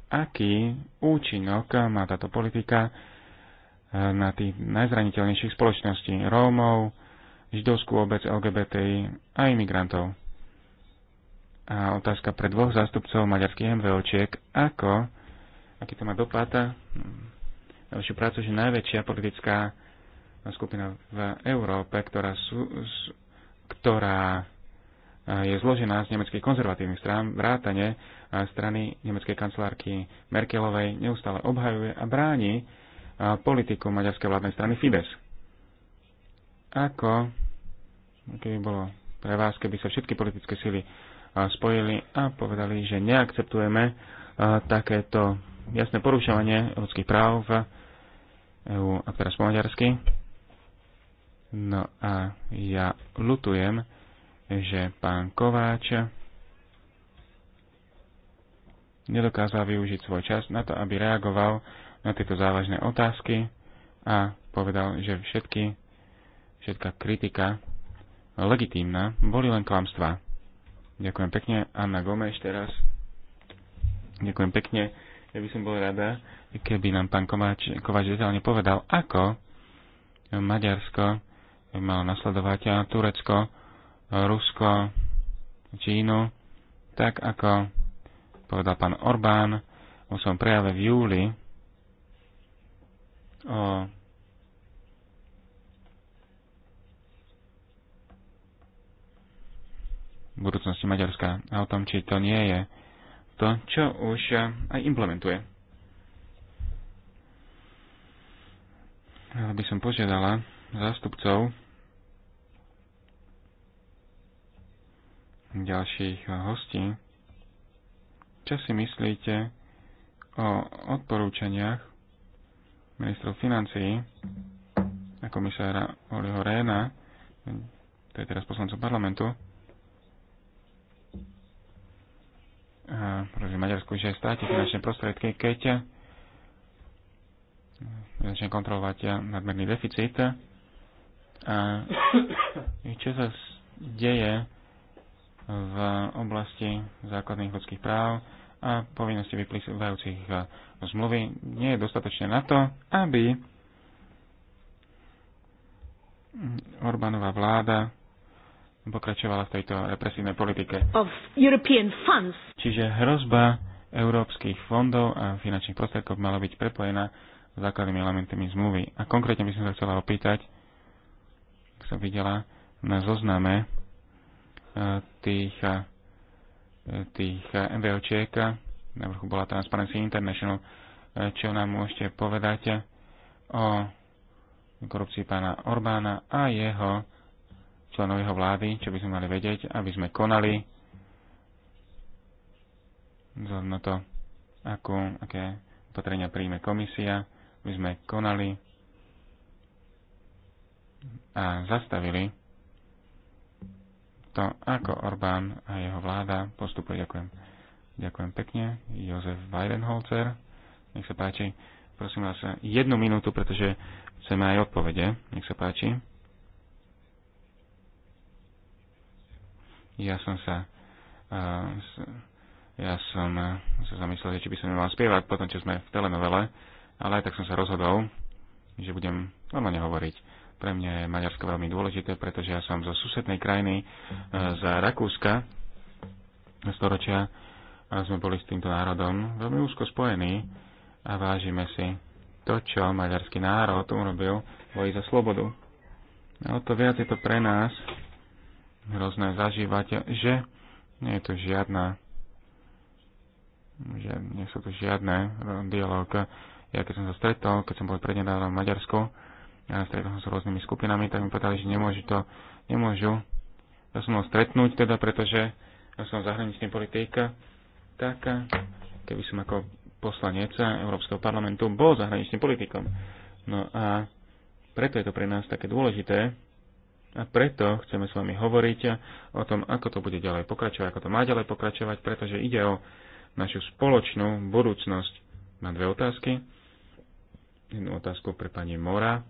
aký účinok má táto politika na tých najzraniteľnejších spoločností Rómov, židovskú obec LGBTI a imigrantov. A otázka pre dvoch zástupcov maďarských MVOčiek, ako, aký to má dopad na vašu prácu, že najväčšia politická skupina v Európe, ktorá, sú, ktorá e, je zložená z nemeckých konzervatívnych strán, vrátane e, strany nemeckej kancelárky Merkelovej neustále obhajuje a bráni e, politiku maďarskej vládnej strany Fides. Ako keby bolo pre vás, keby sa všetky politické sily spojili a povedali, že neakceptujeme takéto jasné porušovanie ľudských práv v EU a teraz po maďarsky. No a ja lutujem, že pán Kováč nedokázal využiť svoj čas na to, aby reagoval na tieto závažné otázky a povedal, že všetky, všetká kritika legitímna boli len klamstvá. Ďakujem pekne. Anna Gomeš teraz. Ďakujem pekne. Ja by som bol rada, keby nám pán Kováč, Kováč detailne povedal, ako Maďarsko by malo nasledovať a eh, Turecko, eh, Rusko, Čínu, tak ako povedal pán Orbán vo svojom prejave v júli o budúcnosti Maďarska a o tom, či to nie je to, čo už eh, aj implementuje. Aby som požiadala zástupcov ďalších eh, hostí. Čo si myslíte o odporúčaniach ministrov financií a komisára Oliho Réna, to je teraz poslancom parlamentu, proti Maďarsku, že státe finančné prostriedky, keď eh, začne kontrolovať eh, nadmerný deficit. A [coughs] čo sa deje v oblasti základných ľudských práv a povinnosti vyplývajúcich zmluvy nie je dostatočné na to, aby Orbánová vláda pokračovala v tejto represívnej politike. Čiže hrozba európskych fondov a finančných prostriedkov mala byť prepojená s základnými elementami zmluvy. A konkrétne by som sa chcela opýtať, ak som videla na zozname tých, tých MVOčiek, na vrchu bola Transparency International, čo nám môžete povedať o korupcii pána Orbána a jeho členov jeho vlády, čo by sme mali vedieť, aby sme konali Zhodno na to, akú, aké opatrenia príjme komisia, aby sme konali a zastavili to, ako Orbán a jeho vláda postupuje. Ďakujem. Ďakujem pekne. Jozef Weidenholzer, nech sa páči. Prosím vás, jednu minútu, pretože chceme aj odpovede. Nech sa páči. Ja som sa ja som sa zamyslel, či by som mal spievať potom, čo sme v telenovele, ale aj tak som sa rozhodol, že budem normálne hovoriť pre mňa je Maďarsko veľmi dôležité, pretože ja som zo susednej krajiny, e, za Rakúska, storočia a sme boli s týmto národom veľmi úzko spojení a vážime si to, čo maďarský národ urobil boli za slobodu. A o to viac je to pre nás hrozné zažívať, že nie je to žiadna že nie sú to žiadne e, dialog. Ja keď som sa stretol, keď som bol prednedávno v Maďarsku, ja stretol s rôznymi skupinami, tak mi povedali, že nemôžu to, nemôžu ja som mnou stretnúť, teda pretože ja som zahraničný politik, tak keby som ako poslanec Európskeho parlamentu bol zahraničným politikom. No a preto je to pre nás také dôležité a preto chceme s vami hovoriť o tom, ako to bude ďalej pokračovať, ako to má ďalej pokračovať, pretože ide o našu spoločnú budúcnosť. Mám dve otázky. Jednu otázku pre pani Mora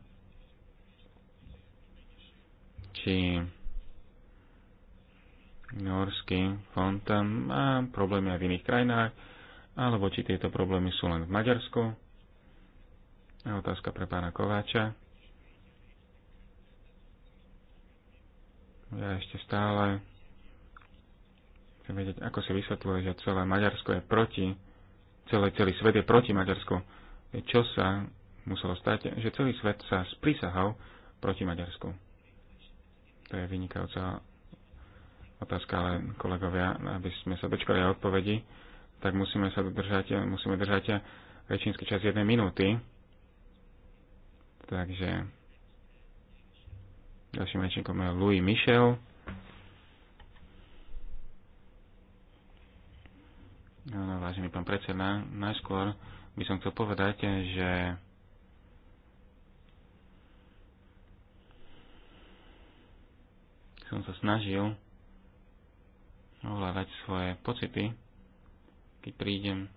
či norský fond má problémy aj v iných krajinách, alebo či tieto problémy sú len v Maďarsku. A otázka pre pána Kováča. Ja ešte stále chcem vedieť, ako si vysvetľuje, že celé Maďarsko je proti, celé, celý svet je proti Maďarsku. Čo sa muselo stať, že celý svet sa sprísahal proti Maďarsku? to je vynikajúca otázka, ale kolegovia, aby sme sa dočkali aj odpovedi, tak musíme sa držať, musíme držať väčšinský čas jednej minúty. Takže ďalším väčšinkom je Louis Michel. no, vážený pán predseda, najskôr by som chcel povedať, že som sa snažil ovládať svoje pocity, keď prídem,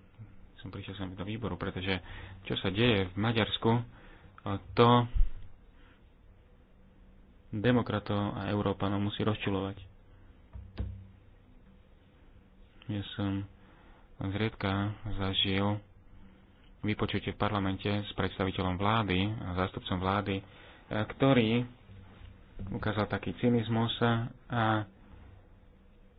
som prišiel sem do výboru, pretože čo sa deje v Maďarsku, to demokratov a Európanov musí rozčulovať. Ja som zriedka zažil vypočutie v parlamente s predstaviteľom vlády a zástupcom vlády, ktorý ukázal taký cynizmus a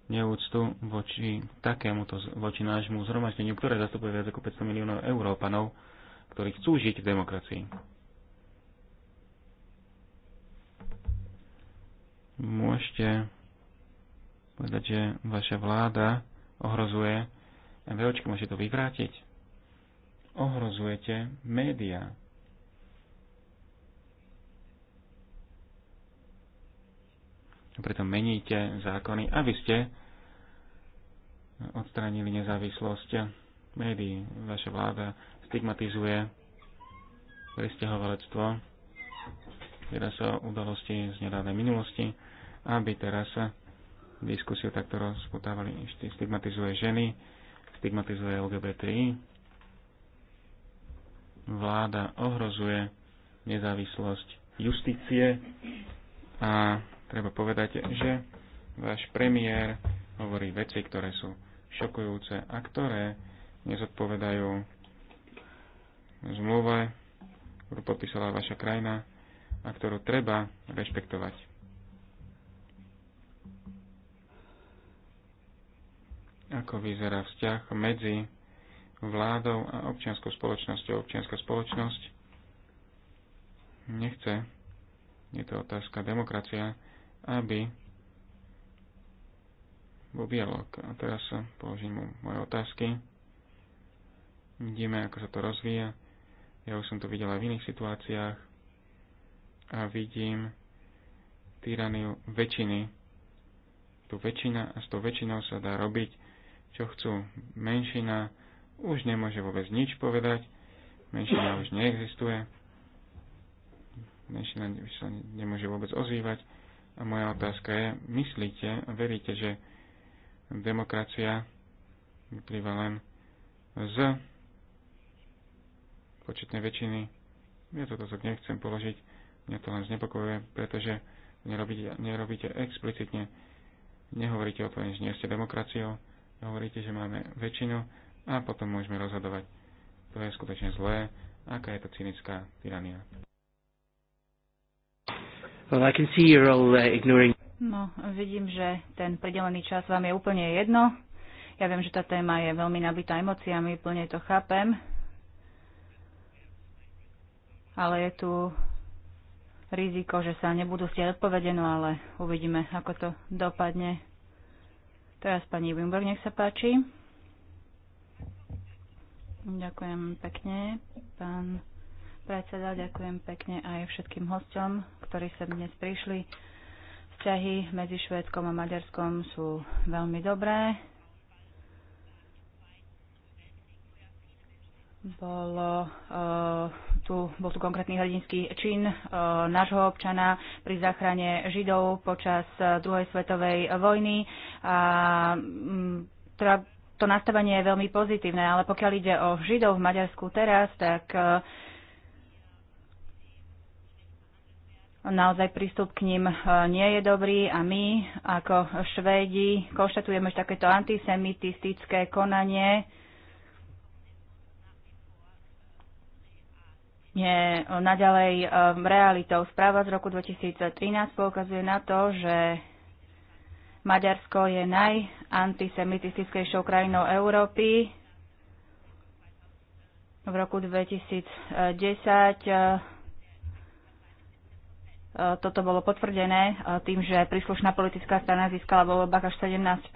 neúctu voči takémuto, voči nášmu zhromaždeniu, ktoré zastupuje viac ako 500 miliónov Európanov, ktorí chcú žiť v demokracii. Môžete povedať, že vaša vláda ohrozuje MVOčky, môžete to vyvrátiť. Ohrozujete médiá, Preto meníte zákony, aby ste odstranili nezávislosť médií. Vaša vláda stigmatizuje pristahovalectvo. Teda sa udalosti z nedávnej minulosti, aby teraz sa diskusiu takto rozputávali. Stigmatizuje ženy, stigmatizuje LGBTI. Vláda ohrozuje nezávislosť justície a treba povedať, že váš premiér hovorí veci, ktoré sú šokujúce a ktoré nezodpovedajú zmluve, ktorú podpísala vaša krajina a ktorú treba rešpektovať. Ako vyzerá vzťah medzi vládou a občianskou spoločnosťou? Občianská spoločnosť nechce, je to otázka demokracia, aby bol dialog. A teraz položím mu moje otázky. Vidíme, ako sa to rozvíja. Ja už som to videl aj v iných situáciách a vidím tyraniu väčšiny. Tu väčšina a s tou väčšinou sa dá robiť, čo chcú. Menšina už nemôže vôbec nič povedať, menšina už neexistuje, menšina už sa nemôže vôbec ozývať a moja otázka je, myslíte, veríte, že demokracia vyplýva len z početnej väčšiny? Ja toto tak nechcem položiť, mňa to len znepokojuje, pretože nerobíte, nerobíte explicitne, nehovoríte o tom, že nie ste demokraciou, hovoríte, že máme väčšinu a potom môžeme rozhodovať. To je skutočne zlé, aká je to cynická tyrania. Well, I can see you're all uh, ignoring. No, vidím, že ten predelený čas vám je úplne jedno. Ja viem, že tá téma je veľmi nabitá emóciami, plne to chápem. Ale je tu riziko, že sa nebudú stiať odpovedenú, no ale uvidíme, ako to dopadne. Teraz pani Wimberg, nech sa páči. Ďakujem pekne, pán predseda, ďakujem pekne aj všetkým hostom, ktorí sa dnes prišli. Vzťahy medzi Švédskom a Maďarskom sú veľmi dobré. Bolo, uh, tu, bol tu konkrétny hrdinský čin uh, nášho občana pri záchrane Židov počas uh, druhej svetovej vojny. A, um, teda to nastavenie je veľmi pozitívne, ale pokiaľ ide o Židov v Maďarsku teraz, tak uh, naozaj prístup k ním e, nie je dobrý a my ako Švédi konštatujeme, že takéto antisemitistické konanie je e, naďalej e, realitou. Správa z roku 2013 poukazuje na to, že Maďarsko je najantisemitistickejšou krajinou Európy. V roku 2010 toto bolo potvrdené e, tým, že príslušná politická strana získala vo voľbách až 17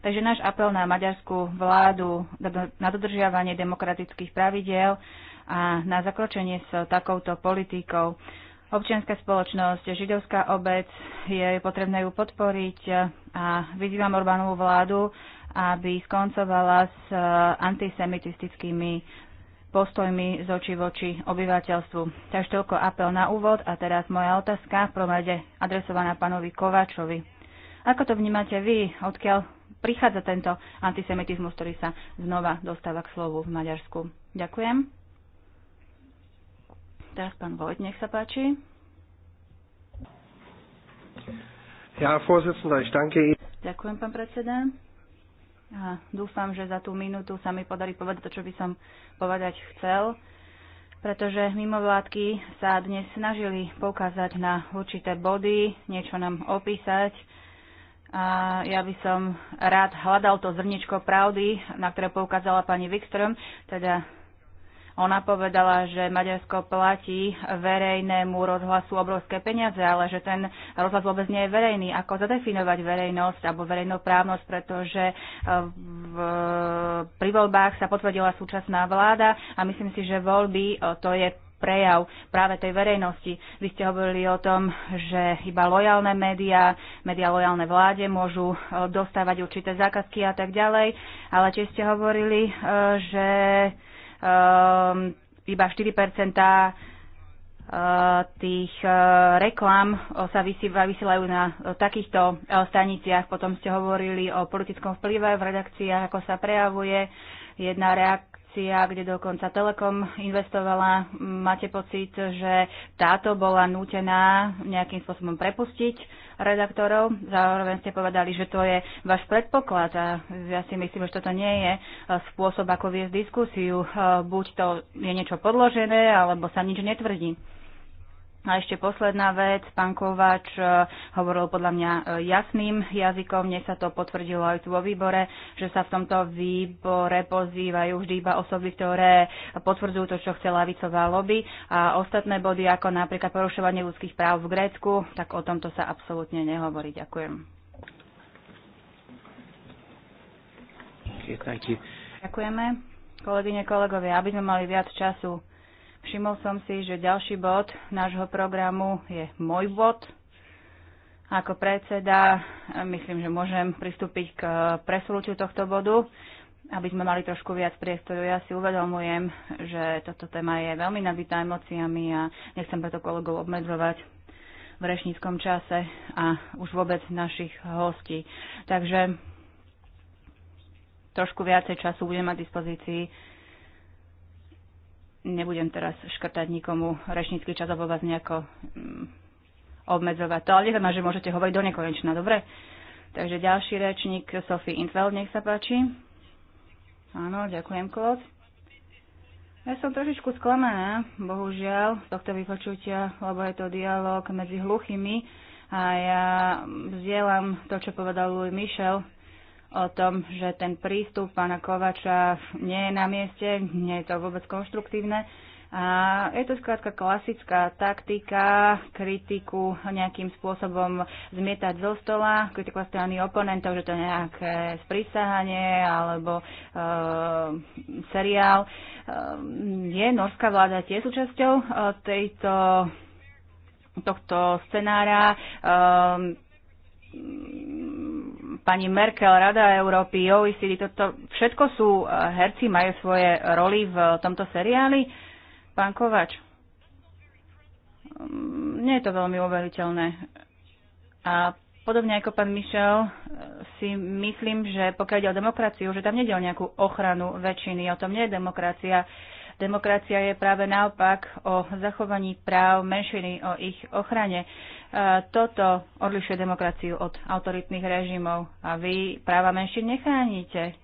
Takže náš apel na maďarskú vládu na dodržiavanie demokratických pravidiel a na zakročenie s takouto politikou. Občianská spoločnosť, židovská obec, je potrebné ju podporiť a vyzývam Orbánovú vládu, aby skoncovala s e, antisemitistickými postojmi z očí voči obyvateľstvu. Takže toľko apel na úvod a teraz moja otázka v promade adresovaná pánovi Kováčovi. Ako to vnímate vy, odkiaľ prichádza tento antisemitizmus, ktorý sa znova dostáva k slovu v Maďarsku? Ďakujem. Teraz pán Vojt, nech sa páči. Ja, Ďakujem, pán predseda. A dúfam, že za tú minútu sa mi podarí povedať to, čo by som povedať chcel, pretože mimovládky sa dnes snažili poukázať na určité body, niečo nám opísať. A ja by som rád hľadal to zrničko pravdy, na ktoré poukázala pani Wikström, teda ona povedala, že Maďarsko platí verejnému rozhlasu obrovské peniaze, ale že ten rozhlas vôbec nie je verejný. Ako zadefinovať verejnosť alebo verejnoprávnosť, pretože e, v, pri voľbách sa potvrdila súčasná vláda a myslím si, že voľby e, to je prejav práve tej verejnosti. Vy ste hovorili o tom, že iba lojálne médiá, médiá lojálne vláde môžu e, dostávať určité zákazky a tak ďalej, ale či ste hovorili, že Ehm, iba 4 eh, tých eh, reklám eh, sa vysielajú na takýchto staniciach. Potom ste hovorili o politickom vplyve v redakciách, ako sa prejavuje. Jedna reakcia, kde dokonca Telekom investovala. Máte pocit, že táto bola nútená nejakým spôsobom prepustiť redaktorov. Zároveň ste povedali, že to je váš predpoklad a ja si myslím, že toto nie je e, spôsob, ako viesť diskusiu. E, buď to je niečo podložené, alebo sa nič netvrdí. A ešte posledná vec, pán Kovač e, hovoril podľa mňa e, jasným jazykom, mne sa to potvrdilo aj tu vo výbore, že sa v tomto výbore pozývajú vždy iba osoby, ktoré potvrdzujú to, čo chce lavicová lobby a ostatné body, ako napríklad porušovanie ľudských práv v Grécku, tak o tomto sa absolútne nehovorí. Ďakujem. Ďakujeme. Kolegyne, kolegovia, aby sme mali viac času Všimol som si, že ďalší bod nášho programu je môj bod. Ako predseda eh, myslím, že môžem pristúpiť k eh, presúľučiu tohto bodu, aby sme mali trošku viac priestoru. Ja si uvedomujem, že toto téma je veľmi nabitá emóciami a nechcem preto kolegov obmedzovať v rešníckom čase a už vôbec našich hostí. Takže trošku viacej času budem mať dispozícii nebudem teraz škrtať nikomu rečnícky čas alebo vás nejako mm, obmedzovať to, ale neznamená, že môžete hovoriť do nekonečna, dobre? Takže ďalší rečník, Sophie Intveld, nech sa páči. Áno, ďakujem, Klod. Ja som trošičku sklamaná, bohužiaľ, z tohto vypočutia, lebo je to dialog medzi hluchými a ja vzdielam to, čo povedal Louis Michel, o tom, že ten prístup pána Kovača nie je na mieste, nie je to vôbec konštruktívne. A je to skrátka klasická taktika, kritiku nejakým spôsobom zmietať zo stola, kritika strany oponentov, že to je nejaké sprísahanie alebo e, seriál. E, je norská vláda tie súčasťou e, tejto, tohto scenára? E, pani Merkel, Rada Európy, OECD, toto všetko sú e, herci, majú svoje roly v tomto seriáli. Pán Kovač, mm, nie je to veľmi uveriteľné. A podobne ako pán Michel, e, si myslím, že pokiaľ ide o demokraciu, že tam nejde o nejakú ochranu väčšiny, o tom nie je demokracia. Demokracia je práve naopak o zachovaní práv menšiny, o ich ochrane toto odlišuje demokraciu od autoritných režimov a vy práva menšín nechránite.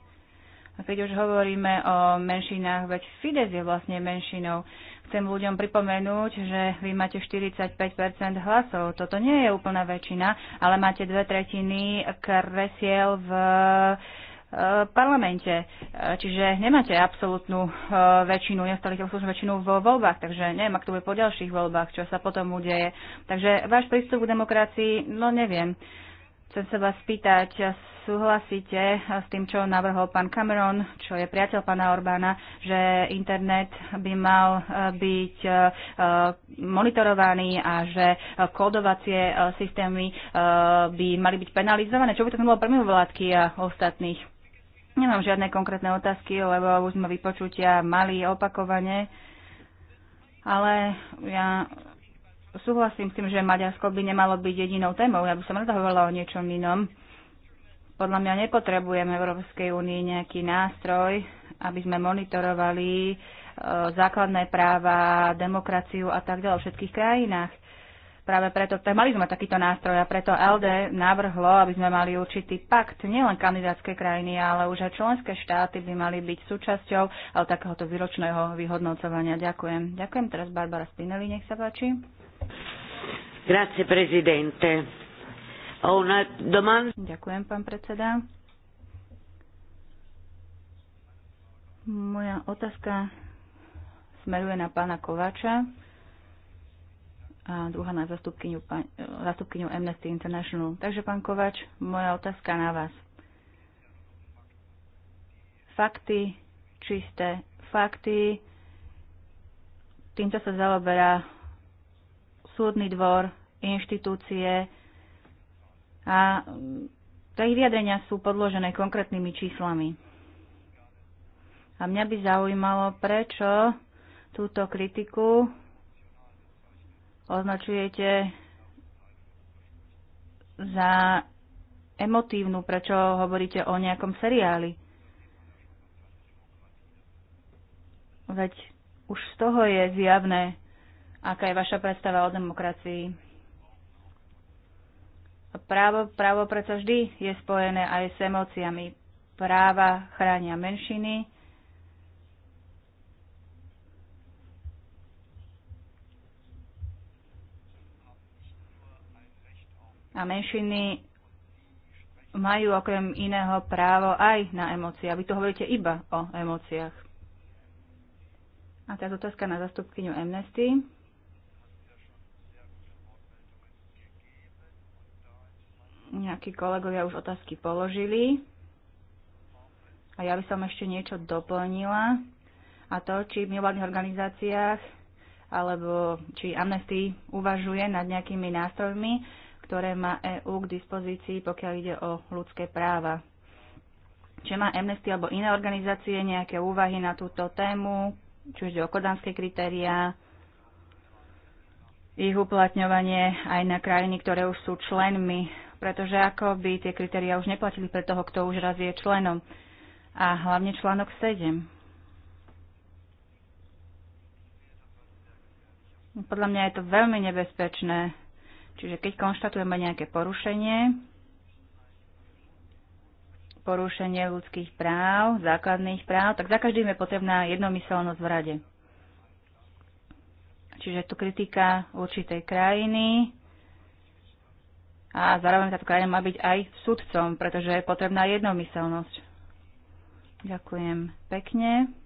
A keď už hovoríme o menšinách, veď Fides je vlastne menšinou. Chcem ľuďom pripomenúť, že vy máte 45 hlasov. Toto nie je úplná väčšina, ale máte dve tretiny kresiel v uh, parlamente. Čiže nemáte absolútnu e, väčšinu, nestali absolútnu väčšinu vo voľbách, takže neviem, ak to bude po ďalších voľbách, čo sa potom udeje. Takže váš prístup k demokracii, no neviem. Chcem sa vás spýtať, súhlasíte s tým, čo navrhol pán Cameron, čo je priateľ pána Orbána, že internet by mal e, byť e, monitorovaný a že kódovacie systémy by mali byť penalizované? Čo by to bolo pre vládky a ostatných? Nemám žiadne konkrétne otázky, lebo už sme vypočutia mali opakovane, ale ja súhlasím s tým, že Maďarsko by nemalo byť jedinou témou. Ja by som rada hovorila o niečom inom. Podľa mňa nepotrebujeme Európskej únii nejaký nástroj, aby sme monitorovali e, základné práva, demokraciu a tak ďalej v všetkých krajinách. Práve preto mali sme takýto nástroj a preto LD navrhlo, aby sme mali určitý pakt nielen kandidátske krajiny, ale už aj členské štáty by mali byť súčasťou ale takéhoto výročného vyhodnocovania. Ďakujem. Ďakujem teraz Barbara Spinelli, nech sa páči. Grazie, prezidente. Una domanda... Ďakujem, pán predseda. Moja otázka smeruje na pána Kovača a druhá na zastupkyňu, zastupkyňu Amnesty International. Takže, pán Kovač, moja otázka na vás. Fakty, čisté fakty, týmto sa zaoberá súdny dvor, inštitúcie a tie vyjadrenia sú podložené konkrétnymi číslami. A mňa by zaujímalo, prečo túto kritiku označujete za emotívnu, prečo hovoríte o nejakom seriáli. Veď už z toho je zjavné, aká je vaša predstava o demokracii. Právo, právo preto vždy je spojené aj s emóciami. Práva chránia menšiny, a menšiny majú okrem iného právo aj na emócie. A vy tu hovoríte iba o emóciách. A teraz otázka na zastupkyňu Amnesty. Nejakí kolegovia už otázky položili. A ja by som ešte niečo doplnila. A to, či v nevládnych organizáciách alebo či Amnesty uvažuje nad nejakými nástrojmi, ktoré má EÚ k dispozícii, pokiaľ ide o ľudské práva. Či má Amnesty alebo iné organizácie nejaké úvahy na túto tému, či už je o kodanské kritériá, ich uplatňovanie aj na krajiny, ktoré už sú členmi, pretože ako by tie kritériá už neplatili pre toho, kto už raz je členom. A hlavne článok 7. Podľa mňa je to veľmi nebezpečné Čiže keď konštatujeme nejaké porušenie, porušenie ľudských práv, základných práv, tak za každým je potrebná jednomyselnosť v rade. Čiže tu kritika určitej krajiny a zároveň táto krajina má byť aj sudcom, pretože je potrebná jednomyselnosť. Ďakujem pekne.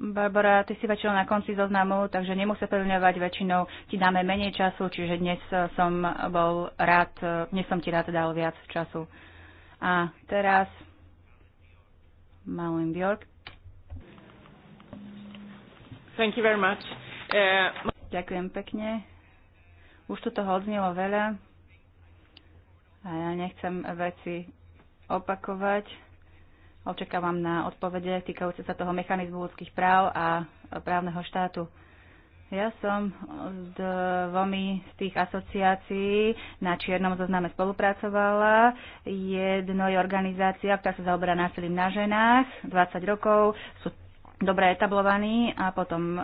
Barbara, ty si väčšinou na konci zoznamu, takže nemusí plňovať väčšinou. Ti dáme menej času, čiže dnes eh, som bol rád, eh, dnes som ti rád dal viac času. A teraz Malin Bjork. Thank you very much. Uh, Ďakujem pekne. Už tu toho odznelo veľa a ja nechcem veci opakovať. Očakávam na odpovede týkajúce sa toho mechanizmu ľudských práv a právneho štátu. Ja som s dvomi z tých asociácií na čiernom zozname spolupracovala. Jedno je organizácia, ktorá sa zaoberá násilím na ženách, 20 rokov, sú dobre etablovaní a potom e,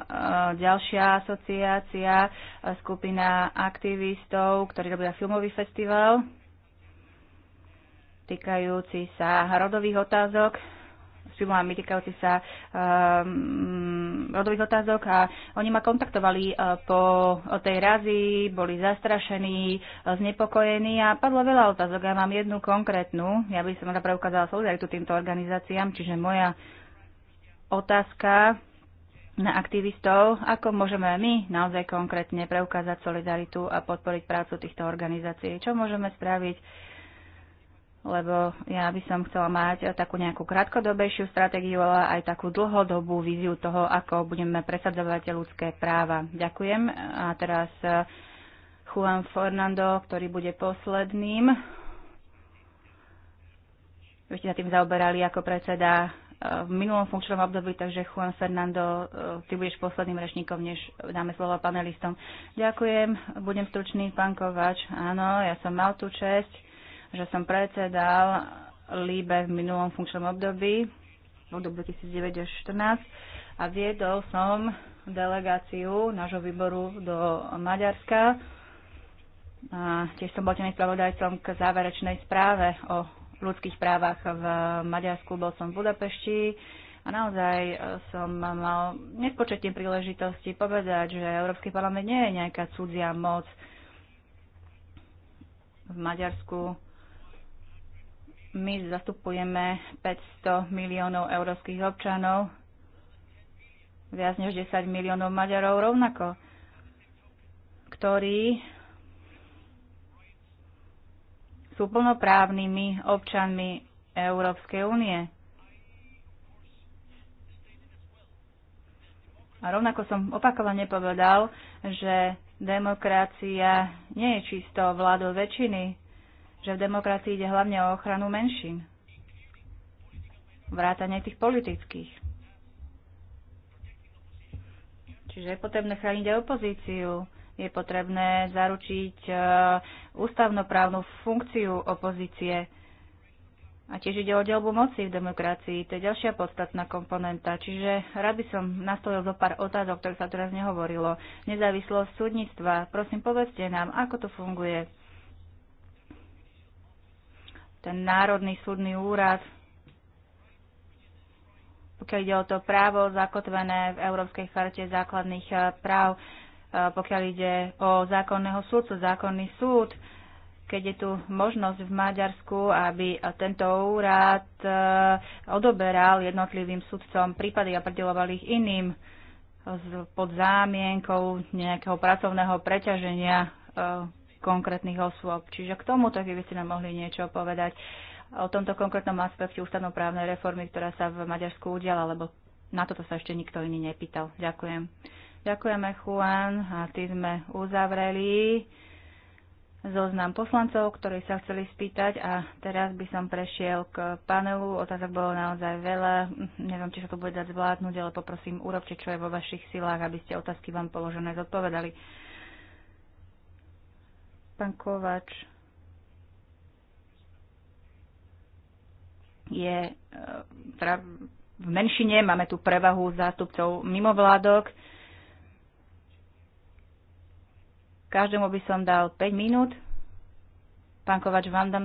ďalšia asociácia, e, skupina aktivistov, ktorí robia filmový festival týkajúci sa rodových otázok, s filmami týkajúci sa um, rodových otázok a oni ma kontaktovali uh, po tej razi, boli zastrašení, uh, znepokojení a padlo veľa otázok. Ja mám jednu konkrétnu, ja by som rada ukázala solidaritu týmto organizáciám, čiže moja otázka na aktivistov, ako môžeme my naozaj konkrétne preukázať solidaritu a podporiť prácu týchto organizácií. Čo môžeme spraviť? lebo ja by som chcela mať takú nejakú krátkodobejšiu stratégiu, ale aj takú dlhodobú víziu toho, ako budeme presadzovať ľudské práva. Ďakujem. A teraz eh, Juan Fernando, ktorý bude posledným. Vy ste sa tým zaoberali ako predseda eh, v minulom funkčnom období, takže Juan Fernando, eh, ty budeš posledným rečníkom, než dáme slovo panelistom. Ďakujem, budem stručný, pán Kovač. Áno, ja som mal tú česť že som predsedal líbe v minulom funkčnom období, v období 2009 2014 a viedol som delegáciu nášho výboru do Maďarska. A tiež som bol tým spravodajcom k záverečnej správe o ľudských právach v Maďarsku. Bol som v Budapešti a naozaj som mal nespočetne príležitosti povedať, že Európsky parlament nie je nejaká cudzia moc. V Maďarsku my zastupujeme 500 miliónov európskych občanov, viac než 10 miliónov Maďarov rovnako, ktorí sú plnoprávnymi občanmi Európskej únie. A rovnako som opakovane povedal, že demokracia nie je čisto vládou väčšiny že v demokracii ide hlavne o ochranu menšín, vrátanie tých politických. Čiže je potrebné chrániť aj opozíciu, je potrebné zaručiť e, ústavnoprávnu funkciu opozície. A tiež ide o delbu moci v demokracii, to je ďalšia podstatná komponenta. Čiže rád by som nastavil zo pár otázok, ktoré sa teraz nehovorilo. Nezávislosť súdnictva, prosím povedzte nám, ako to funguje ten Národný súdny úrad, pokiaľ ide o to právo zakotvené v Európskej charte základných eh, práv, eh, pokiaľ ide o zákonného súdcu, zákonný súd, keď je tu možnosť v Maďarsku, aby tento úrad eh, odoberal jednotlivým sudcom prípady a predeloval ich iným pod zámienkou nejakého pracovného preťaženia konkrétnych osôb. Čiže k tomuto, by ste nám mohli niečo povedať o tomto konkrétnom aspekte ústavnoprávnej reformy, ktorá sa v Maďarsku udiala, lebo na toto sa ešte nikto iný nepýtal. Ďakujem. Ďakujeme, Juan, a ty sme uzavreli zoznam poslancov, ktorí sa chceli spýtať a teraz by som prešiel k panelu. Otázok bolo naozaj veľa. Neviem, či sa to bude dať zvládnuť, ale poprosím, urobte, čo je vo vašich silách, aby ste otázky vám položené zodpovedali. Pán Kovač je e, teda v menšine, máme tu prevahu zástupcov mimovládok. Každému by som dal 5 minút. Pán Kovač, vám dám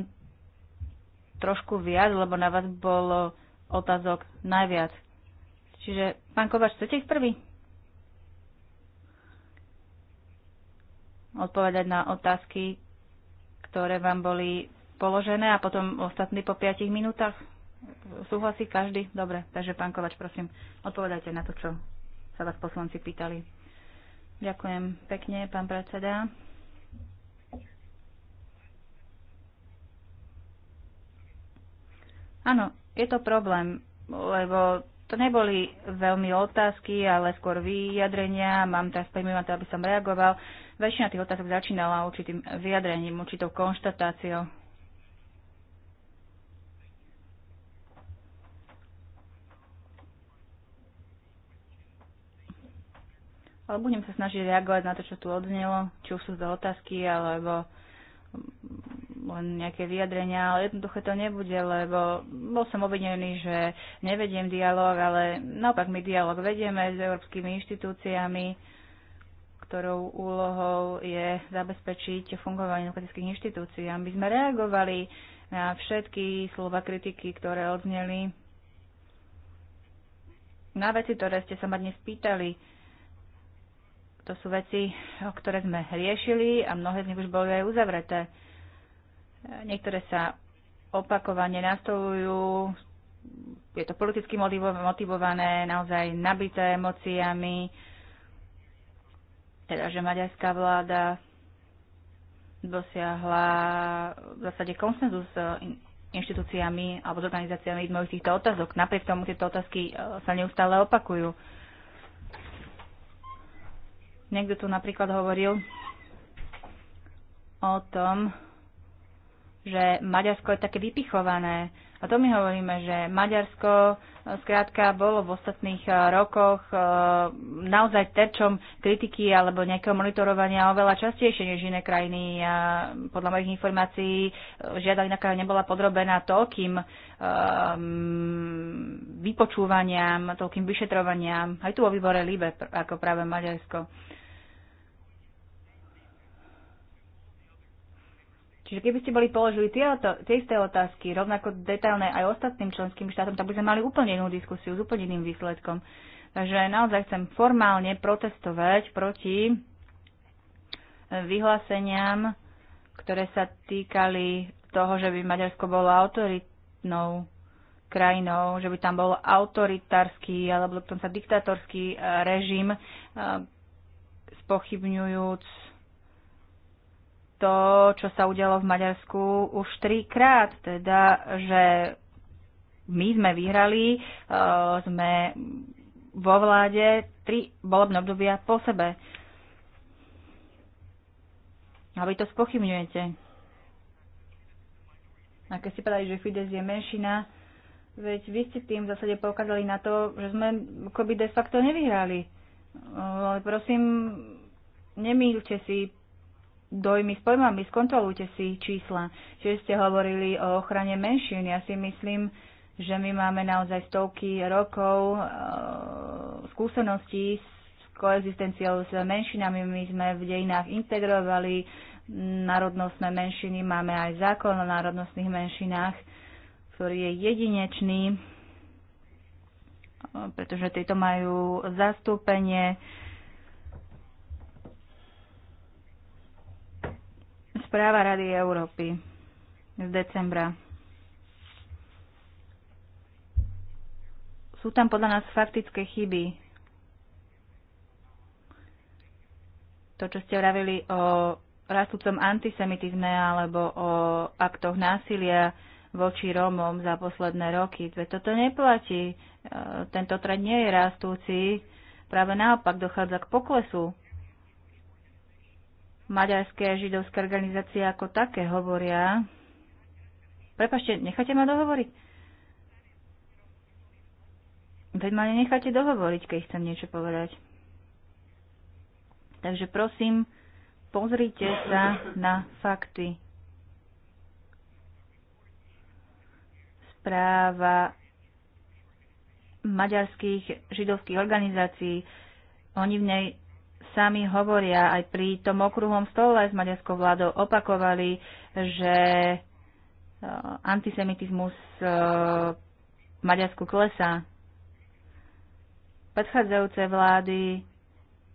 trošku viac, lebo na vás bolo otázok najviac. Čiže, pán Kovač, chcete ísť prvý? odpovedať na otázky, ktoré vám boli položené a potom ostatní po 5 minútach. Súhlasí každý? Dobre, takže pán Kovač, prosím, odpovedajte na to, čo sa vás poslanci pýtali. Ďakujem pekne, pán predseda. Áno, je to problém, lebo to neboli veľmi otázky, ale skôr vyjadrenia. Mám teraz na to, aby som reagoval. Väčšina tých otázok začínala určitým vyjadrením, určitou konštatáciou. Ale budem sa snažiť reagovať na to, čo tu odznelo, či už sú to otázky, alebo len nejaké vyjadrenia, ale jednoduché to nebude, lebo bol som obvinený, že nevediem dialog, ale naopak my dialog vedieme s európskymi inštitúciami, ktorou úlohou je zabezpečiť fungovanie demokratických inštitúcií. A my sme reagovali na všetky slova kritiky, ktoré odzneli, na veci, ktoré ste sa ma dnes pýtali. To sú veci, ktoré sme riešili a mnohé z nich už boli aj uzavreté. Niektoré sa opakovane nastavujú, je to politicky motivované, naozaj nabité emóciami, teda že maďarská vláda dosiahla v zásade konsenzus s inštitúciami alebo s organizáciami mojich týchto otázok. Napriek tomu tieto otázky e, sa neustále opakujú. Niekto tu napríklad hovoril o tom, že Maďarsko je také vypichované. A to my hovoríme, že Maďarsko zkrátka eh, bolo v ostatných eh, rokoch eh, naozaj terčom kritiky alebo nejakého monitorovania oveľa častejšie než iné krajiny. A podľa mojich informácií žiadna inaká nebola podrobená toľkým mm, vypočúvaniam, toľkým vyšetrovaniam, aj tu o výbore Libe, ako práve Maďarsko. Čiže keby ste boli položili tie, tie isté otázky, rovnako detailné aj ostatným členským štátom, tak by sme mali úplne inú diskusiu s úplne iným výsledkom. Takže naozaj chcem formálne protestovať proti eh, vyhláseniam, ktoré sa týkali toho, že by Maďarsko bolo autoritnou krajinou, že by tam bol autoritársky alebo dokonca diktatorský eh, režim, eh, spochybňujúc to, čo sa udialo v Maďarsku už trikrát, teda, že my sme vyhrali, eh, sme vo vláde tri volebné obdobia po sebe. A vy to spochybňujete. A keď ste povedali, že Fides je menšina, veď vy ste tým v zásade poukázali na to, že sme akoby de facto nevyhrali. Ale eh, prosím, nemýlte si dojmy s pojmami, skontrolujte si čísla. Čiže ste hovorili o ochrane menšín. Ja si myslím, že my máme naozaj stovky rokov e, skúseností s koexistenciou s menšinami. My sme v dejinách integrovali národnostné menšiny, máme aj zákon o národnostných menšinách, ktorý je jedinečný, eh, pretože tieto majú zastúpenie správa Rady Európy z decembra. Sú tam podľa nás faktické chyby. To, čo ste vravili o rastúcom antisemitizme alebo o aktoch násilia voči Rómom za posledné roky. Veď toto neplatí. E, tento trend nie je rastúci. Práve naopak dochádza k poklesu maďarské a židovské organizácie ako také hovoria. Prepašte, necháte ma dohovoriť? Veď ma nenecháte dohovoriť, keď chcem niečo povedať. Takže prosím, pozrite sa na fakty. Správa maďarských židovských organizácií. Oni v nej sami hovoria aj pri tom okruhom stole s maďarskou vládou opakovali, že e, antisemitizmus e, v Maďarsku klesá. Predchádzajúce vlády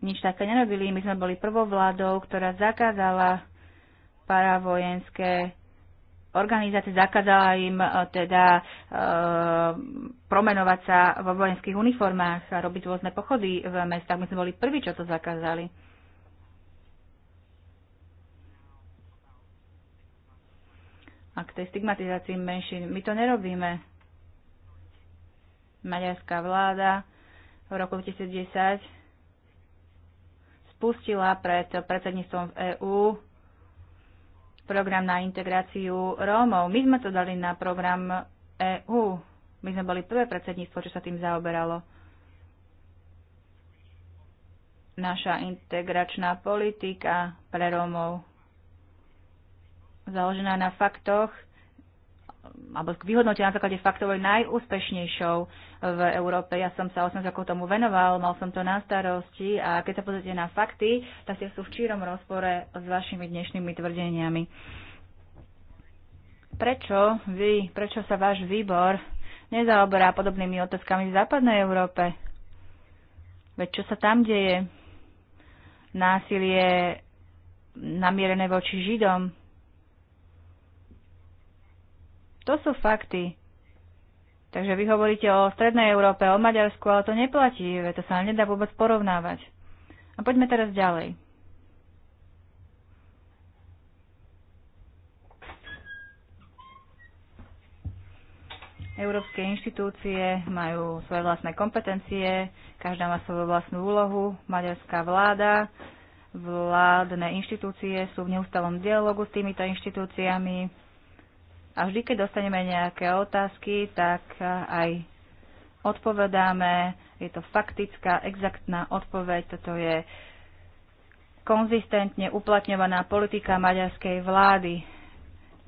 nič také nerobili. My sme boli prvou vládou, ktorá zakázala paravojenské organizácie, zakázala im e, teda e, promenovať sa vo vojenských uniformách a robiť rôzne pochody v mestách. My sme boli prví, čo to zakázali. A k tej stigmatizácii menšín. My to nerobíme. Maďarská vláda v roku 2010 spustila pred predsedníctvom v EÚ program na integráciu Rómov. My sme to dali na program EU. My sme boli prvé predsedníctvo, čo sa tým zaoberalo. Naša integračná politika pre Rómov, založená na faktoch, alebo vyhodnotená na základe faktov je najúspešnejšou v Európe. Ja som sa 8 rokov tomu venoval, mal som to na starosti a keď sa pozrite na fakty, tak ste sú v čírom rozpore s vašimi dnešnými tvrdeniami. Prečo vy, prečo sa váš výbor nezaoberá podobnými otázkami v západnej Európe? Veď čo sa tam deje? Násilie namierené voči Židom, to sú fakty. Takže vy hovoríte o Strednej Európe, o Maďarsku, ale to neplatí, to sa nedá vôbec porovnávať. A poďme teraz ďalej. Európske inštitúcie majú svoje vlastné kompetencie, každá má svoju vlastnú úlohu, maďarská vláda, vládne inštitúcie sú v neustalom dialogu s týmito inštitúciami, a vždy, keď dostaneme nejaké otázky, tak e, aj odpovedáme. Je to faktická, exaktná odpoveď. Toto je konzistentne uplatňovaná politika maďarskej vlády.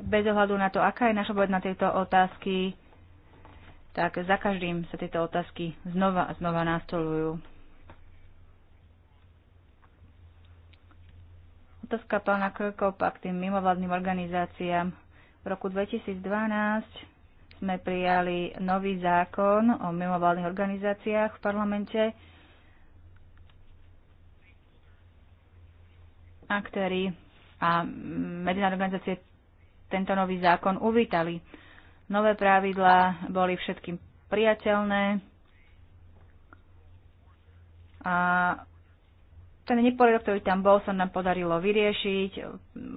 Bez ohľadu na to, aká je naša odpoveď na tieto otázky, tak za každým sa tieto otázky znova a znova nastolujú. Otázka pána Krkopa k tým mimovládnym organizáciám. V roku 2012 sme prijali nový zákon o mimovládnych organizáciách v parlamente, ktorý a medzinárodné organizácie tento nový zákon uvítali. Nové pravidlá boli všetkým priateľné a ten neporiadok, ktorý tam bol, sa nám podarilo vyriešiť,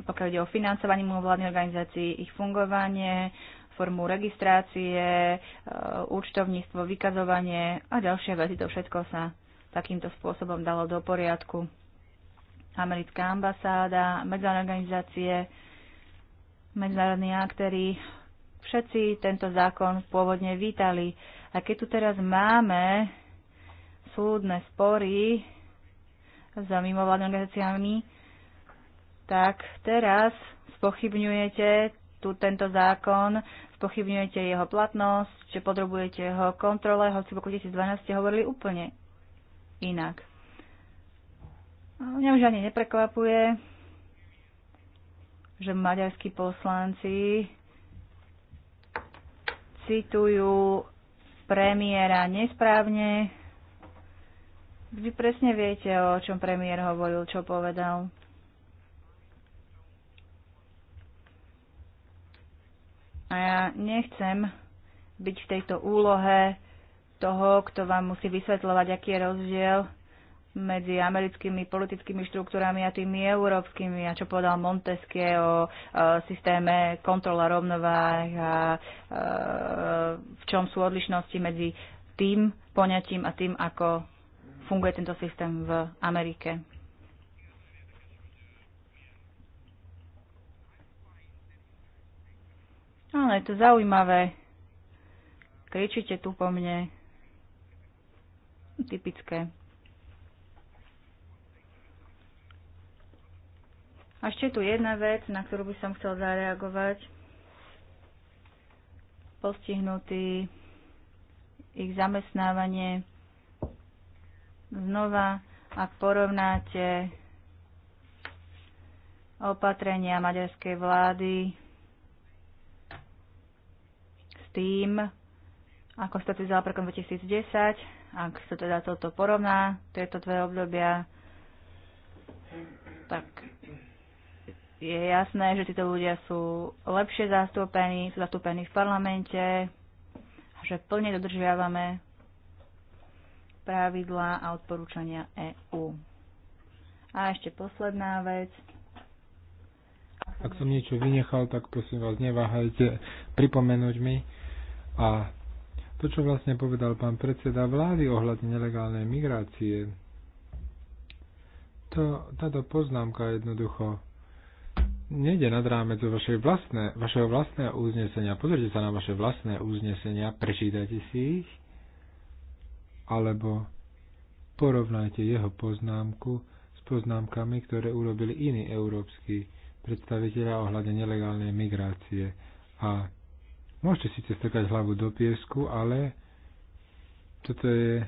pokiaľ ide o financovanie mimovládnych organizácií, ich fungovanie, formu registrácie, eh, účtovníctvo, vykazovanie a ďalšie veci. To všetko sa takýmto spôsobom dalo do poriadku. Americká ambasáda, medzinárodné organizácie, medzinárodní aktéry, všetci tento zákon pôvodne vítali. A keď tu teraz máme súdne spory, s mimovládnymi organizáciami, tak teraz spochybňujete tu tento zákon, spochybňujete jeho platnosť, že podrobujete ho kontrole, hoci v roku 2012 ste hovorili úplne inak. Mňa už ani neprekvapuje, že maďarskí poslanci citujú premiéra nesprávne, vy presne viete, o čom premiér hovoril, čo povedal. A ja nechcem byť v tejto úlohe toho, kto vám musí vysvetľovať, aký je rozdiel medzi americkými politickými štruktúrami a tými európskymi a čo povedal Montesquieu o o e, systéme kontrola rovnováh a o, e, v čom sú odlišnosti medzi tým poňatím a tým, ako funguje tento systém v Amerike. Áno, je to zaujímavé. Kričíte tu po mne. Typické. A ešte tu jedna vec, na ktorú by som chcel zareagovať. Postihnutý ich zamestnávanie Znova, ak porovnáte opatrenia maďarskej vlády s tým, ako sa to zala prekom 2010, ak sa teda toto porovná, tieto dve obdobia, tak je jasné, že títo ľudia sú lepšie zastúpení, sú zastúpení v parlamente, že plne dodržiavame pravidlá a odporúčania EÚ. A ešte posledná vec. Ak som niečo vynechal, tak prosím vás, neváhajte pripomenúť mi. A to, čo vlastne povedal pán predseda vlády ohľadne nelegálnej migrácie, to, táto poznámka jednoducho nejde nad rámec vašej vlastné, vašeho vlastného uznesenia. Pozrite sa na vaše vlastné uznesenia, prečítajte si ich alebo porovnajte jeho poznámku s poznámkami, ktoré urobili iní európsky predstaviteľa ohľadne nelegálnej migrácie. A môžete síce strkať hlavu do piesku, ale toto je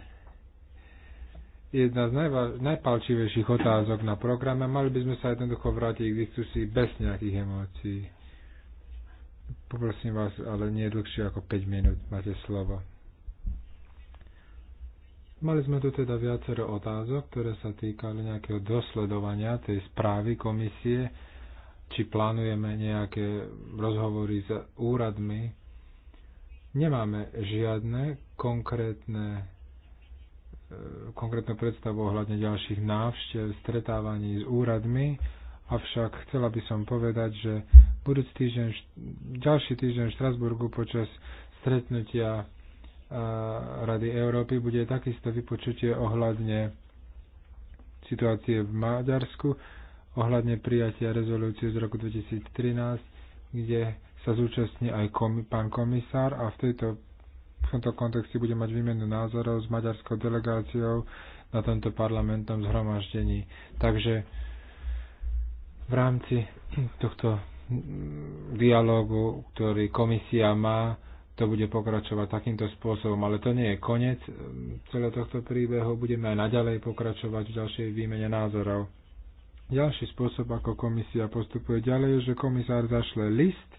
jedna z najva- najpalčivejších otázok na programe. Mali by sme sa jednoducho vrátiť k diskusii bez nejakých emócií. Poprosím vás, ale nie dlhšie ako 5 minút. Máte slovo. Mali sme tu teda viacero otázok, ktoré sa týkali nejakého dosledovania tej správy komisie, či plánujeme nejaké rozhovory s úradmi. Nemáme žiadne konkrétne e, konkrétnu predstavu ohľadne ďalších návštev, stretávaní s úradmi, avšak chcela by som povedať, že budúci týždeň, ďalší týždeň v Štrasburgu počas stretnutia Rady Európy bude takisto vypočutie ohľadne situácie v Maďarsku, ohľadne prijatia rezolúcie z roku 2013, kde sa zúčastní aj komi- pán komisár a v, tejto, v tomto kontexte bude mať výmenu názorov s maďarskou delegáciou na tomto parlamentnom zhromaždení. Takže v rámci tohto dialógu, ktorý komisia má, to bude pokračovať takýmto spôsobom. Ale to nie je koniec um, celého tohto príbehu. Budeme aj naďalej pokračovať v ďalšej výmene názorov. Ďalší spôsob, ako komisia postupuje ďalej, je, že komisár zašle list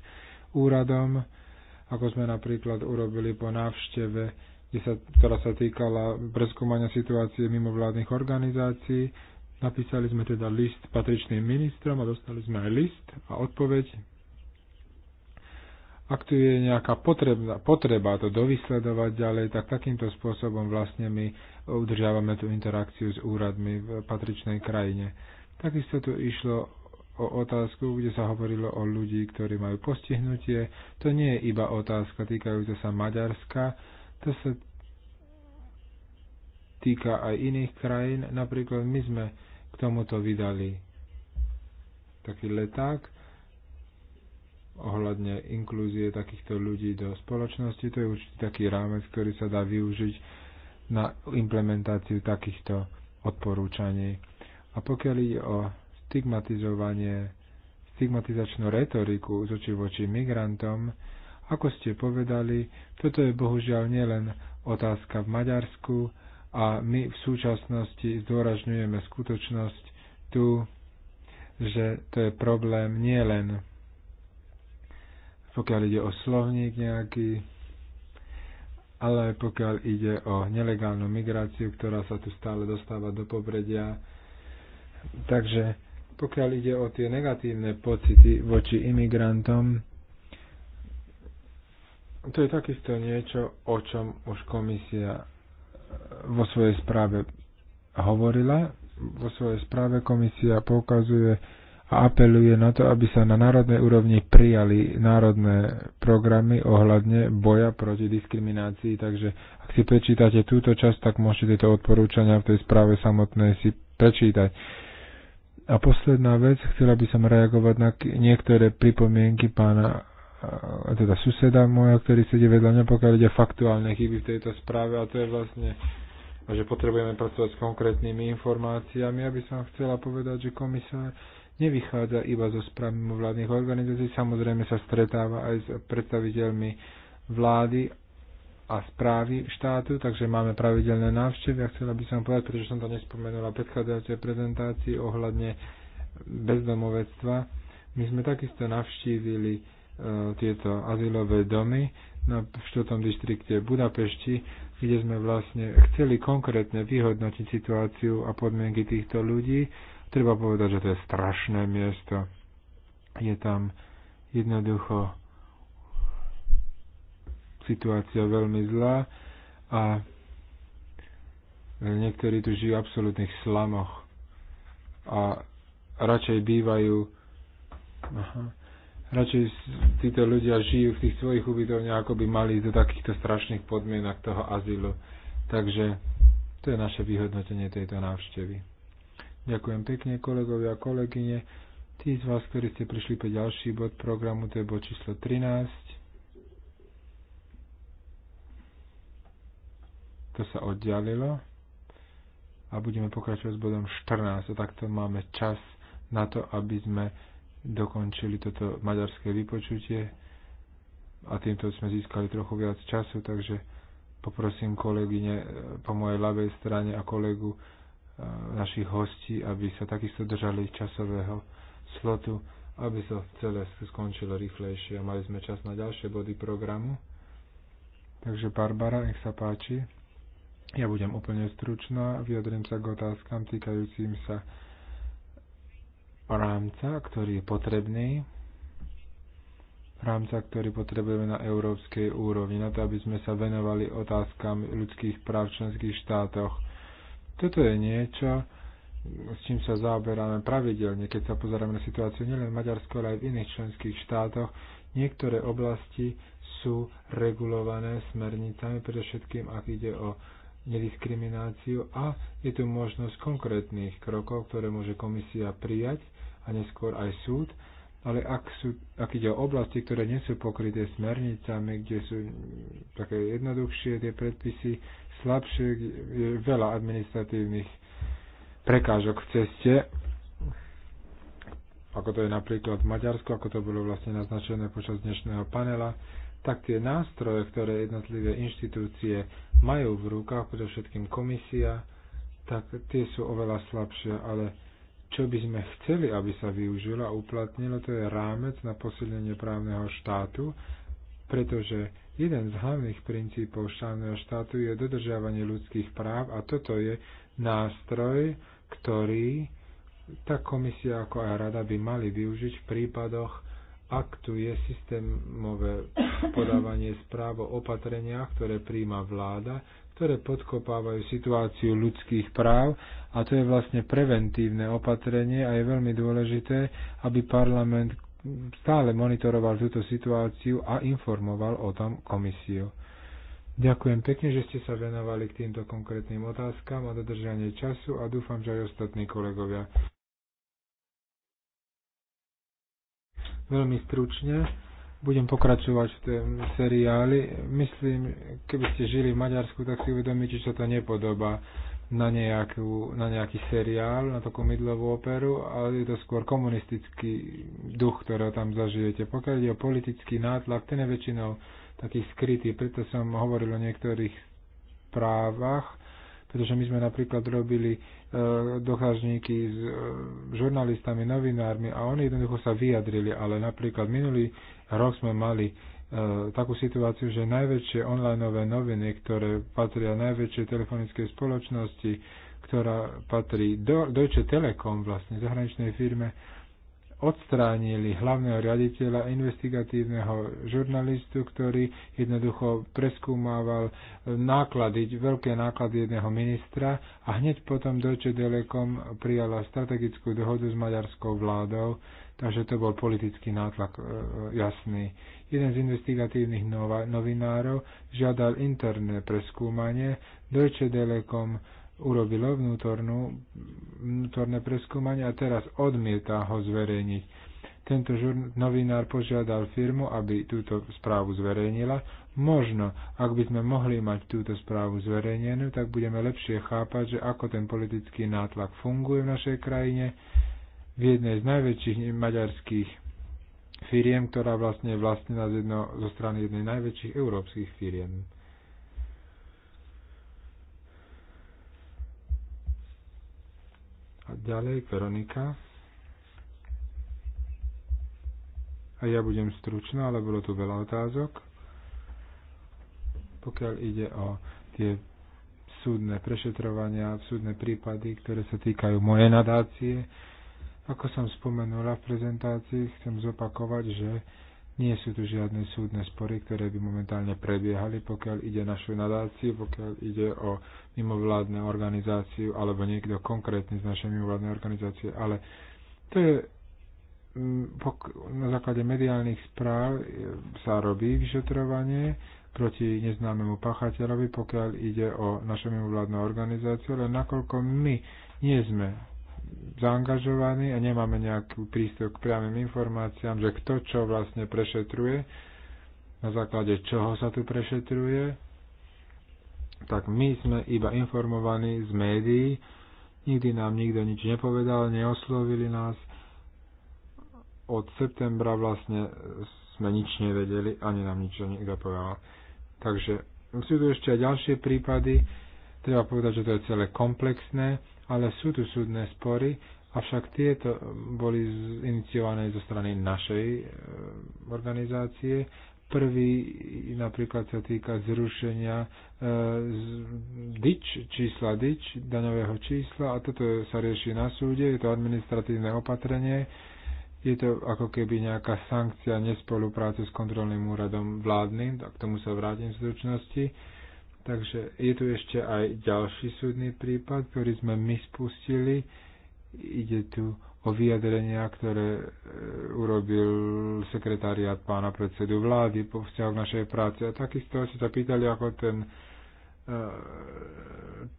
úradom, ako sme napríklad urobili po návšteve, kde sa, ktorá sa týkala preskúmania situácie mimovládnych organizácií. Napísali sme teda list patričným ministrom a dostali sme aj list a odpoveď ak tu je nejaká potrebná, potreba to dovysledovať ďalej, tak takýmto spôsobom vlastne my udržiavame tú interakciu s úradmi v patričnej krajine. Takisto tu išlo o otázku, kde sa hovorilo o ľudí, ktorí majú postihnutie. To nie je iba otázka týkajúca sa Maďarska, to sa týka aj iných krajín. Napríklad my sme k tomuto vydali taký leták, ohľadne inklúzie takýchto ľudí do spoločnosti. To je určite taký rámec, ktorý sa dá využiť na implementáciu takýchto odporúčaní. A pokiaľ ide o stigmatizovanie, stigmatizačnú retoriku z oči voči migrantom, ako ste povedali, toto je bohužiaľ nielen otázka v Maďarsku a my v súčasnosti zdôražňujeme skutočnosť tu, že to je problém nielen pokiaľ ide o slovník nejaký, ale pokiaľ ide o nelegálnu migráciu, ktorá sa tu stále dostáva do popredia. Takže pokiaľ ide o tie negatívne pocity voči imigrantom, to je takisto niečo, o čom už komisia vo svojej správe hovorila. Vo svojej správe komisia poukazuje a apeluje na to, aby sa na národnej úrovni prijali národné programy ohľadne boja proti diskriminácii. Takže ak si prečítate túto časť, tak môžete tieto odporúčania v tej správe samotnej si prečítať. A posledná vec, chcela by som reagovať na niektoré pripomienky pána teda suseda môjho, ktorý sedí vedľa mňa, pokiaľ ide faktuálne chyby v tejto správe a to je vlastne že potrebujeme pracovať s konkrétnymi informáciami. Ja by som chcela povedať, že komisár nevychádza iba zo správ mimovládnych organizácií, samozrejme sa stretáva aj s predstaviteľmi vlády a správy štátu, takže máme pravidelné návštevy a chcela by som povedať, pretože som to nespomenula v predchádzajúcej prezentácii ohľadne bezdomovectva. My sme takisto navštívili e, tieto azylové domy na, v 4. distrikte Budapešti, kde sme vlastne chceli konkrétne vyhodnotiť situáciu a podmienky týchto ľudí Treba povedať, že to je strašné miesto. Je tam jednoducho situácia veľmi zlá a niektorí tu žijú v absolútnych slamoch a radšej bývajú aha, radšej títo ľudia žijú v tých svojich ubytovniach, ako by mali ísť do takýchto strašných podmienok toho azylu. Takže to je naše vyhodnotenie tejto návštevy. Ďakujem pekne kolegovia a kolegyne. Tí z vás, ktorí ste prišli pre ďalší bod programu, to je bod číslo 13. To sa oddialilo. A budeme pokračovať s bodom 14. A takto máme čas na to, aby sme dokončili toto maďarské vypočutie a týmto sme získali trochu viac času, takže poprosím kolegyne eh, po mojej ľavej strane a kolegu Eh, našich hostí, aby sa takisto držali časového slotu, aby sa so celé skončilo rýchlejšie a mali sme čas na ďalšie body programu. Takže Barbara, nech sa páči. Ja budem úplne stručná, vyjadrím sa k otázkam týkajúcim sa rámca, ktorý je potrebný, rámca, ktorý potrebujeme na európskej úrovni, na to, aby sme sa venovali otázkam ľudských práv v členských štátoch toto je niečo, s čím sa zaoberáme pravidelne, keď sa pozeráme na situáciu nielen v Maďarsku, ale aj v iných členských štátoch. Niektoré oblasti sú regulované smernicami, predovšetkým ak ide o nediskrimináciu a je tu možnosť konkrétnych krokov, ktoré môže komisia prijať a neskôr aj súd, ale ak, sú, ak ide o oblasti, ktoré nie sú pokryté smernicami, kde sú také jednoduchšie tie predpisy, slabšie, je veľa administratívnych prekážok v ceste, ako to je napríklad v Maďarsku, ako to bolo vlastne naznačené počas dnešného panela, tak tie nástroje, ktoré jednotlivé inštitúcie majú v rukách, predovšetkým komisia, tak tie sú oveľa slabšie, ale čo by sme chceli, aby sa využilo a uplatnilo, to je rámec na posilnenie právneho štátu, pretože Jeden z hlavných princípov štávneho štátu je dodržiavanie ľudských práv a toto je nástroj, ktorý tá komisia ako aj rada by mali využiť v prípadoch, ak tu je systémové podávanie správ o opatreniach, ktoré príjma vláda, ktoré podkopávajú situáciu ľudských práv a to je vlastne preventívne opatrenie a je veľmi dôležité, aby parlament stále monitoroval túto situáciu a informoval o tom komisiu. Ďakujem pekne, že ste sa venovali k týmto konkrétnym otázkam a dodržanie času a dúfam, že aj ostatní kolegovia. Veľmi stručne budem pokračovať v tom seriáli. Myslím, keby ste žili v Maďarsku, tak si uvedomíte, čo sa to nepodobá na, nejakú, na nejaký seriál, na takú mydlovú operu, ale je to skôr komunistický duch, ktorý tam zažijete. Pokiaľ je o politický nátlak, ten je väčšinou taký skrytý, preto som hovoril o niektorých právach, pretože my sme napríklad robili e, dochážníky s e, žurnalistami, novinármi a oni jednoducho sa vyjadrili, ale napríklad minulý rok sme mali E, takú situáciu, že najväčšie onlineové noviny, ktoré patria najväčšej telefonickej spoločnosti, ktorá patrí do Deutsche Telekom, vlastne zahraničnej firme, odstránili hlavného riaditeľa investigatívneho žurnalistu, ktorý jednoducho preskúmával e, náklady, veľké náklady jedného ministra a hneď potom Deutsche Telekom prijala strategickú dohodu s maďarskou vládou, takže to bol politický nátlak e, jasný. Jeden z investigatívnych novinárov žiadal interné preskúmanie. Deutsche Telekom urobilo vnútornú, vnútorné preskúmanie a teraz odmieta ho zverejniť. Tento žurn- novinár požiadal firmu, aby túto správu zverejnila. Možno, ak by sme mohli mať túto správu zverejnenú, tak budeme lepšie chápať, že ako ten politický nátlak funguje v našej krajine. V jednej z najväčších maďarských firiem, ktorá vlastne je vlastnená jedno, zo strany jednej najväčších európskych firiem. A ďalej Veronika. A ja budem stručná, ale bolo tu veľa otázok. Pokiaľ ide o tie súdne prešetrovania, súdne prípady, ktoré sa týkajú mojej nadácie, ako som spomenula v prezentácii, chcem zopakovať, že nie sú tu žiadne súdne spory, ktoré by momentálne prebiehali, pokiaľ ide našu nadáciu, pokiaľ ide o mimovládne organizáciu alebo niekto konkrétny z našej mimovládnej organizácie, ale to je mm, na základe mediálnych správ e, sa robí vyšetrovanie proti neznámemu pachateľovi, pokiaľ ide o našu mimovládnu organizáciu, ale nakoľko my nie sme zaangažovaní a nemáme nejaký prístup k priamým informáciám, že kto čo vlastne prešetruje, na základe čoho sa tu prešetruje, tak my sme iba informovaní z médií, nikdy nám nikto nič nepovedal, neoslovili nás. Od septembra vlastne sme nič nevedeli, ani nám nič nikto povedal. Takže sú tu ešte aj ďalšie prípady, treba povedať, že to je celé komplexné ale sú tu súdne spory, avšak tieto boli iniciované zo strany našej e, organizácie. Prvý napríklad sa týka zrušenia e, DIČ, čísla DIČ, daňového čísla a toto sa rieši na súde, je to administratívne opatrenie, je to ako keby nejaká sankcia nespolupráce s kontrolným úradom vládnym, tak k tomu sa vrátim v stručnosti Takže je tu ešte aj ďalší súdny prípad, ktorý sme my spustili. Ide tu o vyjadrenia, ktoré e, urobil sekretariat pána predsedu vlády po vzťahu k našej práci. A takisto sa pýtali, ako ten, e,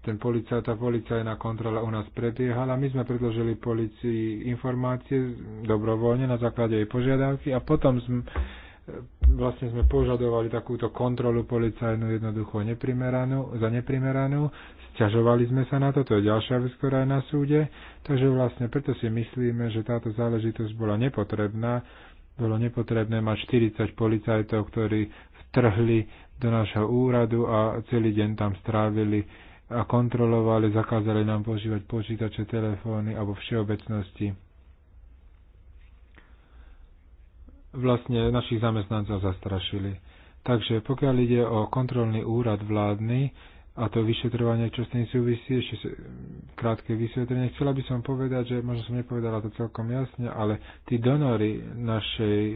ten policaj, tá policajná kontrola u nás prebiehala. My sme predložili policii informácie dobrovoľne na základe jej požiadavky a potom sme vlastne sme požadovali takúto kontrolu policajnú jednoducho neprimeranú, za neprimeranú. Sťažovali sme sa na to, to je ďalšia vec, ktorá je na súde. Takže vlastne preto si myslíme, že táto záležitosť bola nepotrebná. Bolo nepotrebné mať 40 policajtov, ktorí vtrhli do nášho úradu a celý deň tam strávili a kontrolovali, zakázali nám používať počítače, telefóny alebo všeobecnosti vlastne našich zamestnancov zastrašili. Takže pokiaľ ide o kontrolný úrad vládny a to vyšetrovanie, čo s tým súvisí, ešte krátke vysvetlenie, chcela by som povedať, že možno som nepovedala to celkom jasne, ale tí donory našej e,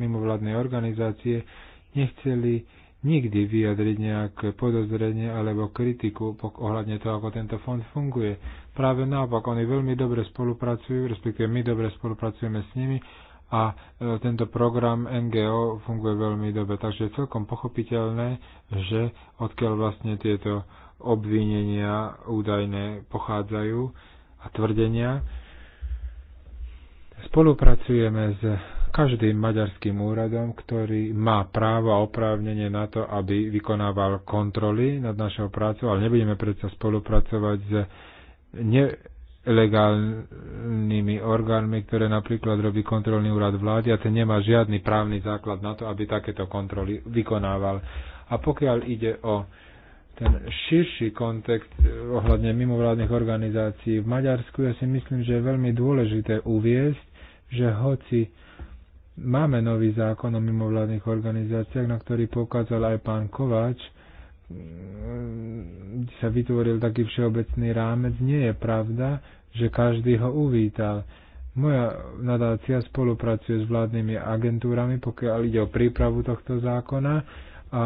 mimovládnej organizácie nechceli nikdy vyjadriť nejaké podozrenie alebo kritiku ohľadne toho, ako tento fond funguje. Práve naopak, oni veľmi dobre spolupracujú, respektíve my dobre spolupracujeme s nimi a e, tento program NGO funguje veľmi dobre. Takže je celkom pochopiteľné, že odkiaľ vlastne tieto obvinenia údajné pochádzajú a tvrdenia. Spolupracujeme s každým maďarským úradom, ktorý má právo a oprávnenie na to, aby vykonával kontroly nad našou prácou, ale nebudeme predsa spolupracovať s ne, legálnymi orgánmi, ktoré napríklad robí kontrolný úrad vlády a ten nemá žiadny právny základ na to, aby takéto kontroly vykonával. A pokiaľ ide o ten širší kontext ohľadne mimovládnych organizácií v Maďarsku, ja si myslím, že je veľmi dôležité uviesť, že hoci máme nový zákon o mimovládnych organizáciách, na ktorý poukázal aj pán Kováč, Ehm, sa vytvoril taký všeobecný rámec, nie je pravda, že každý ho uvítal. Moja nadácia spolupracuje s vládnymi agentúrami, pokiaľ ide o prípravu tohto zákona a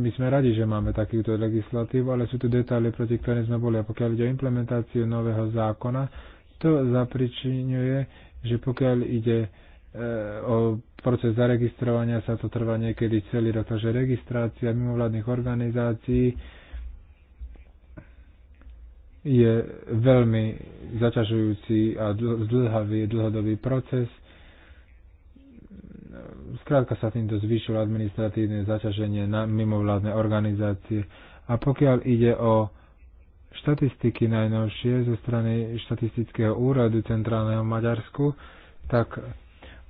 my sme radi, že máme takýto legislatívu, ale sú tu detaily, proti ktorým sme boli. A pokiaľ ide o implementáciu nového zákona, to zapričinuje, že pokiaľ ide E, o proces zaregistrovania sa to trvá niekedy celý rok, takže registrácia mimovládnych organizácií je veľmi zaťažujúci a zdlhavý dlhodobý proces. Skrátka sa týmto zvýšilo administratívne zaťaženie na mimovládne organizácie. A pokiaľ ide o štatistiky najnovšie zo strany štatistického úradu centrálneho Maďarsku, tak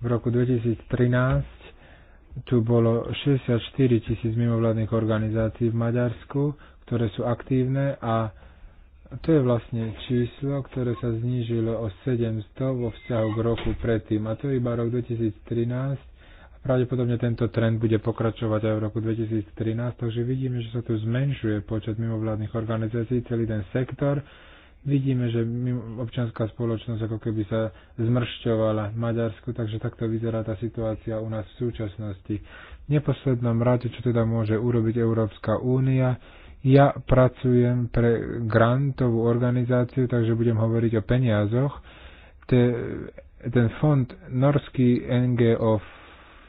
v roku 2013 tu bolo 64 tisíc mimovládnych organizácií v Maďarsku, ktoré sú aktívne a to je vlastne číslo, ktoré sa znížilo o 700 vo vzťahu k roku predtým. A to je iba rok 2013 a pravdepodobne tento trend bude pokračovať aj v roku 2013, takže vidíme, že sa tu zmenšuje počet mimovládnych organizácií, celý ten sektor Vidíme, že občianská spoločnosť ako keby sa zmršťovala v Maďarsku, takže takto vyzerá tá situácia u nás v súčasnosti. V neposlednom rade, čo teda môže urobiť Európska únia, ja pracujem pre grantovú organizáciu, takže budem hovoriť o peniazoch. Te, ten fond, norský NGO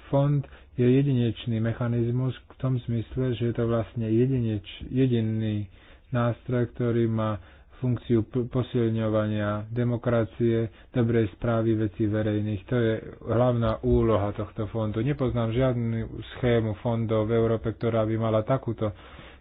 fond, je jedinečný mechanizmus v tom zmysle, že je to vlastne jedineč, jediný nástroj, ktorý má funkciu posilňovania demokracie, dobrej správy veci verejných. To je hlavná úloha tohto fondu. Nepoznám žiadnu schému fondov v Európe, ktorá by mala takúto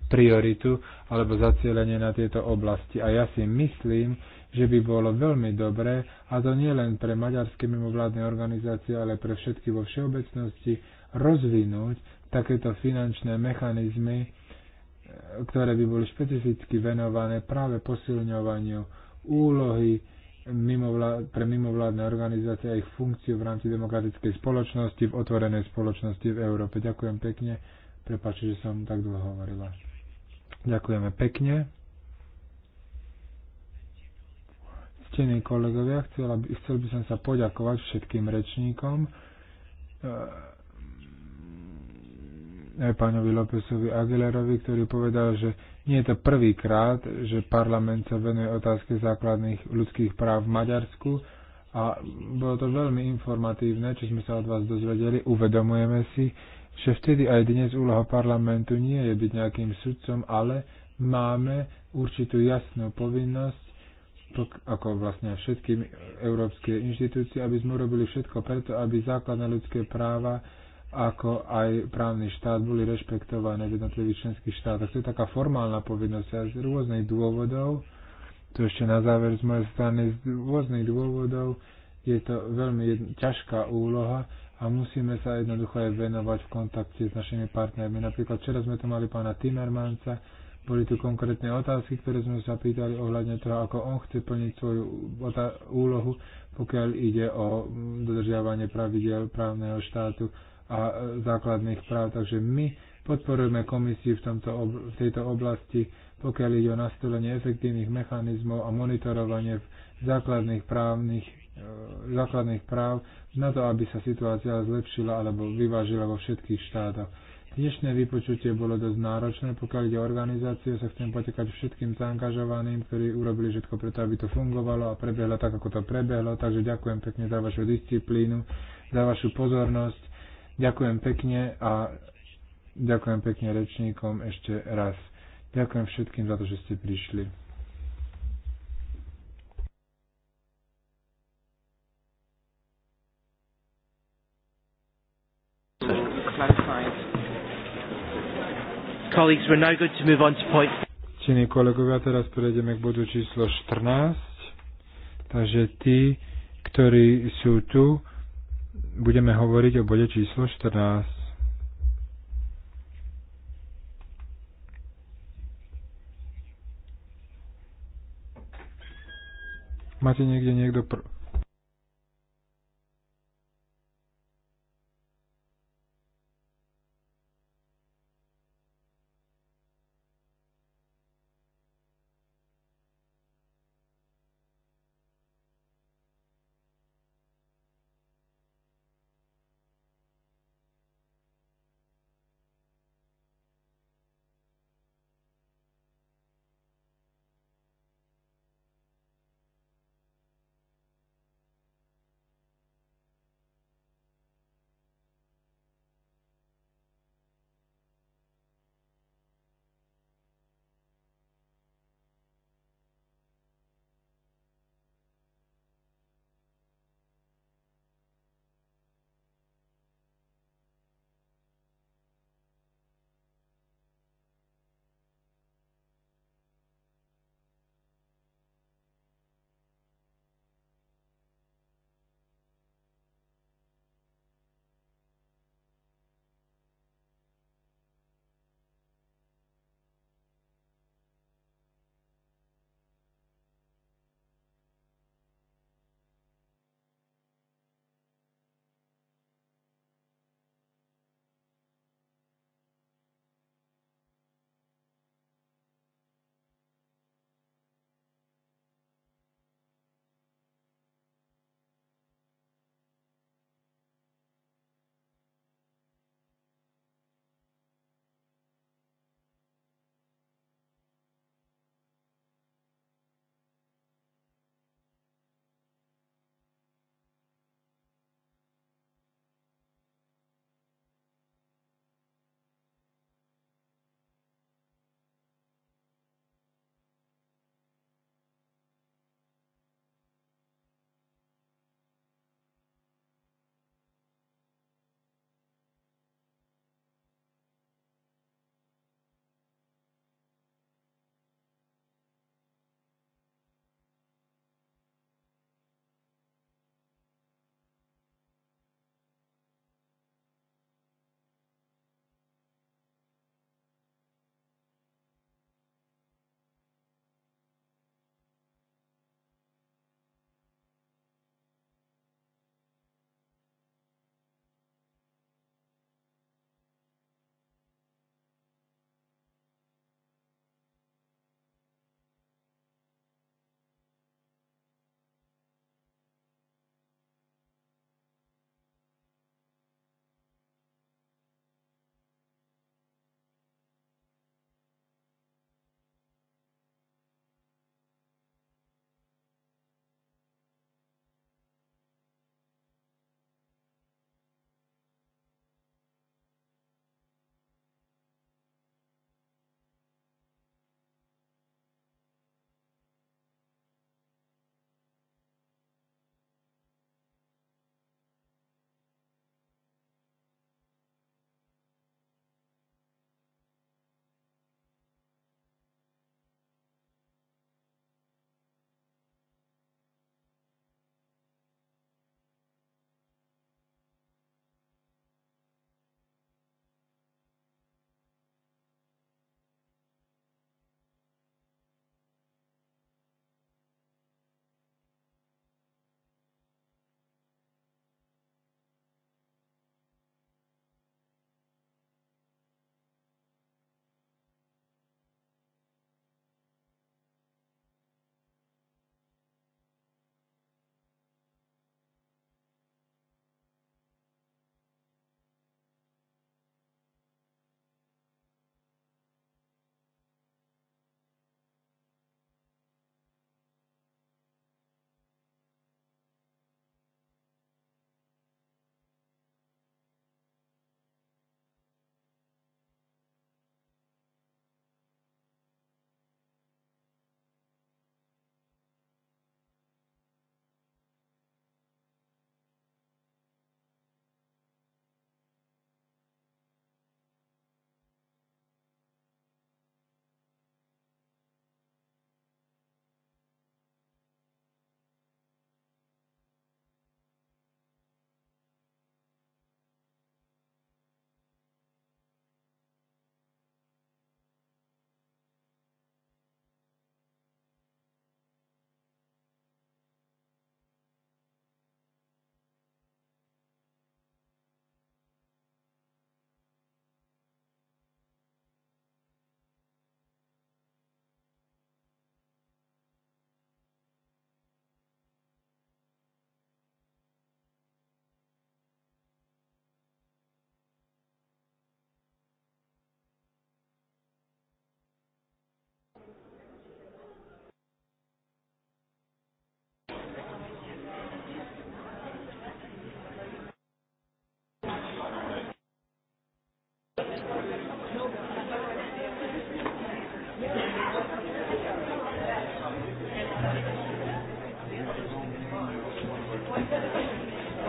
prioritu alebo zacielenie na tieto oblasti. A ja si myslím, že by bolo veľmi dobré, a to nie len pre maďarské mimovládne organizácie, ale pre všetky vo všeobecnosti, rozvinúť takéto finančné mechanizmy, ktoré by boli špecificky venované práve posilňovaniu úlohy pre mimovládne organizácie a ich funkciu v rámci demokratickej spoločnosti, v otvorenej spoločnosti v Európe. Ďakujem pekne. Prepačte, že som tak dlho hovorila. Ďakujeme pekne. Ctení kolegovia, chcel by, chcel by som sa poďakovať všetkým rečníkom pánovi Lópezovi Aguilerovi, ktorý povedal, že nie je to prvýkrát, že parlament sa venuje otázke základných ľudských práv v Maďarsku a bolo to veľmi informatívne, čo sme sa od vás dozvedeli. Uvedomujeme si, že vtedy aj dnes úloha parlamentu nie je byť nejakým sudcom, ale máme určitú jasnú povinnosť ako vlastne všetky európske inštitúcie, aby sme urobili všetko preto, aby základné ľudské práva ako aj právny štát boli rešpektované v jednotlivých členských štátoch. To je taká formálna povinnosť a z rôznych dôvodov, to ešte na záver z mojej strany, z rôznych dôvodov je to veľmi jedn- ťažká úloha a musíme sa jednoducho aj venovať v kontakte s našimi partnermi. Napríklad včera sme tu mali pána Timmermansa, boli tu konkrétne otázky, ktoré sme sa pýtali ohľadne toho, ako on chce plniť svoju úlohu, pokiaľ ide o dodržiavanie pravidel právneho štátu a základných práv. Takže my podporujeme komisiu v, tomto, v tejto oblasti, pokiaľ ide o nastolenie efektívnych mechanizmov a monitorovanie základných právnych e, základných práv na to, aby sa situácia zlepšila alebo vyvážila vo všetkých štátoch. Dnešné vypočutie bolo dosť náročné, pokiaľ ide o organizáciu, sa chcem potekať všetkým zaangažovaným, ktorí urobili všetko preto, aby to fungovalo a prebehlo tak, ako to prebehlo. Takže ďakujem pekne za vašu disciplínu, za vašu pozornosť. Ďakujem pekne a ďakujem pekne rečníkom ešte raz. Ďakujem všetkým za to, že ste prišli. Clarifying. Colleagues, we're now going to move on to point... Čini kolegovia, teraz prejdeme k bodu číslo 14. Takže tí, ktorí sú tu, budeme hovoriť o bode číslo 14. Máte niekde niekto pr-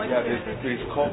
Yeah, this, please call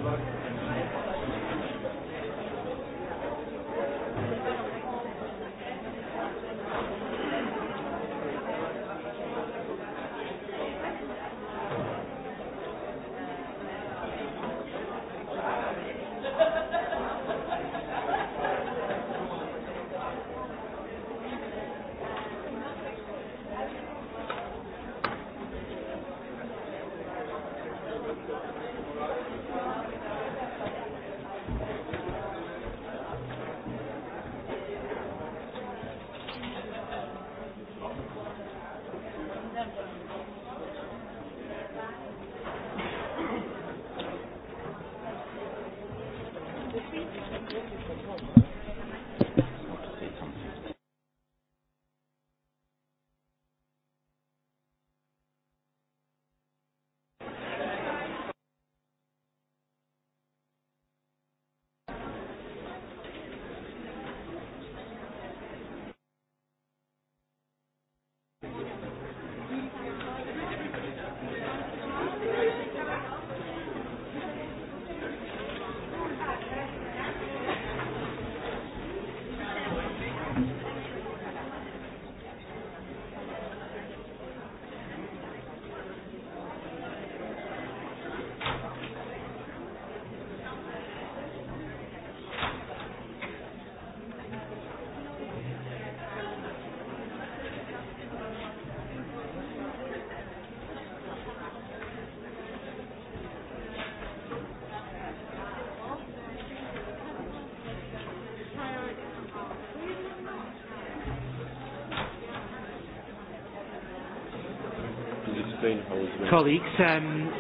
Colleagues, um,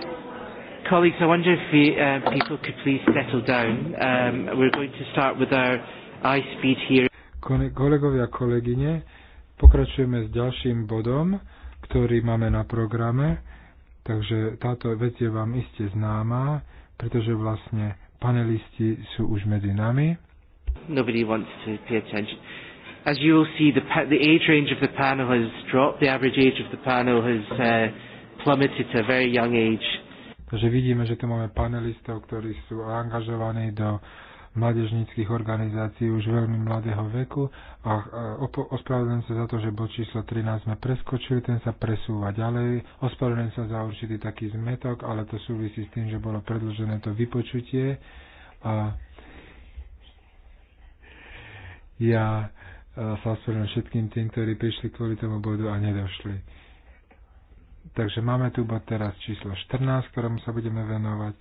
colleagues, I wonder if we, uh, people could please settle down. Um, we're going to start with our high-speed here. Kolegovia kolegyne, pokračujeme s ďalším bodom, ktorý máme na programe. Takže táto vec je vám iste známa, pretože vlastne panelisti sú už medzi nami. Nobody wants to pay attention. As you will see, the, the age range of the panel has dropped. The average age of the panel has uh, plummeted at a very young age. Takže vidíme, že tu máme panelistov, ktorí sú angažovaní do mládežníckých organizácií už veľmi mladého veku a ospravedlňujem sa za to, že bod číslo 13 sme preskočili, ten sa presúva ďalej. Ospravedlňujem sa za určitý taký zmetok, ale to súvisí s tým, že bolo predlžené to vypočutie a ja e, sa ospravedlňujem všetkým tým, ktorí prišli kvôli tomu bodu a nedošli. Takže máme tu bod teraz číslo 14, ktorému sa budeme venovať.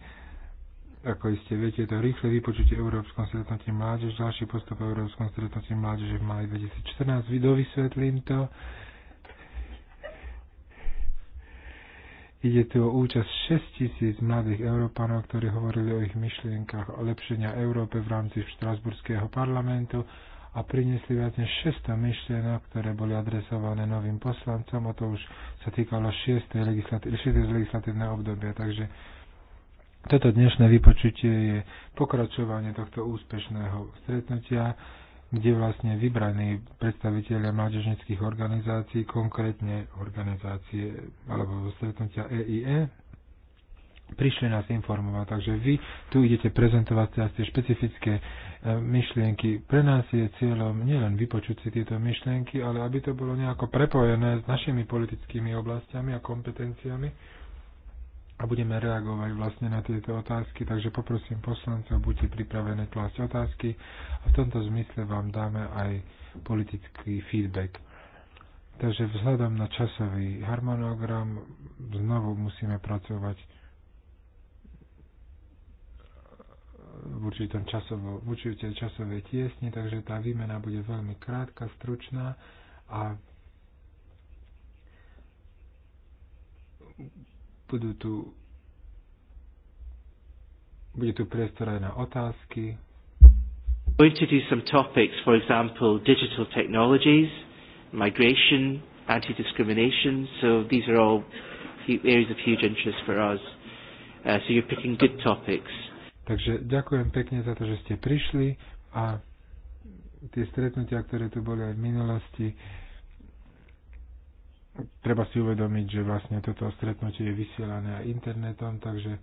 Ako iste viete, to rýchle vypočutie Európskom stretnutí mládež, ďalší postup Európskom stretnutí mládeže v maji 2014. Dovysvetlím to. Ide tu o účasť 6 tisíc mladých Európanov, ktorí hovorili o ich myšlienkach o lepšenia Európe v rámci Štrasburského parlamentu a priniesli viac než 600 myšlienok, ktoré boli adresované novým poslancom a to už sa týkalo 6. Legislatí- legislatívneho obdobia. Takže toto dnešné vypočutie je pokračovanie tohto úspešného stretnutia, kde vlastne vybraní predstavitelia mládežnických organizácií, konkrétne organizácie alebo stretnutia EIE, prišli nás informovať. Takže vy tu idete prezentovať teraz tie špecifické e, myšlienky. Pre nás je cieľom nielen vypočuť si tieto myšlienky, ale aby to bolo nejako prepojené s našimi politickými oblastiami a kompetenciami a budeme reagovať vlastne na tieto otázky, takže poprosím poslancov, buďte pripravené klásť otázky a v tomto zmysle vám dáme aj politický feedback. Takže vzhľadom na časový harmonogram znovu musíme pracovať v, určitom časovo, v určitej časovej tiesni, takže tá výmena bude veľmi krátka, stručná a budú tu bude tu priestor aj na otázky. Going to do some topics, for example, digital technologies, migration, anti-discrimination. So these are all areas of huge interest for us. Uh, so you're picking good topics. Takže ďakujem pekne za to, že ste prišli a tie stretnutia, ktoré tu boli aj v minulosti, treba si uvedomiť, že vlastne toto stretnutie je vysielané aj internetom, takže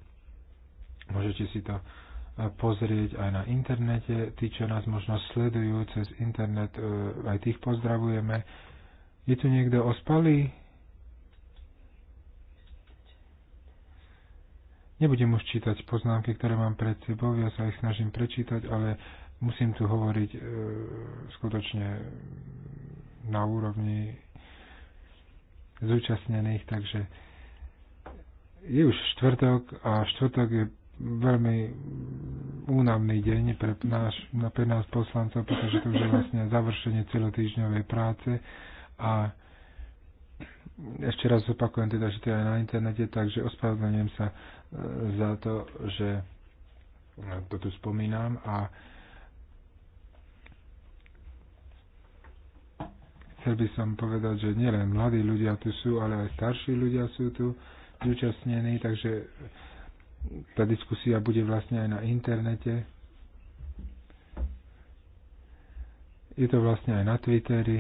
môžete si to e, pozrieť aj na internete. Tí, čo nás možno sledujú cez internet, e, aj tých pozdravujeme. Je tu niekto ospalý? Nebudem už čítať poznámky, ktoré mám pred sebou, ja sa ich snažím prečítať, ale musím tu hovoriť e, skutočne na úrovni zúčastnených, takže je už štvrtok a štvrtok je veľmi únavný deň pre, náš, pre nás poslancov, pretože to už je vlastne završenie celotýždňovej práce a ešte raz opakujem teda, že to je aj na internete, takže ospravedlňujem sa za to, že to tu spomínam a chcel by som povedať, že nielen mladí ľudia tu sú, ale aj starší ľudia sú tu zúčastnení, takže tá diskusia bude vlastne aj na internete. Je to vlastne aj na Twitteri.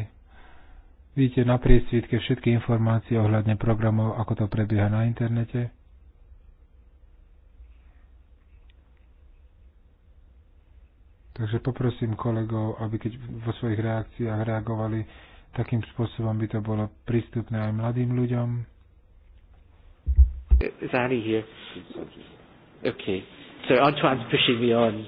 Vidíte na priesvitke všetky informácie ohľadne programov, ako to prebieha na internete. Takže poprosím kolegov, aby keď vo svojich reakciách reagovali takým spôsobom, by to bolo prístupné aj mladým ľuďom. Zari here. Okay. So Antoine's pushing me on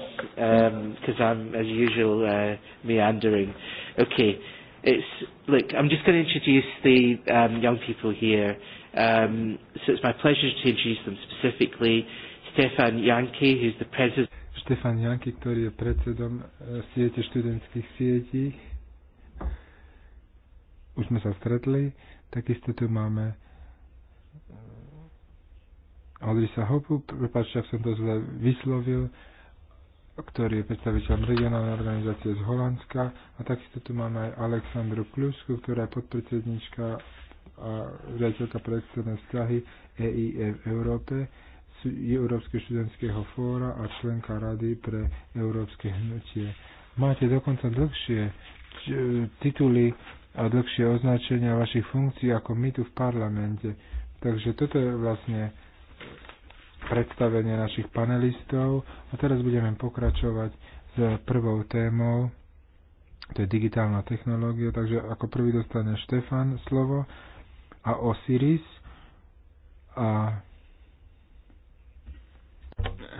because um, I'm, as usual, uh, meandering. Okay. It's look. I'm just going to introduce the um, young people here. Um, so it's my pleasure to introduce them specifically. Stefan Yankee, who's the president. Štefan Janky, ktorý je predsedom e, siete študentských sietí. Už sme sa stretli. Takisto tu máme Aldrisa e, Hopu, prepáčte, ak som to zle vyslovil, ktorý je predstaviteľom regionálnej organizácie z Holandska. A takisto tu máme aj Aleksandru Klusku, ktorá je podpredsednička a riaditeľka pre externé vzťahy EI e v Európe. Európskeho študentského fóra a členka Rady pre Európske hnutie. Máte dokonca dlhšie tituly a dlhšie označenia vašich funkcií ako my tu v parlamente. Takže toto je vlastne predstavenie našich panelistov a teraz budeme pokračovať s prvou témou, to je digitálna technológia, takže ako prvý dostane Štefan slovo a Osiris a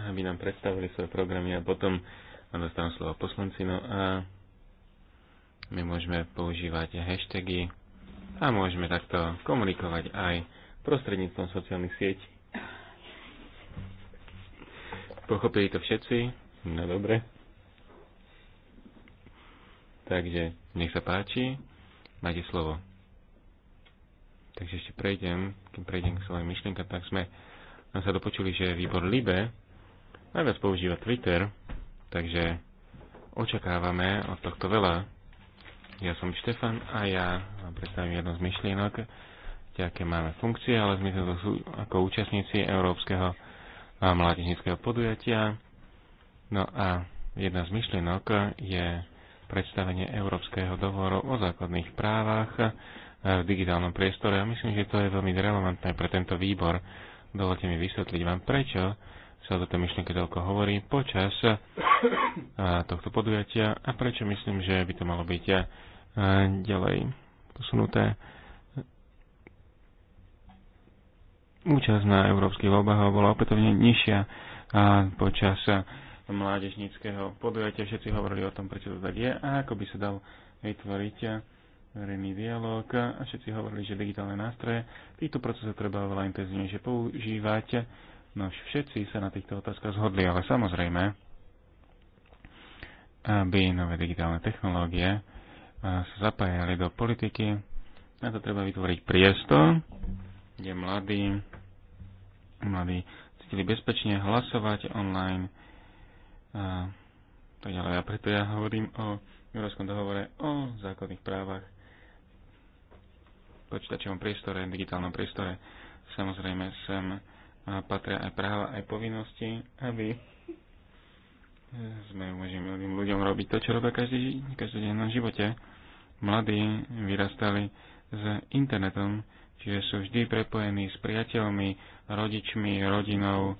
aby nám predstavili svoje programy a potom dostanú slovo poslanci. No a my môžeme používať hashtagy a môžeme takto komunikovať aj prostredníctvom sociálnych sietí. Pochopili to všetci? No dobre. Takže nech sa páči, máte slovo. Takže ešte prejdem, kým prejdem k svojej myšlienke, tak sme sa dopočuli, že výbor LIBE najviac používa Twitter, takže očakávame od tohto veľa. Ja som Štefan a ja vám predstavím jednu z myšlienok, aké máme funkcie, ale sme to sú ako účastníci Európskeho mládežnického podujatia. No a jedna z myšlienok je predstavenie Európskeho dohovoru o základných právach v digitálnom priestore a myslím, že to je veľmi relevantné pre tento výbor. Dovolte mi vysvetliť vám, prečo sa o tejto myšlienke toľko hovorí počas eh, tohto podujatia a prečo myslím, že by to malo byť eh, ďalej posunuté. Účasť na európskych voľbách bola opätovne nižšia počas eh, mládežníckého podujatia. Všetci hovorili o tom, prečo to tak je a ako by sa dal vytvoriť verejný dialog a všetci hovorili, že digitálne nástroje týto týchto procesoch treba oveľa intenzívnejšie používať No všetci sa na týchto otázkach zhodli, ale samozrejme, aby nové digitálne technológie eh, sa zapájali do politiky, na to treba vytvoriť priestor, kde mladí, mladí cítili bezpečne hlasovať online a tak ďalej. A preto ja hovorím o Európskom dohovore o základných právach počítačovom priestore, digitálnom priestore. Samozrejme, sem a patria aj práva, aj povinnosti, aby sme umožnili ľuďom robiť to, čo robia každý, deň na živote. Mladí vyrastali s internetom, čiže sú vždy prepojení s priateľmi, rodičmi, rodinou, e,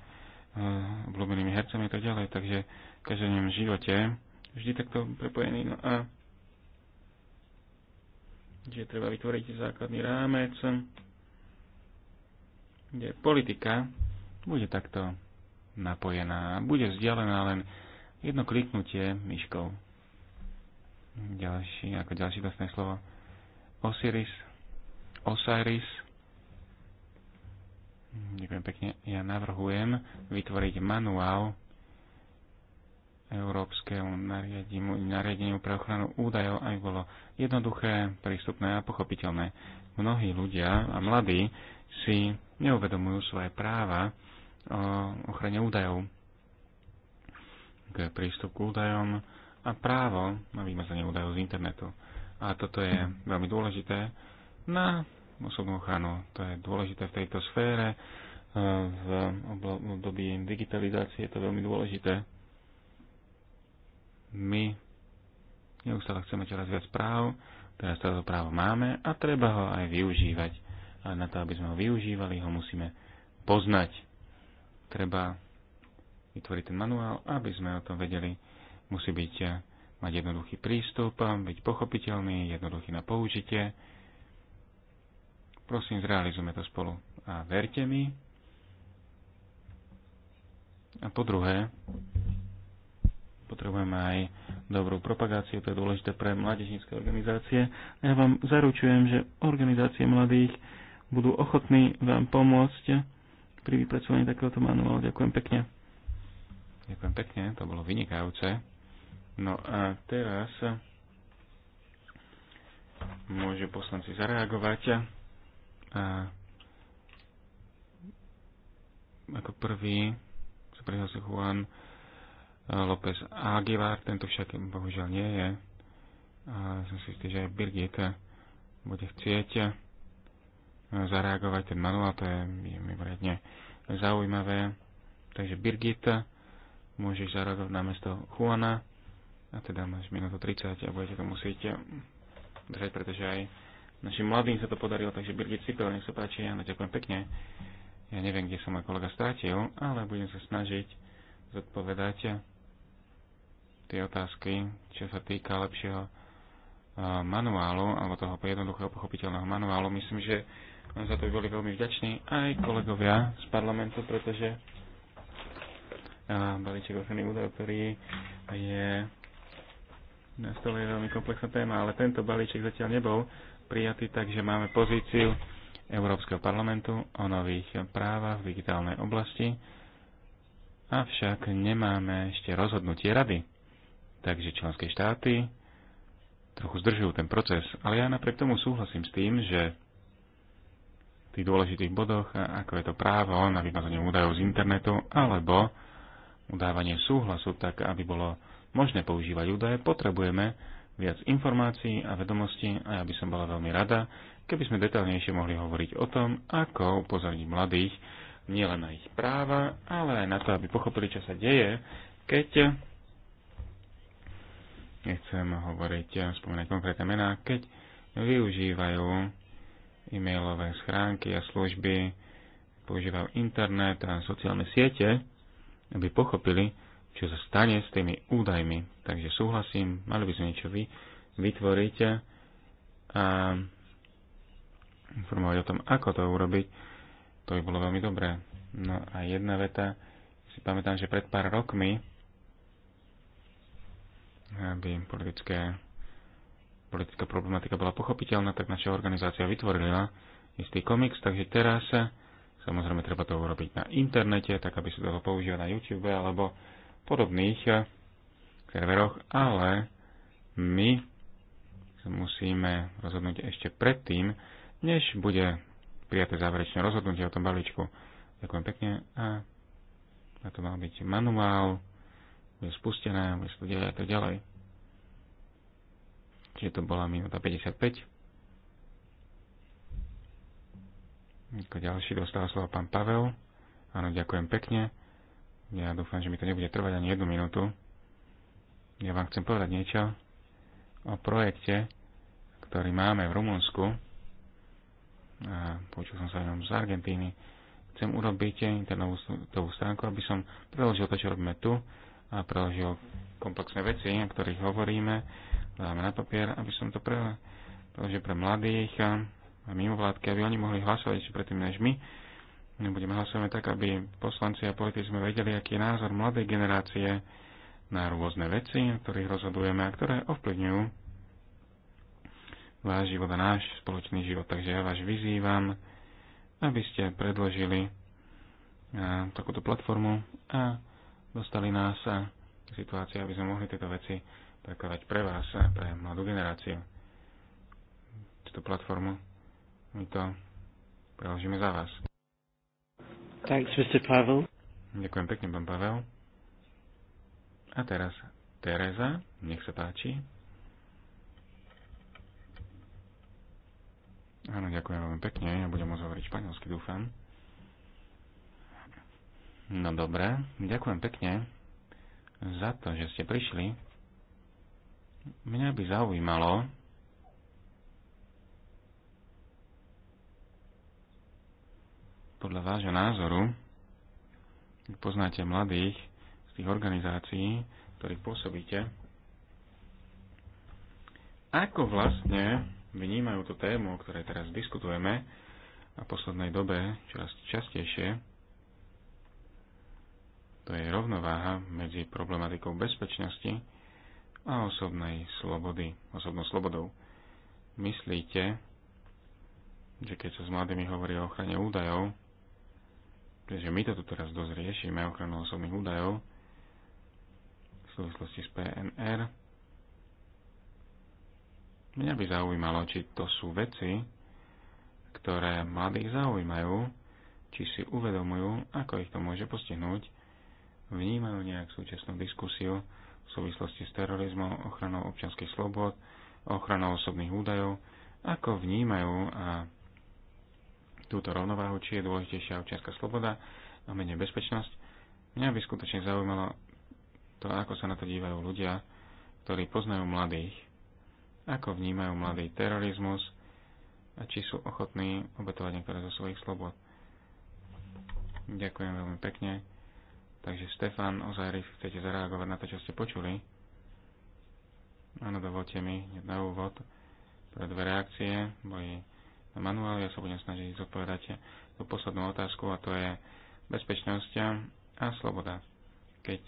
obľúbenými hercami a tak ďalej, takže v každodennom živote vždy takto prepojení. No a že treba vytvoriť základný rámec, kde politika bude takto napojená, bude vzdialená len jedno kliknutie myškou. Ďalší, ako ďalší vlastné slovo. Osiris. Osiris. Ďakujem pekne. Ja navrhujem vytvoriť manuál európskemu nariadeniu, nariadeniu pre ochranu údajov, aby bolo jednoduché, prístupné a pochopiteľné. Mnohí ľudia a mladí si neuvedomujú svoje práva o ochrane údajov k prístup k údajom a právo na vymazanie údajov z internetu. A toto je veľmi dôležité na osobnú ochranu. To je dôležité v tejto sfére. E, v období digitalizácie je to veľmi dôležité. My neustále chceme čoraz viac práv, teraz toto právo máme a treba ho aj využívať ale na to, aby sme ho využívali, ho musíme poznať. Treba vytvoriť ten manuál, aby sme o tom vedeli. Musí byť, eh, mať jednoduchý prístup, eh, byť pochopiteľný, jednoduchý na použitie. Prosím, zrealizujme to spolu a verte mi. A po druhé, potrebujeme aj dobrú propagáciu, to je dôležité pre mládežnícke organizácie. Ja vám zaručujem, že organizácie mladých budú ochotní vám pomôcť pri vypracovaní takéhoto manuálu. Ďakujem pekne. Ďakujem pekne, to bolo vynikajúce. No a teraz môže poslanci zareagovať. A ako prvý sa prihlásil Juan López Aguilar, tento však bohužiaľ nie je. A som si istý, že aj Birgit bude chcieť zareagovať. Ten manuál to je mimoriadne zaujímavé. Takže Birgita, môžeš zareagovať na mesto Juana a teda máš minútu 30 a budete to musieť držať, pretože aj našim mladým sa to podarilo, takže Birgit Cipel, nech sa páči, ja ďakujem pekne. Ja neviem, kde sa môj kolega strátil, ale budem sa snažiť zodpovedať tie otázky, čo sa týka lepšieho manuálu, alebo toho jednoduchého pochopiteľného manuálu. Myslím, že za to by boli veľmi vďační aj kolegovia z parlamentu, pretože balíček ochrany údajov, ktorý je na stole je veľmi komplexná téma, ale tento balíček zatiaľ nebol prijatý, takže máme pozíciu Európskeho parlamentu o nových právach v digitálnej oblasti, avšak nemáme ešte rozhodnutie rady. Takže členské štáty trochu zdržujú ten proces, ale ja napriek tomu súhlasím s tým, že tých dôležitých bodoch, ako je to právo na vymazanie údajov z internetu, alebo udávanie súhlasu, tak aby bolo možné používať údaje, potrebujeme viac informácií a vedomostí a ja by som bola veľmi rada, keby sme detaľnejšie mohli hovoriť o tom, ako upozorniť mladých nielen na ich práva, ale aj na to, aby pochopili, čo sa deje, keď nechcem hovoriť a spomínať konkrétne mená, keď využívajú e-mailové schránky a služby, používajú internet a sociálne siete, aby pochopili, čo sa stane s tými údajmi. Takže súhlasím, mali by sme niečo vy, vytvoriť a informovať o tom, ako to urobiť. To by bolo veľmi dobré. No a jedna veta, si pamätám, že pred pár rokmi aby politické politická problematika bola pochopiteľná, tak naša organizácia vytvorila istý komiks, takže teraz samozrejme treba to urobiť na internete, tak aby sa toho používať na YouTube alebo podobných eh, serveroch, ale my sa musíme rozhodnúť ešte predtým, než bude prijaté záverečné rozhodnutie o tom balíčku. Ďakujem pekne a na to mal byť manuál, bude spustené, bude sa to a tak ďalej. Čiže to bola minúta 55. Ako ďalší dostal slovo pán Pavel. Áno, ďakujem pekne. Ja dúfam, že mi to nebude trvať ani jednu minútu. Ja vám chcem povedať niečo o projekte, ktorý máme v Rumunsku. A počul som sa o z Argentíny. Chcem urobiť internetovú stránku, aby som preložil to, čo robíme tu a preložil komplexné veci, o ktorých hovoríme dáme na papier, aby som to pre, Takže pre mladých a, mimo mimovládky, aby oni mohli hlasovať ešte predtým než my. My budeme hlasovať tak, aby poslanci a politici sme vedeli, aký je názor mladej generácie na rôzne veci, o ktorých rozhodujeme a ktoré ovplyvňujú váš život a náš spoločný život. Takže ja vás vyzývam, aby ste predložili takúto platformu a dostali nás a situácia, aby sme mohli tieto veci prekonať pre vás a pre mladú generáciu. Túto platformu my to preložíme za vás. Thanks, Mr. Pavel. Ďakujem pekne, pán Pavel. A teraz Tereza, nech sa páči. Áno, ďakujem veľmi pekne. Ja budem môcť hovoriť španielsky, dúfam. No dobre, ďakujem pekne za to, že ste prišli Mňa by zaujímalo, podľa vášho názoru, poznáte mladých z tých organizácií, ktorých pôsobíte, ako vlastne vnímajú tú tému, o ktorej teraz diskutujeme, a v poslednej dobe čoraz častejšie, to je rovnováha medzi problematikou bezpečnosti a osobnej slobody, osobnou slobodou. Myslíte, že keď sa s mladými hovorí o ochrane údajov, keďže my to tu teraz dosť riešime, ochranu osobných údajov, v súvislosti s PNR, mňa by zaujímalo, či to sú veci, ktoré mladých zaujímajú, či si uvedomujú, ako ich to môže postihnúť, vnímajú nejak súčasnú diskusiu, v súvislosti s terorizmom, ochranou občianských slobod, ochranou osobných údajov, ako vnímajú a túto rovnováhu, či je dôležitejšia občianská sloboda a menej bezpečnosť. Mňa by skutočne zaujímalo to, ako sa na to dívajú ľudia, ktorí poznajú mladých, ako vnímajú mladý terorizmus a či sú ochotní obetovať niektoré zo svojich slobod. Ďakujem veľmi pekne. Takže Stefan Ozajri, chcete zareagovať na to, čo ste počuli? Áno, dovolte mi na úvod pre dve reakcie. Boli na manuál, ja sa budem snažiť zodpovedať tú poslednú otázku a to je bezpečnosť a sloboda. Keď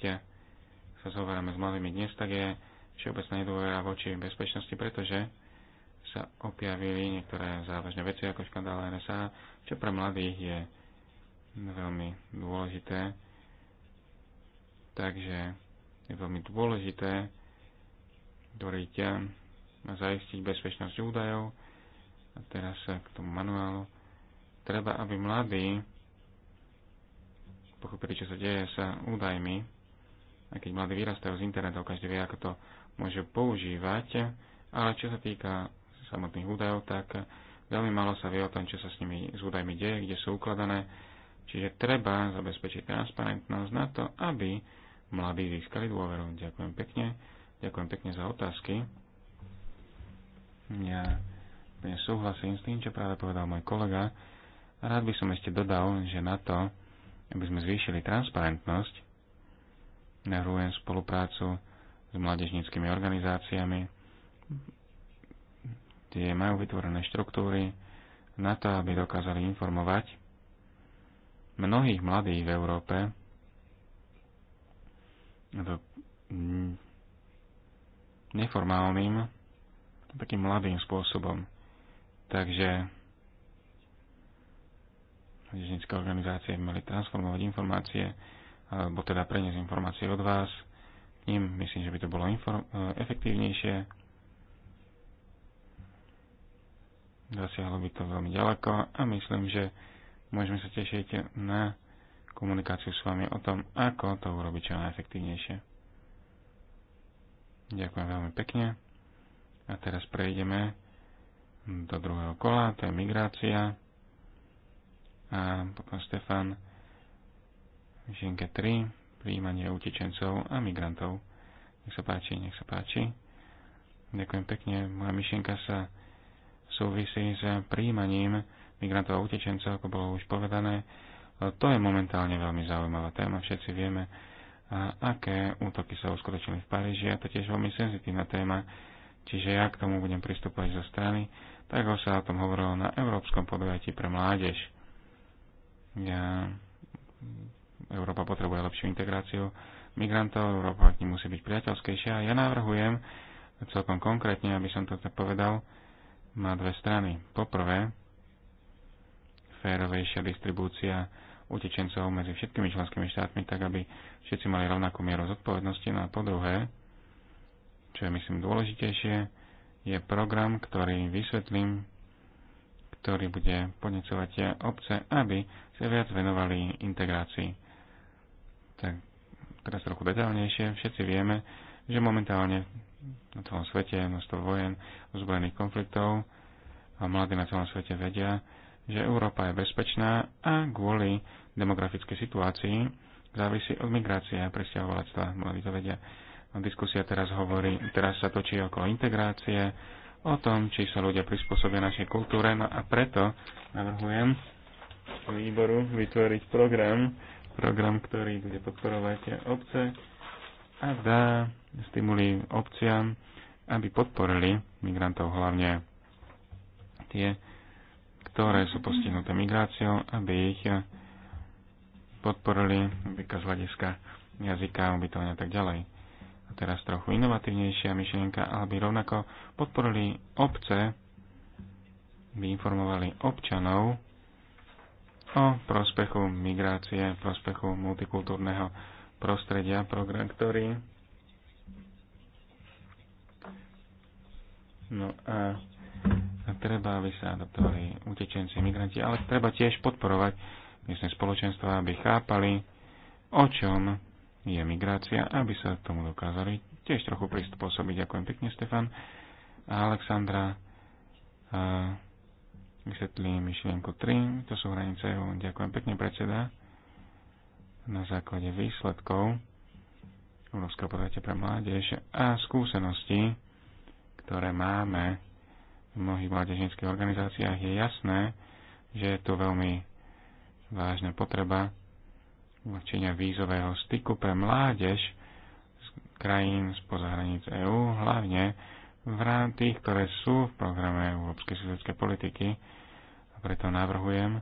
sa zhovárame s mladými dnes, tak je všeobecná nedôvera voči bezpečnosti, pretože sa objavili niektoré závažné veci ako Škandál NSA, čo pre mladých je veľmi dôležité Takže je veľmi dôležité doriť a zaistiť bezpečnosť údajov. A teraz k tomu manuálu. Treba, aby mladí pochopili, čo sa deje s údajmi. A keď mladí vyrastajú z internetov, každý vie, ako to môže používať. Ale čo sa týka samotných údajov, tak veľmi málo sa vie o tom, čo sa s nimi s údajmi deje, kde sú ukladané. Čiže treba zabezpečiť transparentnosť na to, aby mladí získali dôveru. Ďakujem pekne. Ďakujem pekne za otázky. Ja úplne súhlasím s tým, čo práve povedal môj kolega. Rád by som ešte dodal, že na to, aby sme zvýšili transparentnosť, navrhujem spoluprácu s mládežníckými organizáciami, tie majú vytvorené štruktúry na to, aby dokázali informovať mnohých mladých v Európe Mm, neformálnym, takým mladým spôsobom. Takže mládežnícke organizácie by mali transformovať informácie, alebo teda preniesť informácie od vás. K ním myslím, že by to bolo e, efektívnejšie. Zasiahlo by to veľmi ďaleko a myslím, že môžeme sa tešiť na komunikáciu s vami o tom, ako to urobiť čo najefektívnejšie. Ďakujem veľmi pekne. A teraz prejdeme do druhého kola, to je migrácia. A potom Stefan, Žinke 3, príjmanie utečencov a migrantov. Nech sa páči, nech sa páči. Ďakujem pekne. Moja myšlienka sa súvisí s príjmaním migrantov a utečencov, ako bolo už povedané. To je momentálne veľmi zaujímavá téma. Všetci vieme, aké útoky sa uskutočnili v Paríži a to tiež veľmi senzitívna téma. Čiže ja k tomu budem pristupovať zo strany, tak ako sa o tom hovorilo na Európskom podujatí pre mládež. Ja... Európa potrebuje lepšiu integráciu migrantov, Európa k nim musí byť priateľskejšia. Ja navrhujem celkom konkrétne, aby som to tak povedal, má dve strany. Poprvé, férovejšia distribúcia utečencov medzi všetkými členskými štátmi, tak aby všetci mali rovnakú mieru zodpovednosti. No a po druhé, čo je myslím dôležitejšie, je program, ktorý vysvetlím, ktorý bude podnecovať obce, aby sa viac venovali integrácii. Tak teraz trochu detaľnejšie. Všetci vieme, že momentálne na celom svete je množstvo vojen, ozbrojených konfliktov a mladí na celom svete vedia, že Európa je bezpečná a kvôli demografickej situácii závisí od migrácie a presťahovalectva. Mladí to vedia. Diskusia teraz hovorí, teraz sa točí okolo integrácie, o tom, či sa ľudia prispôsobia našej kultúre, no a preto navrhujem výboru vytvoriť program, program, ktorý bude podporovať obce a dá stimuli obciam, aby podporili migrantov hlavne tie, ktoré sú postihnuté migráciou, aby ich podporili z hľadiska jazyka, ubytovania a tak ďalej. A teraz trochu inovatívnejšia myšlienka, aby rovnako podporili obce, by informovali občanov o prospechu migrácie, prospechu multikultúrneho prostredia, program, ktorý No a Treba, aby sa adaptovali utečenci, migranti, ale treba tiež podporovať miestne spoločenstva, aby chápali, o čom je migrácia, aby sa tomu dokázali tiež trochu prispôsobiť. Ďakujem pekne, Stefan. A Alexandra a myšlienku 3, to sú hranice EU. Ďakujem pekne, predseda. Na základe výsledkov Európskeho podujatia pre mládež a skúsenosti, ktoré máme v mnohých mládežnických organizáciách je jasné, že je to veľmi vážna potreba uľahčenia vízového styku pre mládež z krajín spoza hraníc EÚ, hlavne v tých, ktoré sú v programe Európskej sociálnej politiky. A preto navrhujem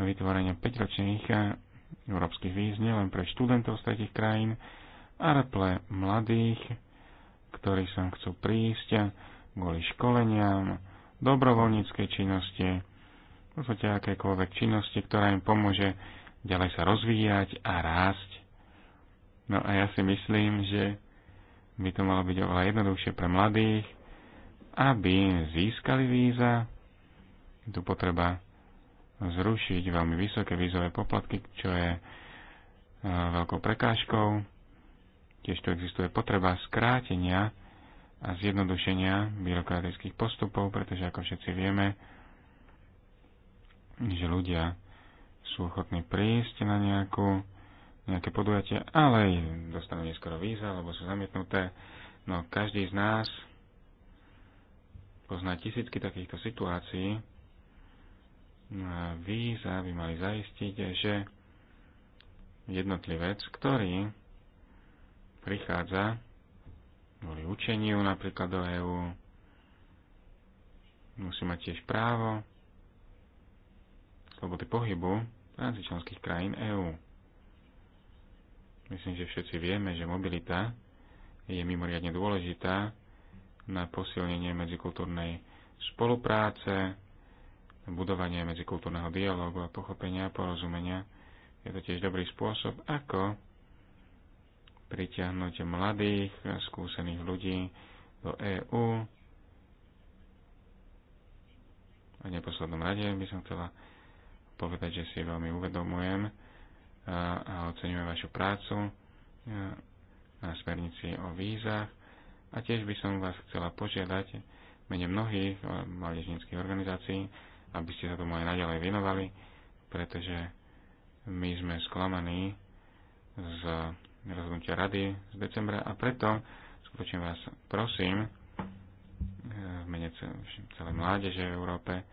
vytvorenie 5-ročných európskych víz nielen pre študentov z tretich krajín, ale pre mladých, ktorí sa chcú prísť kvôli školeniam, dobrovoľníckej činnosti, v podstate akékoľvek činnosti, ktorá im pomôže ďalej sa rozvíjať a rásť. No a ja si myslím, že by to malo byť oveľa jednoduchšie pre mladých, aby získali víza. je Tu potreba zrušiť veľmi vysoké vízové poplatky, čo je e, veľkou prekážkou. Tiež tu existuje potreba skrátenia a zjednodušenia byrokratických postupov, pretože ako všetci vieme, že ľudia sú ochotní prísť na nejakú, nejaké podujatie, ale dostanú neskoro víza, alebo sú zamietnuté. No každý z nás pozná tisícky takýchto situácií. No a víza by mali zaistiť, že jednotlivec, ktorý prichádza kvôli učeniu napríklad do EÚ. Musí mať tiež právo slobody pohybu v rámci členských krajín EÚ. Myslím, že všetci vieme, že mobilita je mimoriadne dôležitá na posilnenie medzikultúrnej spolupráce, budovanie medzikultúrneho dialógu a pochopenia a porozumenia. Je to tiež dobrý spôsob, ako pritiahnuť mladých, skúsených ľudí do EÚ. A v neposlednom rade by som chcela povedať, že si veľmi uvedomujem a oceňujem vašu prácu na smernici o vízach a tiež by som vás chcela požiadať mene mnohých mládežníckých organizácií, aby ste sa tomu aj naďalej venovali, pretože my sme sklamaní z rozhodnutia rady z decembra a preto skutočne vás prosím eh, v mene celej mládeže v Európe eh,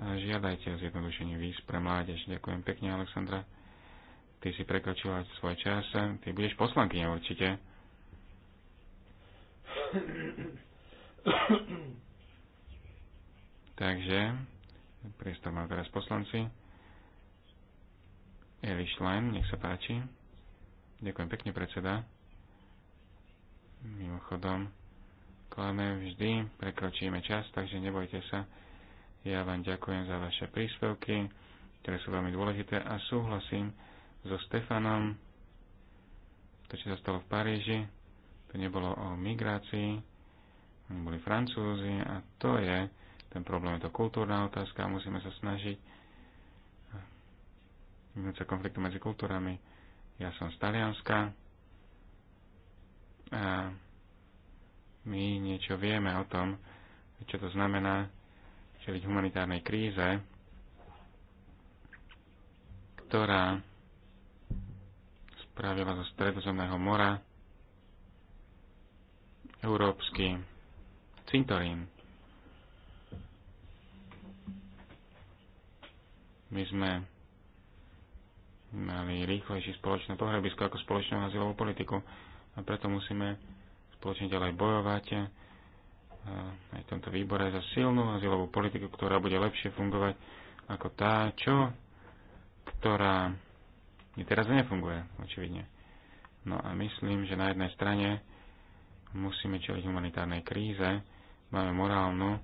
žiadajte o zjednodušenie víz pre mládež. Ďakujem pekne, Alexandra. Ty si prekročila svoj čas. Ty budeš poslankyňa určite. Takže, priestor má teraz poslanci. Eli Schlein, nech sa páči. Ďakujem pekne, predseda. Mimochodom, klame vždy prekročíme čas, takže nebojte sa. Ja vám ďakujem za vaše príspevky, ktoré sú veľmi dôležité a súhlasím so Stefanom. To, čo sa stalo v Paríži, to nebolo o migrácii, oni boli Francúzi a to je ten problém, je to kultúrna otázka a musíme sa snažiť vynúť sa konfliktu medzi kultúrami ja som z Talianska a my niečo vieme o tom, čo to znamená čeliť humanitárnej kríze, ktorá spravila zo Stredozemného mora európsky cintorín. My sme mali rýchlejšie spoločné pohrebisko ako spoločnú azylovú politiku. A preto musíme spoločne ďalej bojovať aj v tomto výbore za silnú azylovú politiku, ktorá bude lepšie fungovať ako tá, čo, ktorá teraz nefunguje, očividne. No a myslím, že na jednej strane musíme čeliť humanitárnej kríze, máme morálnu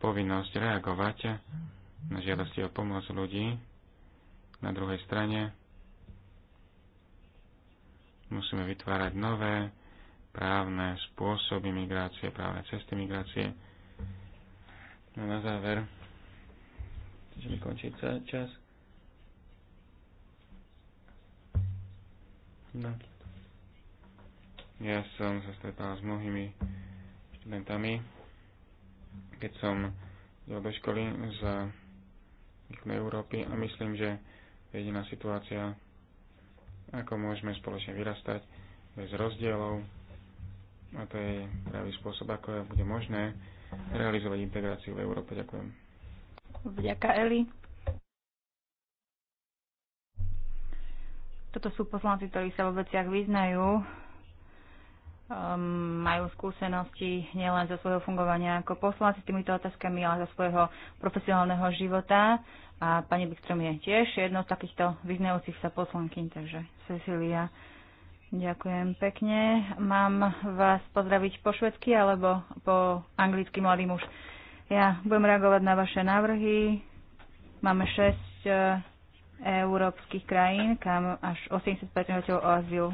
povinnosť reagovať na žiadosti o pomoc ľudí, na druhej strane musíme vytvárať nové právne spôsoby migrácie, právne cesty migrácie. No na záver, že mi končí čas. No. Ja som sa stretal s mnohými študentami, keď som do školy z Európy a myslím, že jediná situácia, ako môžeme spoločne vyrastať bez rozdielov a to je pravý spôsob, ako bude možné realizovať integráciu v Európe. Ďakujem. Vďaka Eli. Toto sú poslanci, ktorí sa vo veciach vyznajú. Um, majú skúsenosti nielen zo svojho fungovania ako poslanci s týmito otázkami, ale zo svojho profesionálneho života. A pani Bikstrom je tiež jednou z takýchto vyznajúcich sa poslankyň, takže Cecília, ďakujem pekne. Mám vás pozdraviť po švedsky alebo po anglicky, mladý muž. Ja budem reagovať na vaše návrhy. Máme 6 eh, európskych krajín, kam až 80 o azyl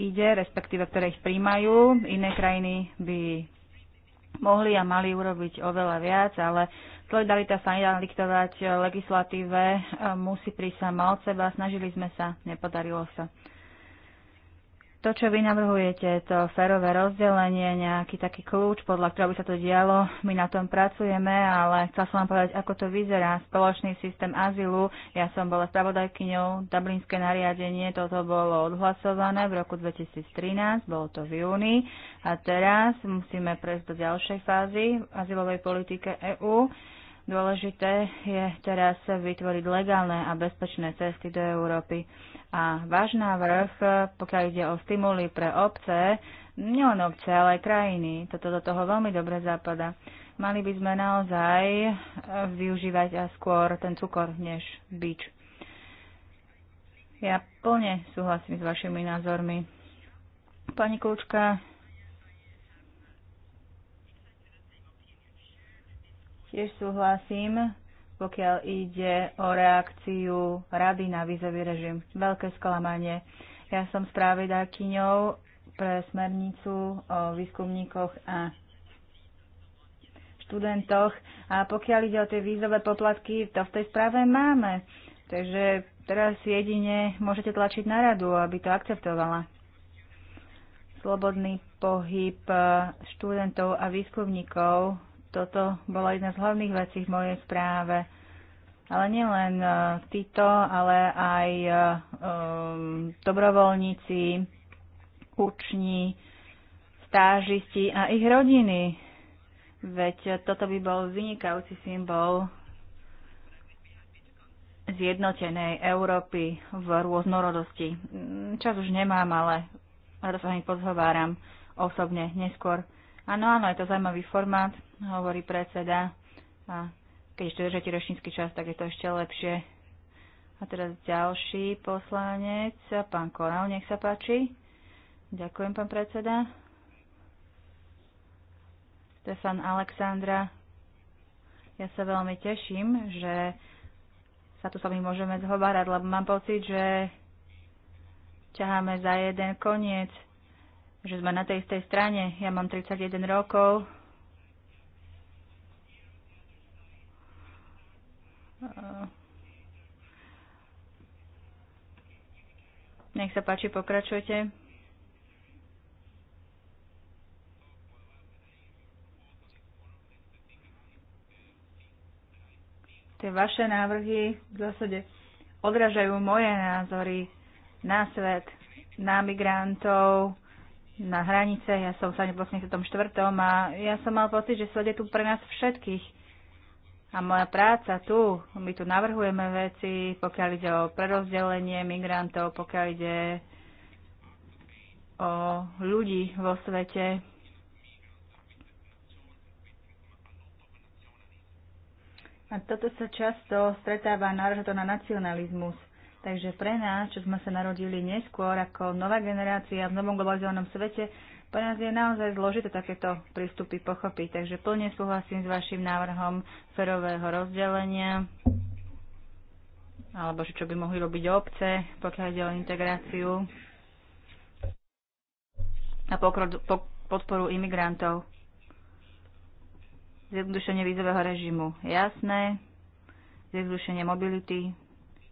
ide, respektíve ktoré ich príjmajú. Iné krajiny by mohli a mali urobiť oveľa viac, ale solidarita sa nedá diktovať legislatíve, e, musí prísť sama od seba, snažili sme sa, nepodarilo sa. To, čo vy navrhujete, to férové rozdelenie, nejaký taký kľúč, podľa ktorého by sa to dialo, my na tom pracujeme, ale chcel som vám povedať, ako to vyzerá. Spoločný systém azylu, ja som bola spravodajkyňou, Dublinské nariadenie, toto bolo odhlasované v roku 2013, bolo to v júni a teraz musíme prejsť do ďalšej fázy azylovej politike EÚ. Dôležité je teraz vytvoriť legálne a bezpečné cesty do Európy. A váš návrh, e, pokiaľ ide o stimuly pre obce, nielen obce, ale aj krajiny, toto do toho veľmi dobre zapadá. Mali by sme naozaj e, využívať skôr ten cukor než bič. Ja plne súhlasím s vašimi názormi. Pani Kľúčka, tiež súhlasím pokiaľ ide o reakciu rady na vízový režim. Veľké sklamanie. Ja som správedákyňou pre smernicu o výskumníkoch a študentoch. A pokiaľ ide o tie vízové poplatky, to v tej správe máme. Takže teraz jedine môžete tlačiť na radu, aby to akceptovala. Slobodný pohyb študentov a výskumníkov toto bola jedna z hlavných vecí v mojej správe. Ale nielen e, títo, ale aj um, dobrovoľníci, učni, stážisti a ich rodiny. Veď toto by bol vynikajúci symbol zjednotenej Európy v rôznorodosti. Čas už nemám, ale rada sa mi pozhováram osobne neskôr. Áno, áno, je to zaujímavý formát, hovorí predseda. A keď ešte držete ročnícky čas, tak je to ešte lepšie. A teraz ďalší poslanec, pán Koral, nech sa páči. Ďakujem, pán predseda. Stefan Alexandra, ja sa veľmi teším, že sa tu sa my môžeme zhovárať, lebo mám pocit, že ťaháme za jeden koniec že sme na tej istej strane. Ja mám 31 rokov. Nech sa páči, pokračujte. Tie vaše návrhy v zásade odražajú moje názory na svet, na migrantov, na hranice. Ja som sa v štvrtom a ja som mal pocit, že sled je tu pre nás všetkých. A moja práca tu, my tu navrhujeme veci, pokiaľ ide o prerozdelenie migrantov, pokiaľ ide o ľudí vo svete. A toto sa často stretáva, náraža to na nacionalizmus. Takže pre nás, čo sme sa narodili neskôr ako nová generácia v novom globalizovanom svete, pre nás je naozaj zložité takéto prístupy pochopiť. Takže plne súhlasím s vašim návrhom ferového rozdelenia alebo čo by mohli robiť obce, pokiaľ ide o integráciu a pokrod, po, podporu imigrantov. Zjednodušenie vízového režimu. Jasné. Zjednodušenie mobility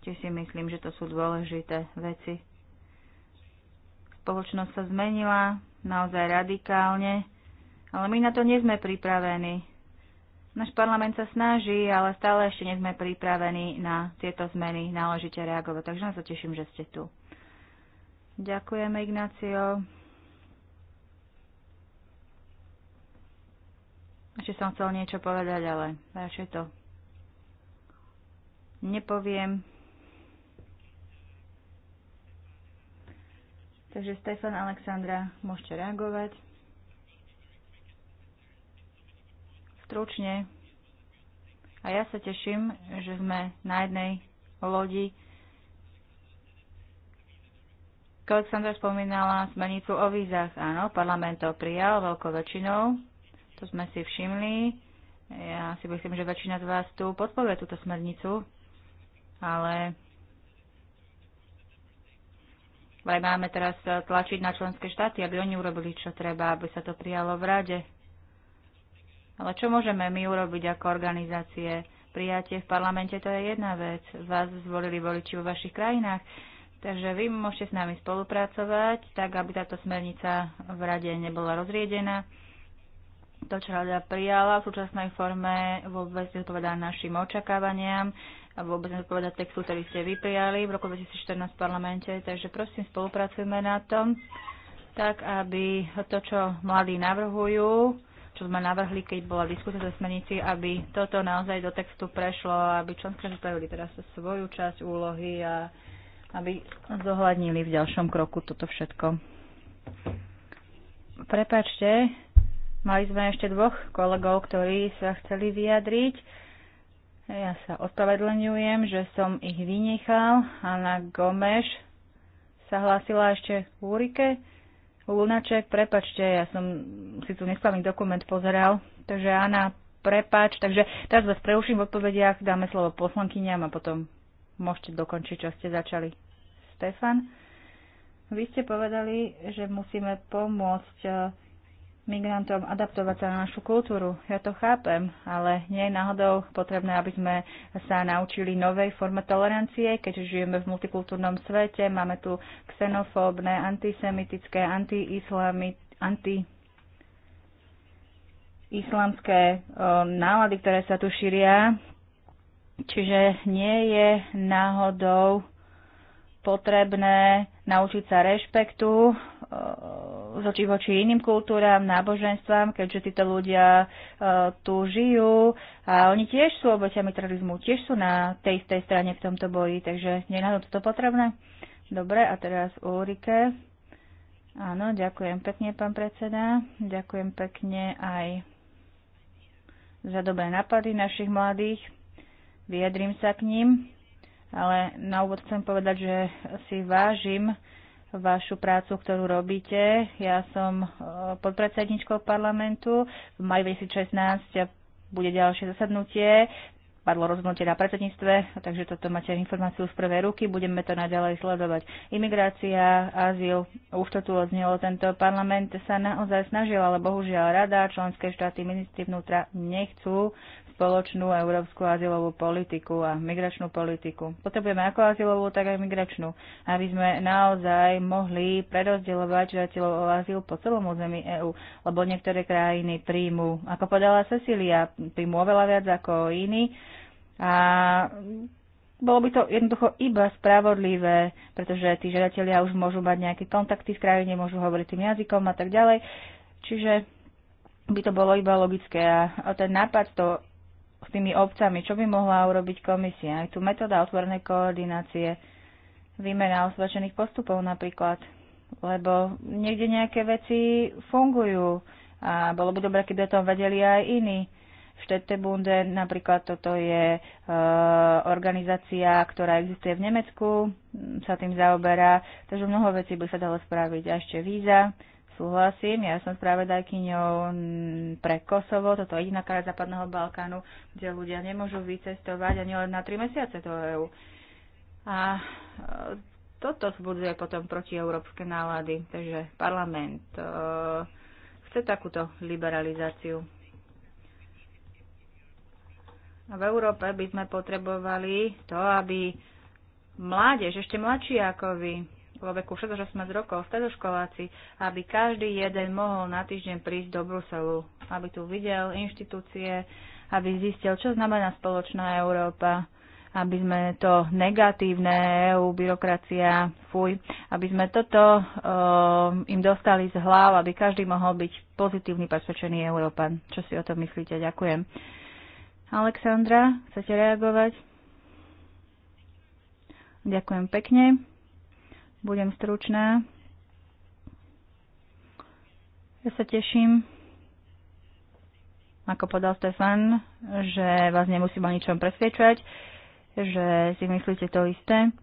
či si myslím, že to sú dôležité veci. Spoločnosť sa zmenila naozaj radikálne, ale my na to nie sme pripravení. Náš parlament sa snaží, ale stále ešte nie sme pripravení na tieto zmeny náležite reagovať. Takže nás sa teším, že ste tu. Ďakujeme, Ignácio. Ešte som chcel niečo povedať, ale radšej to nepoviem. Takže Stefan, Alexandra, môžete reagovať. Stručne. A ja sa teším, že sme na jednej lodi. Alexandra spomínala smernicu o vízach. Áno, parlament to prijal veľkou väčšinou. To sme si všimli. Ja si myslím, že väčšina z vás tu podporuje túto smernicu, ale ale máme teraz e, tlačiť na členské štáty, aby oni urobili, čo treba, aby sa to prijalo v rade. Ale čo môžeme my urobiť ako organizácie? Prijatie v parlamente to je jedna vec. Vás zvolili voliči vo vašich krajinách. Takže vy môžete s nami spolupracovať, tak aby táto smernica v rade nebola rozriedená. To, čo rada prijala v súčasnej forme, vôbec odpovedá našim očakávaniam a vôbec povedať textu, ktorý ste vyprijali v roku 2014 v parlamente. Takže prosím, spolupracujme na tom, tak aby to, čo mladí navrhujú, čo sme navrhli, keď bola diskusia za smernici, aby toto naozaj do textu prešlo, aby členské spravili teraz svoju časť úlohy a aby zohľadnili v ďalšom kroku toto všetko. Prepačte, mali sme ešte dvoch kolegov, ktorí sa chceli vyjadriť. Ja sa ospravedlňujem, že som ich vynechal. Anna Gomeš sa hlásila ešte v Úrike. Lunaček, prepačte, ja som si tu neslavný dokument pozeral. Takže Anna, prepač. Takže teraz vás preuším v odpovediach, dáme slovo poslankyňam a potom môžete dokončiť, čo ste začali. Stefan, vy ste povedali, že musíme pomôcť eh, migrantom adaptovať sa na našu kultúru. Ja to chápem, ale nie je náhodou potrebné, aby sme sa naučili novej forme tolerancie, keďže žijeme v multikultúrnom svete, máme tu xenofóbne, antisemitické, anti islamské nálady, ktoré sa tu šíria. Čiže nie je náhodou potrebné naučiť sa rešpektu e, zoči voči iným kultúram, náboženstvám, keďže títo ľudia e, tu žijú a oni tiež sú obeťami terorizmu, tiež sú na tej istej strane v tomto boji, takže nie je na to potrebné. Dobre, a teraz Ulrike. Áno, ďakujem pekne, pán predseda. Ďakujem pekne aj za dobré napady našich mladých. Vyjadrím sa k ním ale na úvod chcem povedať, že si vážim vašu prácu, ktorú robíte. Ja som e, podpredsedničkou parlamentu. V maji 2016 bude ďalšie zasadnutie. Padlo rozhodnutie na predsedníctve, takže toto máte informáciu z prvej ruky. Budeme to naďalej sledovať. Imigrácia, azyl, už to tu odznelo. Tento parlament sa naozaj snažil, ale bohužiaľ rada, členské štáty, ministri vnútra nechcú spoločnú európsku azylovú politiku a migračnú politiku. Potrebujeme ako azylovú, tak aj migračnú, aby sme naozaj mohli prerozdielovať žiateľov o azyl po celom území EÚ, lebo niektoré krajiny príjmu, ako povedala Cecília, príjmu oveľa viac ako iní. A bolo by to jednoducho iba spravodlivé, pretože tí žiadatelia už môžu mať nejaké kontakty v krajine, môžu hovoriť tým jazykom a tak ďalej. Čiže by to bolo iba logické. A ten nápad to s tými obcami, čo by mohla urobiť komisia. Aj tu metóda otvorenej koordinácie, výmena osvedčených postupov napríklad, lebo niekde nejaké veci fungujú a bolo by dobré, keby o tom vedeli aj iní. Štetebunde napríklad toto je e, organizácia, ktorá existuje v Nemecku, sa tým zaoberá, takže mnoho vecí by sa dalo spraviť. A ešte víza, súhlasím. Ja som spravodajkyňou pre Kosovo, toto je jediná kraj Západného Balkánu, kde ľudia nemôžu vycestovať ani len na 3 mesiace do EÚ. A e, toto vzbudzuje potom protieurópske nálady. Takže parlament e, chce takúto liberalizáciu. A v Európe by sme potrebovali to, aby mládež, ešte mladší ako vy, vo veku 6 18 rokov, stredoškoláci, aby každý jeden mohol na týždeň prísť do Bruselu, aby tu videl inštitúcie, aby zistil, čo znamená spoločná Európa, aby sme to negatívne EU, byrokracia, fuj, aby sme toto um, im dostali z hlav, aby každý mohol byť pozitívny, presvedčený Európan. Čo si o tom myslíte? Ďakujem. Alexandra, chcete reagovať? Ďakujem pekne. Budem stručná. Ja sa teším, ako povedal Stefan, že vás nemusím o ničom presvedčať, že si myslíte to isté.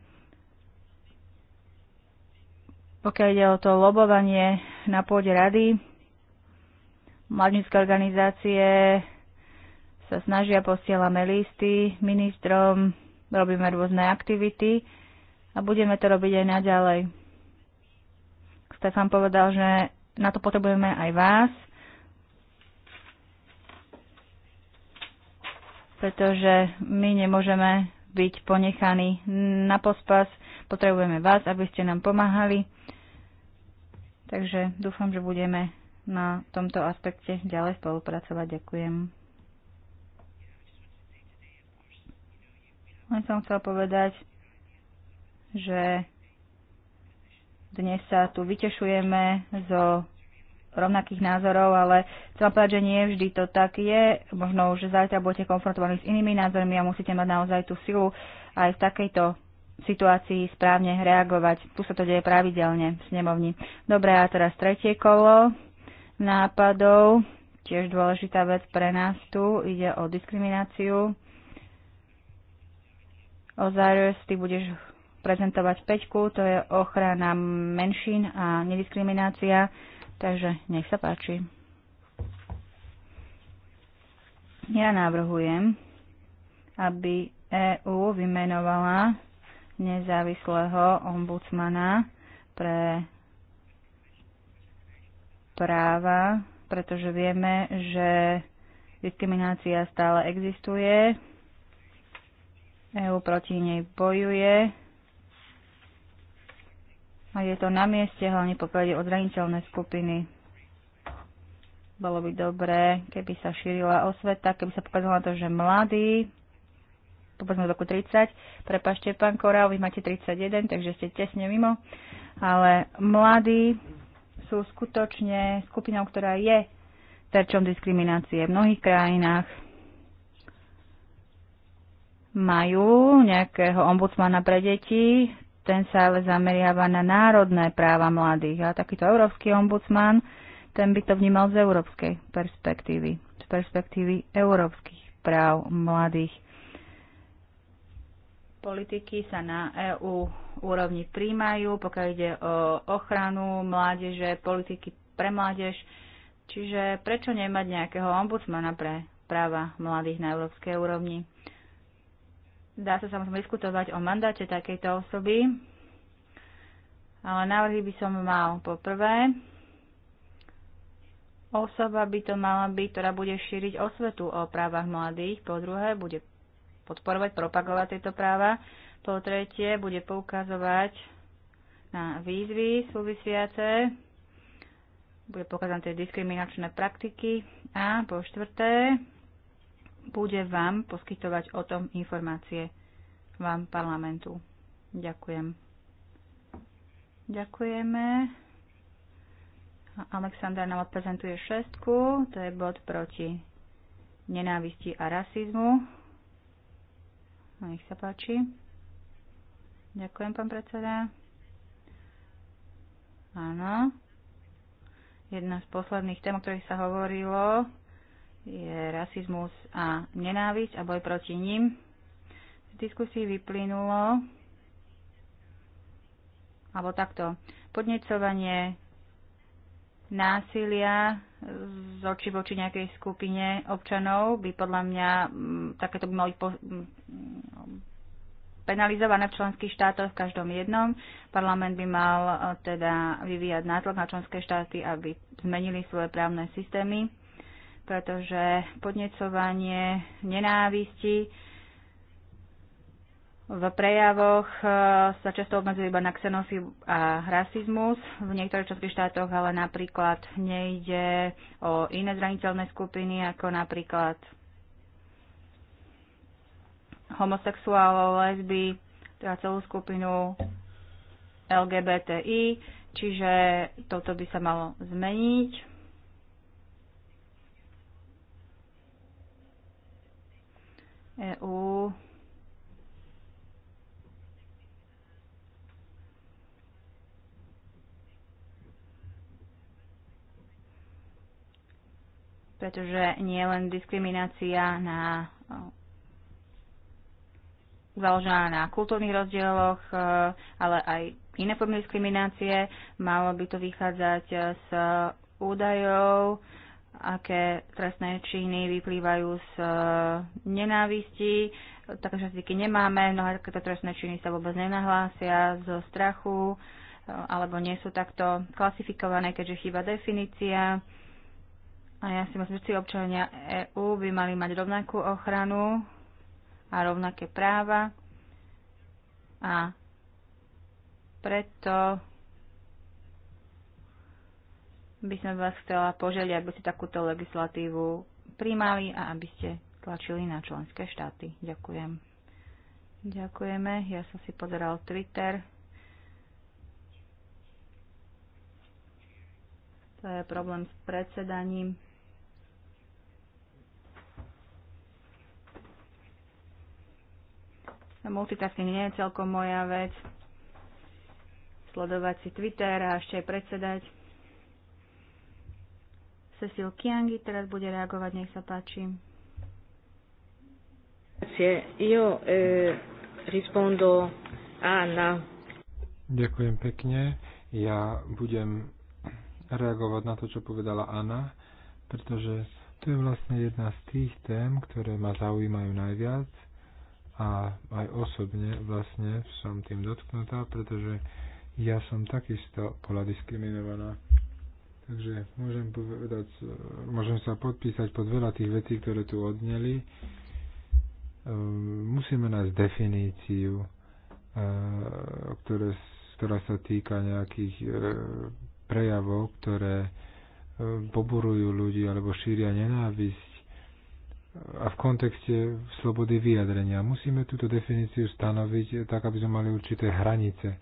Pokiaľ ide o to lobovanie na pôde rady, mladnícke organizácie sa snažia, posielame listy ministrom, robíme rôzne aktivity a budeme to robiť aj naďalej. Stefan povedal, že na to potrebujeme aj vás, pretože my nemôžeme byť ponechaní na pospas. Potrebujeme vás, aby ste nám pomáhali. Takže dúfam, že budeme na tomto aspekte ďalej spolupracovať. Ďakujem. Len som chcel povedať, že dnes sa tu vytešujeme zo rovnakých názorov, ale chcem povedať, že nie vždy to tak je. Možno už zajtra budete konfrontovaní s inými názormi a musíte mať naozaj tú silu aj v takejto situácii správne reagovať. Tu sa to deje pravidelne v snemovni. Dobre, a teraz tretie kolo nápadov. Tiež dôležitá vec pre nás tu. Ide o diskrimináciu. Ozarius, ty budeš prezentovať peťku, to je ochrana menšín a nediskriminácia, takže nech sa páči. Ja navrhujem, aby EÚ vymenovala nezávislého ombudsmana pre práva, pretože vieme, že diskriminácia stále existuje. EÚ proti nej bojuje a je to na mieste, hlavne pokiaľ ide o zraniteľné skupiny. Bolo by dobré, keby sa šírila osveta, keby sa pokazalo na to, že mladí, povedzme v roku 30, prepašte pán Korál, vy máte 31, takže ste tesne mimo, ale mladí sú skutočne skupinou, ktorá je terčom diskriminácie v mnohých krajinách, majú nejakého ombudsmana pre deti, ten sa ale zameriava na národné práva mladých. A takýto európsky ombudsman, ten by to vnímal z európskej perspektívy, z perspektívy európskych práv mladých. Politiky sa na EÚ úrovni príjmajú, pokiaľ ide o ochranu mládeže, politiky pre mládež. Čiže prečo nemať nejakého ombudsmana pre práva mladých na európskej úrovni? Dá sa samozrejme diskutovať o mandáte takejto osoby, ale návrhy by som mal poprvé. Osoba by to mala byť, ktorá bude šíriť osvetu o právach mladých. Po druhé, bude podporovať, propagovať tieto práva. Po tretie, bude poukazovať na výzvy súvisiace. Bude pokazané tie diskriminačné praktiky. A po štvrté, bude vám poskytovať o tom informácie vám parlamentu. Ďakujem. Ďakujeme. Aleksandra nám odprezentuje šestku, to je bod proti nenávisti a rasizmu. Nech sa páči. Ďakujem, pán predseda. Áno. Jedna z posledných tém, o ktorých sa hovorilo, je rasizmus a nenávisť a boj proti ním. Z diskusí vyplynulo, alebo takto, podnecovanie násilia z očí voči nejakej skupine občanov by podľa mňa mm, takéto by mali po, mm, penalizované v členských štátoch, v každom jednom. Parlament by mal e, teda vyvíjať nátlak na členské štáty, aby zmenili svoje právne systémy pretože podnecovanie nenávisti v prejavoch e, sa často obmedzuje iba na xenofí a rasizmus. V niektorých českých štátoch ale napríklad nejde o iné zraniteľné skupiny, ako napríklad homosexuálov, lesby, teda celú skupinu LGBTI, čiže toto by sa malo zmeniť. EÚ pretože nie je len diskriminácia na založená na kultúrnych rozdieloch, e, ale aj iné formy diskriminácie. Malo by to vychádzať e, z údajov, aké trestné činy vyplývajú z e, nenávisti. Také štatistiky nemáme, mnohé takéto trestné činy sa vôbec nenahlásia zo strachu e, alebo nie sú takto klasifikované, keďže chýba definícia. A ja si myslím, že všetci občania EÚ by mali mať rovnakú ochranu a rovnaké práva. A preto by som vás chcela požiadať, aby ste takúto legislatívu príjmali a aby ste tlačili na členské štáty. Ďakujem. Ďakujeme. Ja som si pozeral Twitter. To je problém s predsedaním. Multitasking nie je celkom moja vec. Sledovať si Twitter a ešte aj predsedať. Cecil Kiangi teraz bude reagovať, nech sa páči. Io eh, rispondo Anna. Ďakujem pekne. Ja budem reagovať na to, čo povedala Anna, pretože to je vlastne jedna z tých tém, ktoré ma zaujímajú najviac a aj osobne vlastne som tým dotknutá, pretože ja som takisto bola diskriminovaná Takže môžem, povedať, e, môžem sa podpísať pod veľa tých vecí, ktoré tu odneli. E, musíme nájsť definíciu, e, ktoré, ktorá sa týka nejakých prejavov, ktoré poborujú ľudí alebo šíria nenávisť a v kontexte slobody vyjadrenia. Musíme túto definíciu stanoviť tak, aby sme mali určité hranice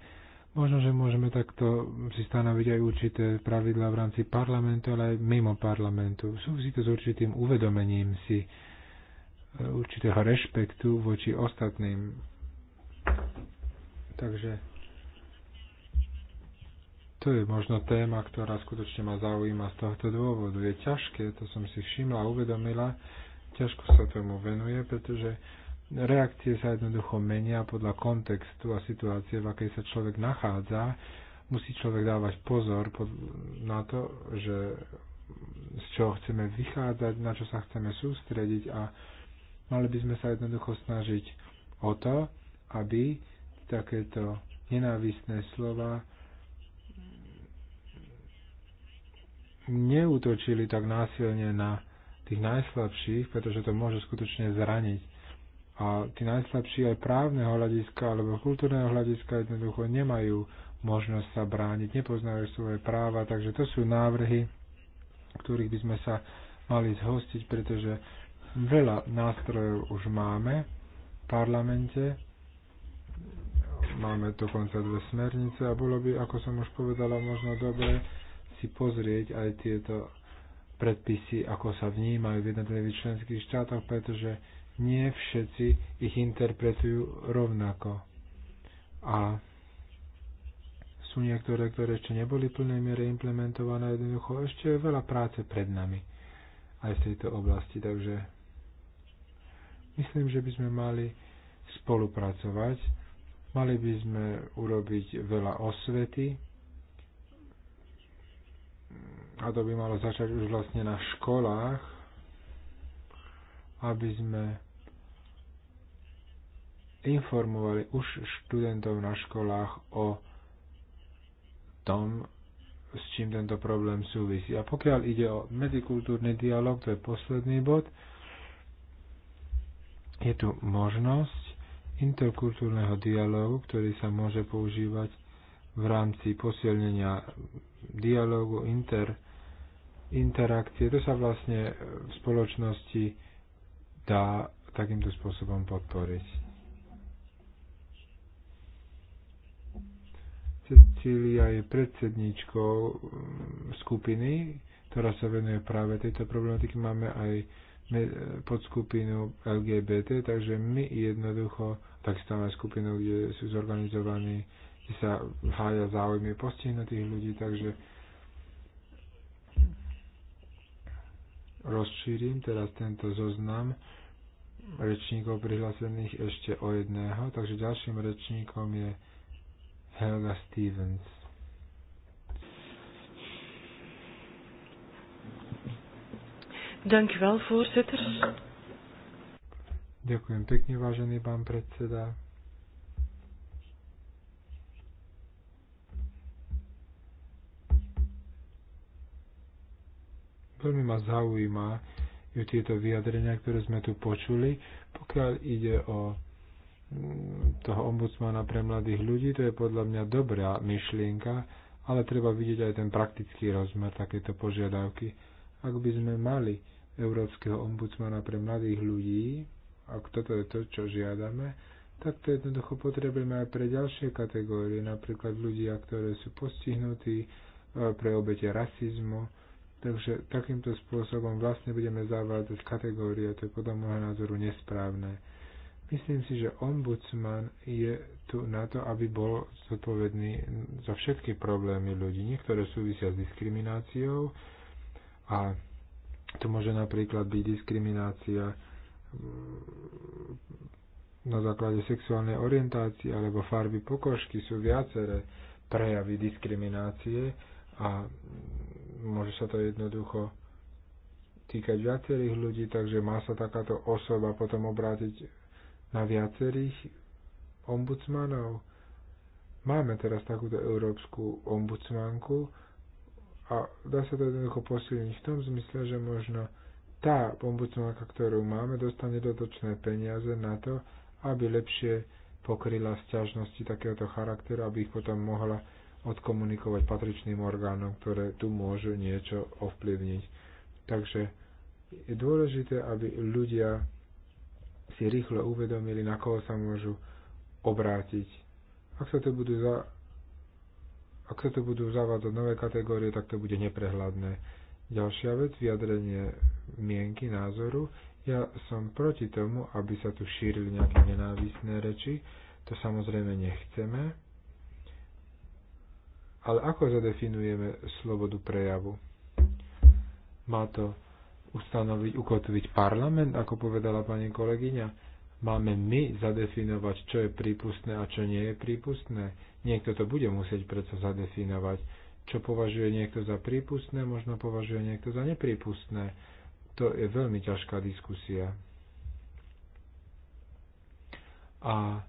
Možno, že môžeme takto si stanoviť aj určité pravidlá v rámci parlamentu, ale aj mimo parlamentu. Súvisí to s určitým uvedomením si e, určitého rešpektu voči ostatným. Takže to je možno téma, ktorá skutočne ma zaujíma z tohto dôvodu. Je ťažké, to som si všimla uvedomila, ťažko sa tomu venuje, pretože reakcie sa jednoducho menia podľa kontextu a situácie, v akej sa človek nachádza. Musí človek dávať pozor na to, že z čoho chceme vychádzať, na čo sa chceme sústrediť a mali by sme sa jednoducho snažiť o to, aby takéto nenávistné slova neútočili tak násilne na tých najslabších, pretože to môže skutočne zraniť a tí najslabší aj právneho hľadiska alebo kultúrneho hľadiska jednoducho nemajú možnosť sa brániť, nepoznajú svoje práva, takže to sú návrhy, ktorých by sme sa mali zhostiť, pretože veľa nástrojov už máme v parlamente, máme dokonca dve smernice a bolo by, ako som už povedala, možno dobre si pozrieť aj tieto predpisy, ako sa vnímajú v jednotlivých členských štátoch, pretože nie všetci ich interpretujú rovnako. A sú niektoré, ktoré ešte neboli v plnej miere implementované, jednoducho ešte je veľa práce pred nami aj v tejto oblasti, takže myslím, že by sme mali spolupracovať, mali by sme urobiť veľa osvety a to by malo začať už vlastne na školách, aby sme informovali už študentov na školách o tom, s čím tento problém súvisí. A pokiaľ ide o medzikultúrny dialog, to je posledný bod, je tu možnosť interkultúrneho dialógu, ktorý sa môže používať v rámci posilnenia dialógu, inter, interakcie. To sa vlastne v spoločnosti dá takýmto spôsobom podporiť. Cecília je predsedníčkou mm, skupiny, ktorá sa venuje práve tejto problematiky. Máme aj podskupinu LGBT, takže my jednoducho, tak stále skupinu, kde sú zorganizovaní, kde sa hája záujmy postihnutých ľudí, takže rozšírim teraz tento zoznam rečníkov prihlásených ešte o jedného, takže ďalším rečníkom je Helga Stevens. Dank u wel, voorzitter. Ďakujem pekne, vážený pán predseda. veľmi ma zaujíma tieto vyjadrenia, ktoré sme tu počuli. Pokiaľ ide o mm, toho ombudsmana pre mladých ľudí, to je podľa mňa dobrá myšlienka, ale treba vidieť aj ten praktický rozmer takéto požiadavky. Ak by sme mali európskeho ombudsmana pre mladých ľudí, ak toto je to, čo žiadame, tak to jednoducho potrebujeme aj pre ďalšie kategórie, napríklad ľudia, ktoré sú postihnutí e, pre obete rasizmu, Takže takýmto spôsobom vlastne budeme zavádzať kategórie, to je podľa môjho názoru nesprávne. Myslím si, že ombudsman je tu na to, aby bol zodpovedný za všetky problémy ľudí. Niektoré súvisia s diskrimináciou a to môže napríklad byť diskriminácia mm, na základe sexuálnej orientácie alebo farby pokožky sú viaceré prejavy diskriminácie a môže sa to jednoducho týkať viacerých ľudí, takže má sa takáto osoba potom obrátiť na viacerých ombudsmanov. Máme teraz takúto európsku ombudsmanku a dá sa to jednoducho posilniť v tom zmysle, že možno tá ombudsmanka, ktorú máme, dostane dotočné peniaze na to, aby lepšie pokryla sťažnosti takéhoto charakteru, aby ich potom mohla odkomunikovať patričným orgánom, ktoré tu môžu niečo ovplyvniť. Takže je dôležité, aby ľudia si rýchlo uvedomili, na koho sa môžu obrátiť. Ak sa to budú, za, ak sa to budú zavádzať nové kategórie, tak to bude neprehľadné. Ďalšia vec, vyjadrenie mienky, názoru. Ja som proti tomu, aby sa tu šírili nejaké nenávisné reči. To samozrejme nechceme. Ale ako zadefinujeme slobodu prejavu? Má to ustanoviť, ukotviť parlament, ako povedala pani kolegyňa? Máme my zadefinovať, čo je prípustné a čo nie je prípustné? Niekto to bude musieť preto zadefinovať. Čo považuje niekto za prípustné, možno považuje niekto za neprípustné. To je veľmi ťažká diskusia. A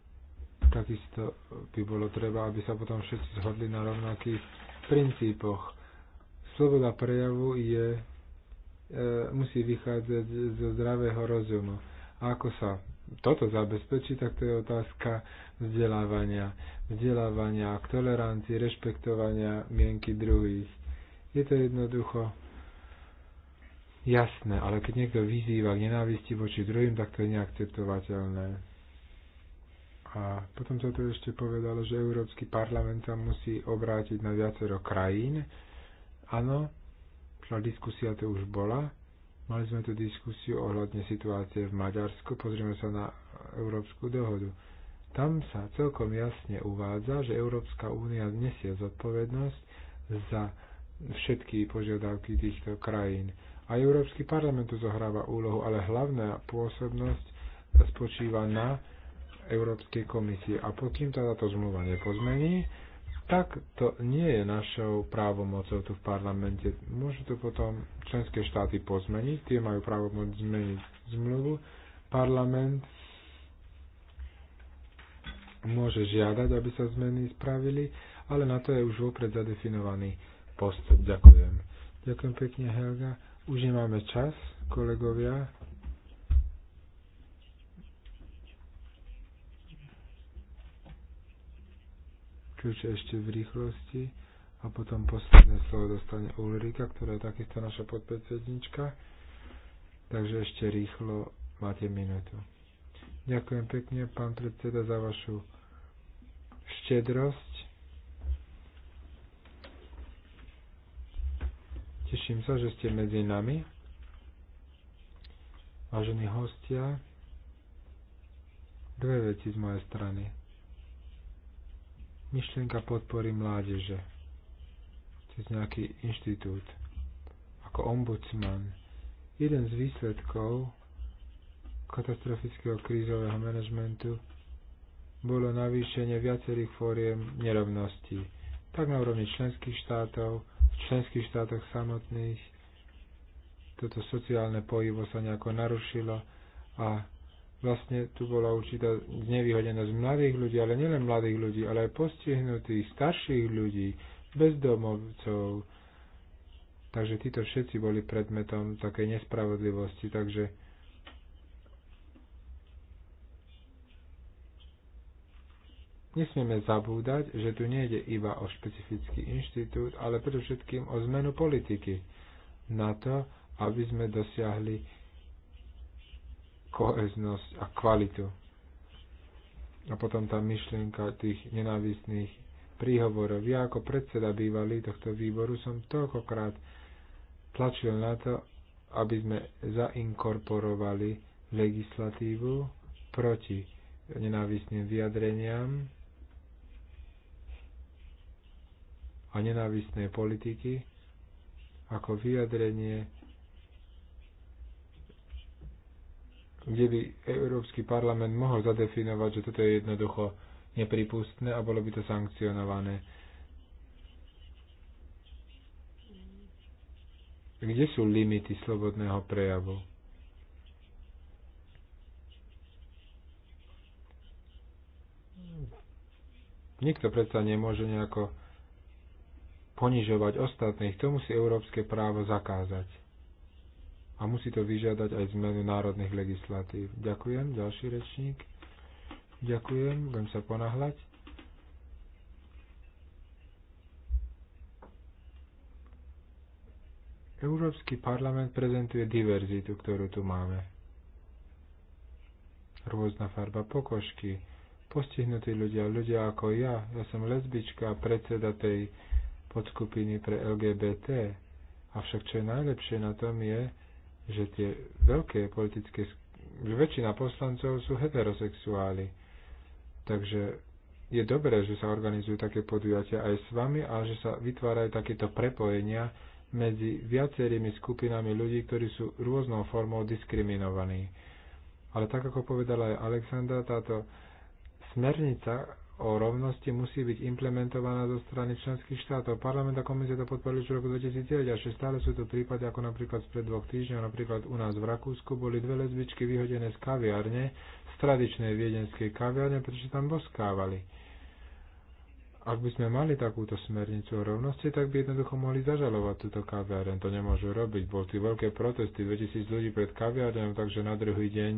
takisto by bolo treba, aby sa potom všetci zhodli na rovnakých princípoch. Sloboda prejavu je, e, musí vychádzať zo zdravého rozumu. A ako sa toto zabezpečí, tak to je otázka vzdelávania. Vzdelávania k tolerancii, rešpektovania mienky druhých. Je to jednoducho jasné, ale keď niekto vyzýva k nenávisti voči druhým, tak to je neakceptovateľné a potom sa to ešte povedalo, že Európsky parlament sa musí obrátiť na viacero krajín. Áno, tá diskusia to už bola. Mali sme tu diskusiu ohľadne situácie v Maďarsku. Pozrieme sa na Európsku dohodu. Tam sa celkom jasne uvádza, že Európska únia nesie zodpovednosť za všetky požiadavky týchto krajín. A Európsky parlament tu zohráva úlohu, ale hlavná pôsobnosť spočíva na Európskej komisie. A pokým táto zmluva nepozmení, tak to nie je našou právomocou tu v parlamente. Môžu to potom členské štáty pozmeniť, tie majú právomoc zmeniť zmluvu. Parlament môže žiadať, aby sa zmeny spravili, ale na to je už vopred zadefinovaný postup. Ďakujem. Ďakujem pekne, Helga. Už nemáme čas, kolegovia. kľúče ešte v rýchlosti a potom posledné slovo dostane Ulrika, ktorá je takisto naša podpredsednička. Takže ešte rýchlo máte minútu. Ďakujem pekne, pán predseda, za vašu štedrosť. Teším sa, že ste medzi nami. Vážení hostia, dve veci z mojej strany myšlienka podpory mládeže cez nejaký inštitút ako ombudsman. Jeden z výsledkov katastrofického krízového manažmentu bolo navýšenie viacerých fóriem nerovností, tak na úrovni členských štátov, v členských štátoch samotných. Toto sociálne pohybo sa nejako narušilo a vlastne tu bola určitá znevýhodenosť mladých ľudí, ale nielen mladých ľudí, ale aj postihnutých, starších ľudí, bezdomovcov. Takže títo všetci boli predmetom takej nespravodlivosti. Takže nesmieme zabúdať, že tu nejde iba o špecifický inštitút, ale predovšetkým o zmenu politiky na to, aby sme dosiahli koheznosť a kvalitu. A potom tá myšlienka tých nenávistných príhovorov. Ja ako predseda bývalý tohto výboru som toľkokrát tlačil na to, aby sme zainkorporovali legislatívu proti nenávistným vyjadreniam a nenávistnej politiky ako vyjadrenie kde by Európsky parlament mohol zadefinovať, že toto je jednoducho nepripustné a bolo by to sankcionované. Kde sú limity slobodného prejavu? Nikto predsa nemôže nejako ponižovať ostatných. To musí európske právo zakázať a musí to vyžiadať aj zmenu národných legislatív. Ďakujem, ďalší rečník. Ďakujem, budem sa ponáhľať. Európsky parlament prezentuje diverzitu, ktorú tu máme. Rôzna farba pokožky, postihnutí ľudia, ľudia ako ja, ja som lesbička a predseda tej podskupiny pre LGBT. Avšak čo je najlepšie na tom je, že tie veľké politické, že väčšina poslancov sú heterosexuáli. Takže je dobré, že sa organizujú také podujatia aj s vami a že sa vytvárajú takéto prepojenia medzi viacerými skupinami ľudí, ktorí sú rôznou formou diskriminovaní. Ale tak ako povedala aj Alexandra, táto smernica o rovnosti musí byť implementovaná zo strany členských štátov. Parlament a komisia to podporili už v roku 2009 a ešte stále sú to prípady ako napríklad spred dvoch týždňov, napríklad u nás v Rakúsku boli dve lesbičky vyhodené z kaviárne, z tradičnej viedenskej kaviárne, pretože tam boskávali. Ak by sme mali takúto smernicu o rovnosti, tak by jednoducho mohli zažalovať túto kaviárne. To nemôžu robiť. Boli tu veľké protesty, 2000 ľudí pred kaviárňou, takže na druhý deň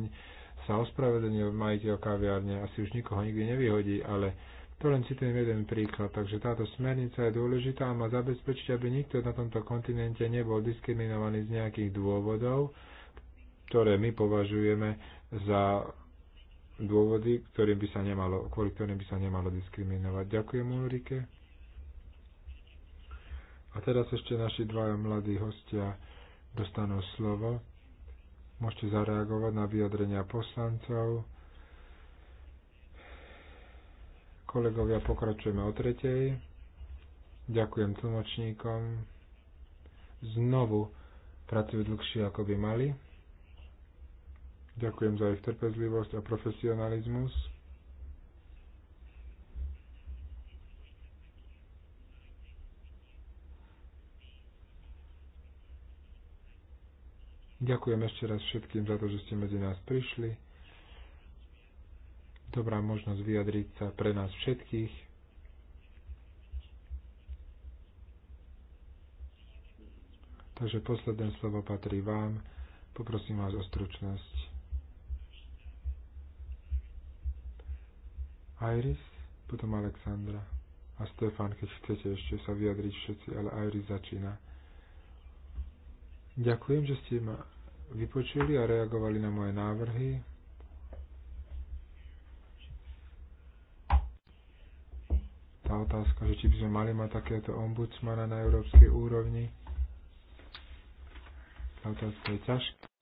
sa ospravedlnil majiteľ kaviárne, asi už nikoho nikdy nevyhodí, ale to len citujem jeden príklad, takže táto smernica je dôležitá a má zabezpečiť, aby nikto na tomto kontinente nebol diskriminovaný z nejakých dôvodov, ktoré my považujeme za dôvody, ktorým by sa nemalo, kvôli ktorým by sa nemalo diskriminovať. Ďakujem Ulrike. A teraz ešte naši dvaja mladí hostia dostanú slovo. Môžete zareagovať na vyjadrenia poslancov. Kolegovia, pokračujeme o tretej. Ďakujem tlmočníkom. Znovu pracujú dlhšie, ako by mali. Ďakujem za ich trpezlivosť a profesionalizmus. Ďakujem ešte raz všetkým za to, že ste medzi nás prišli. Dobrá možnosť vyjadriť sa pre nás všetkých. Takže posledné slovo patrí vám. Poprosím vás o stručnosť. Iris, potom Alexandra a Stefan, keď chcete ešte sa vyjadriť všetci, ale Iris začína. Ďakujem, že ste ma vypočuli a reagovali na moje návrhy. Tá otázka, že či by sme mali mať takéto ombudsmana na európskej úrovni, tá otázka je ťažká.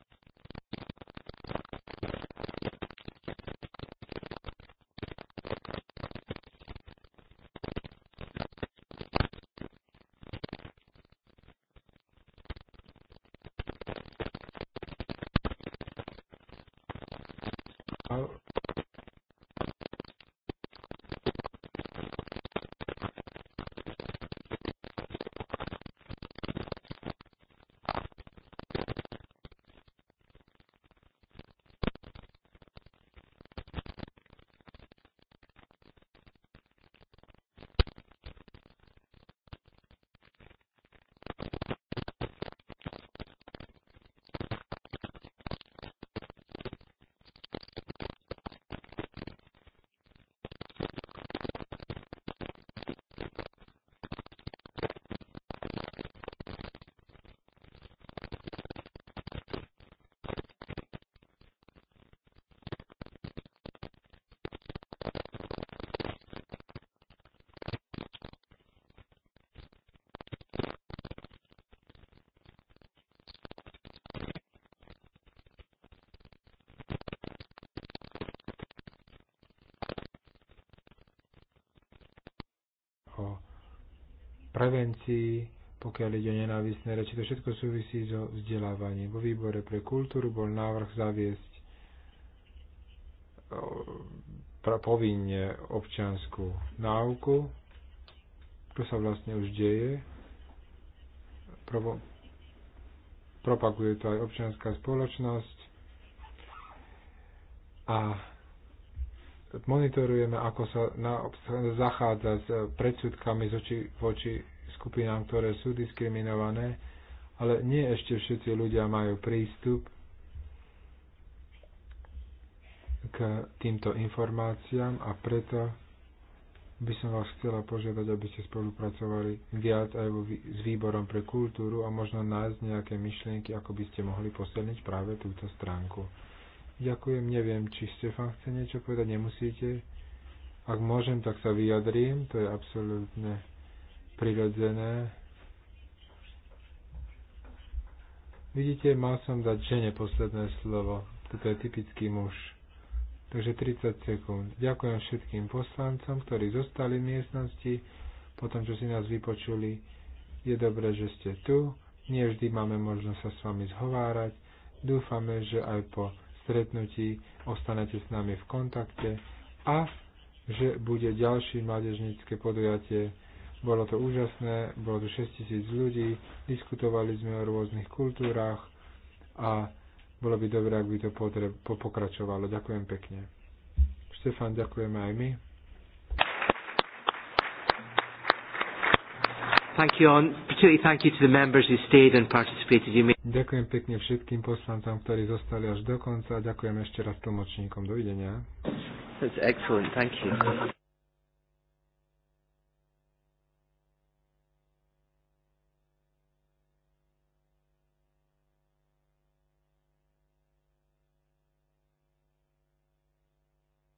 prevencii, pokiaľ ide o nenávisné reči. To všetko súvisí so vzdelávaním. Vo výbore pre kultúru bol návrh zaviesť povinne občianskú náuku. To sa vlastne už deje. Pro, propaguje to aj občianská spoločnosť. A monitorujeme, ako sa na, zachádza s predsudkami z oči, voči skupinám, ktoré sú diskriminované, ale nie ešte všetci ľudia majú prístup k týmto informáciám a preto by som vás chcela požiadať, aby ste spolupracovali viac aj s výborom pre kultúru a možno nájsť nejaké myšlienky, ako by ste mohli posilniť práve túto stránku. Ďakujem, neviem, či Stefan chce niečo povedať, nemusíte. Ak môžem, tak sa vyjadrím, to je absolútne prirodzené. Vidíte, mal som dať žene posledné slovo. Toto je typický muž. Takže 30 sekúnd. Ďakujem všetkým poslancom, ktorí zostali v miestnosti po tom, čo si nás vypočuli. Je dobré, že ste tu. Nie vždy máme možnosť sa s vami zhovárať. Dúfame, že aj po stretnutí ostanete s nami v kontakte a že bude ďalšie mládežnícke podujatie bolo to úžasné, bolo tu 6 tisíc ľudí, diskutovali sme o rôznych kultúrach a bolo by dobré, ak by to potreb- pokračovalo. Ďakujem pekne. Štefan, ďakujeme aj my. Thank you on, particularly thank you to the members who stayed and participated. You may... Ďakujem pekne všetkým poslancom, ktorí zostali až do konca. Ďakujem ešte raz tlmočníkom. Dovidenia. That's excellent. Thank you.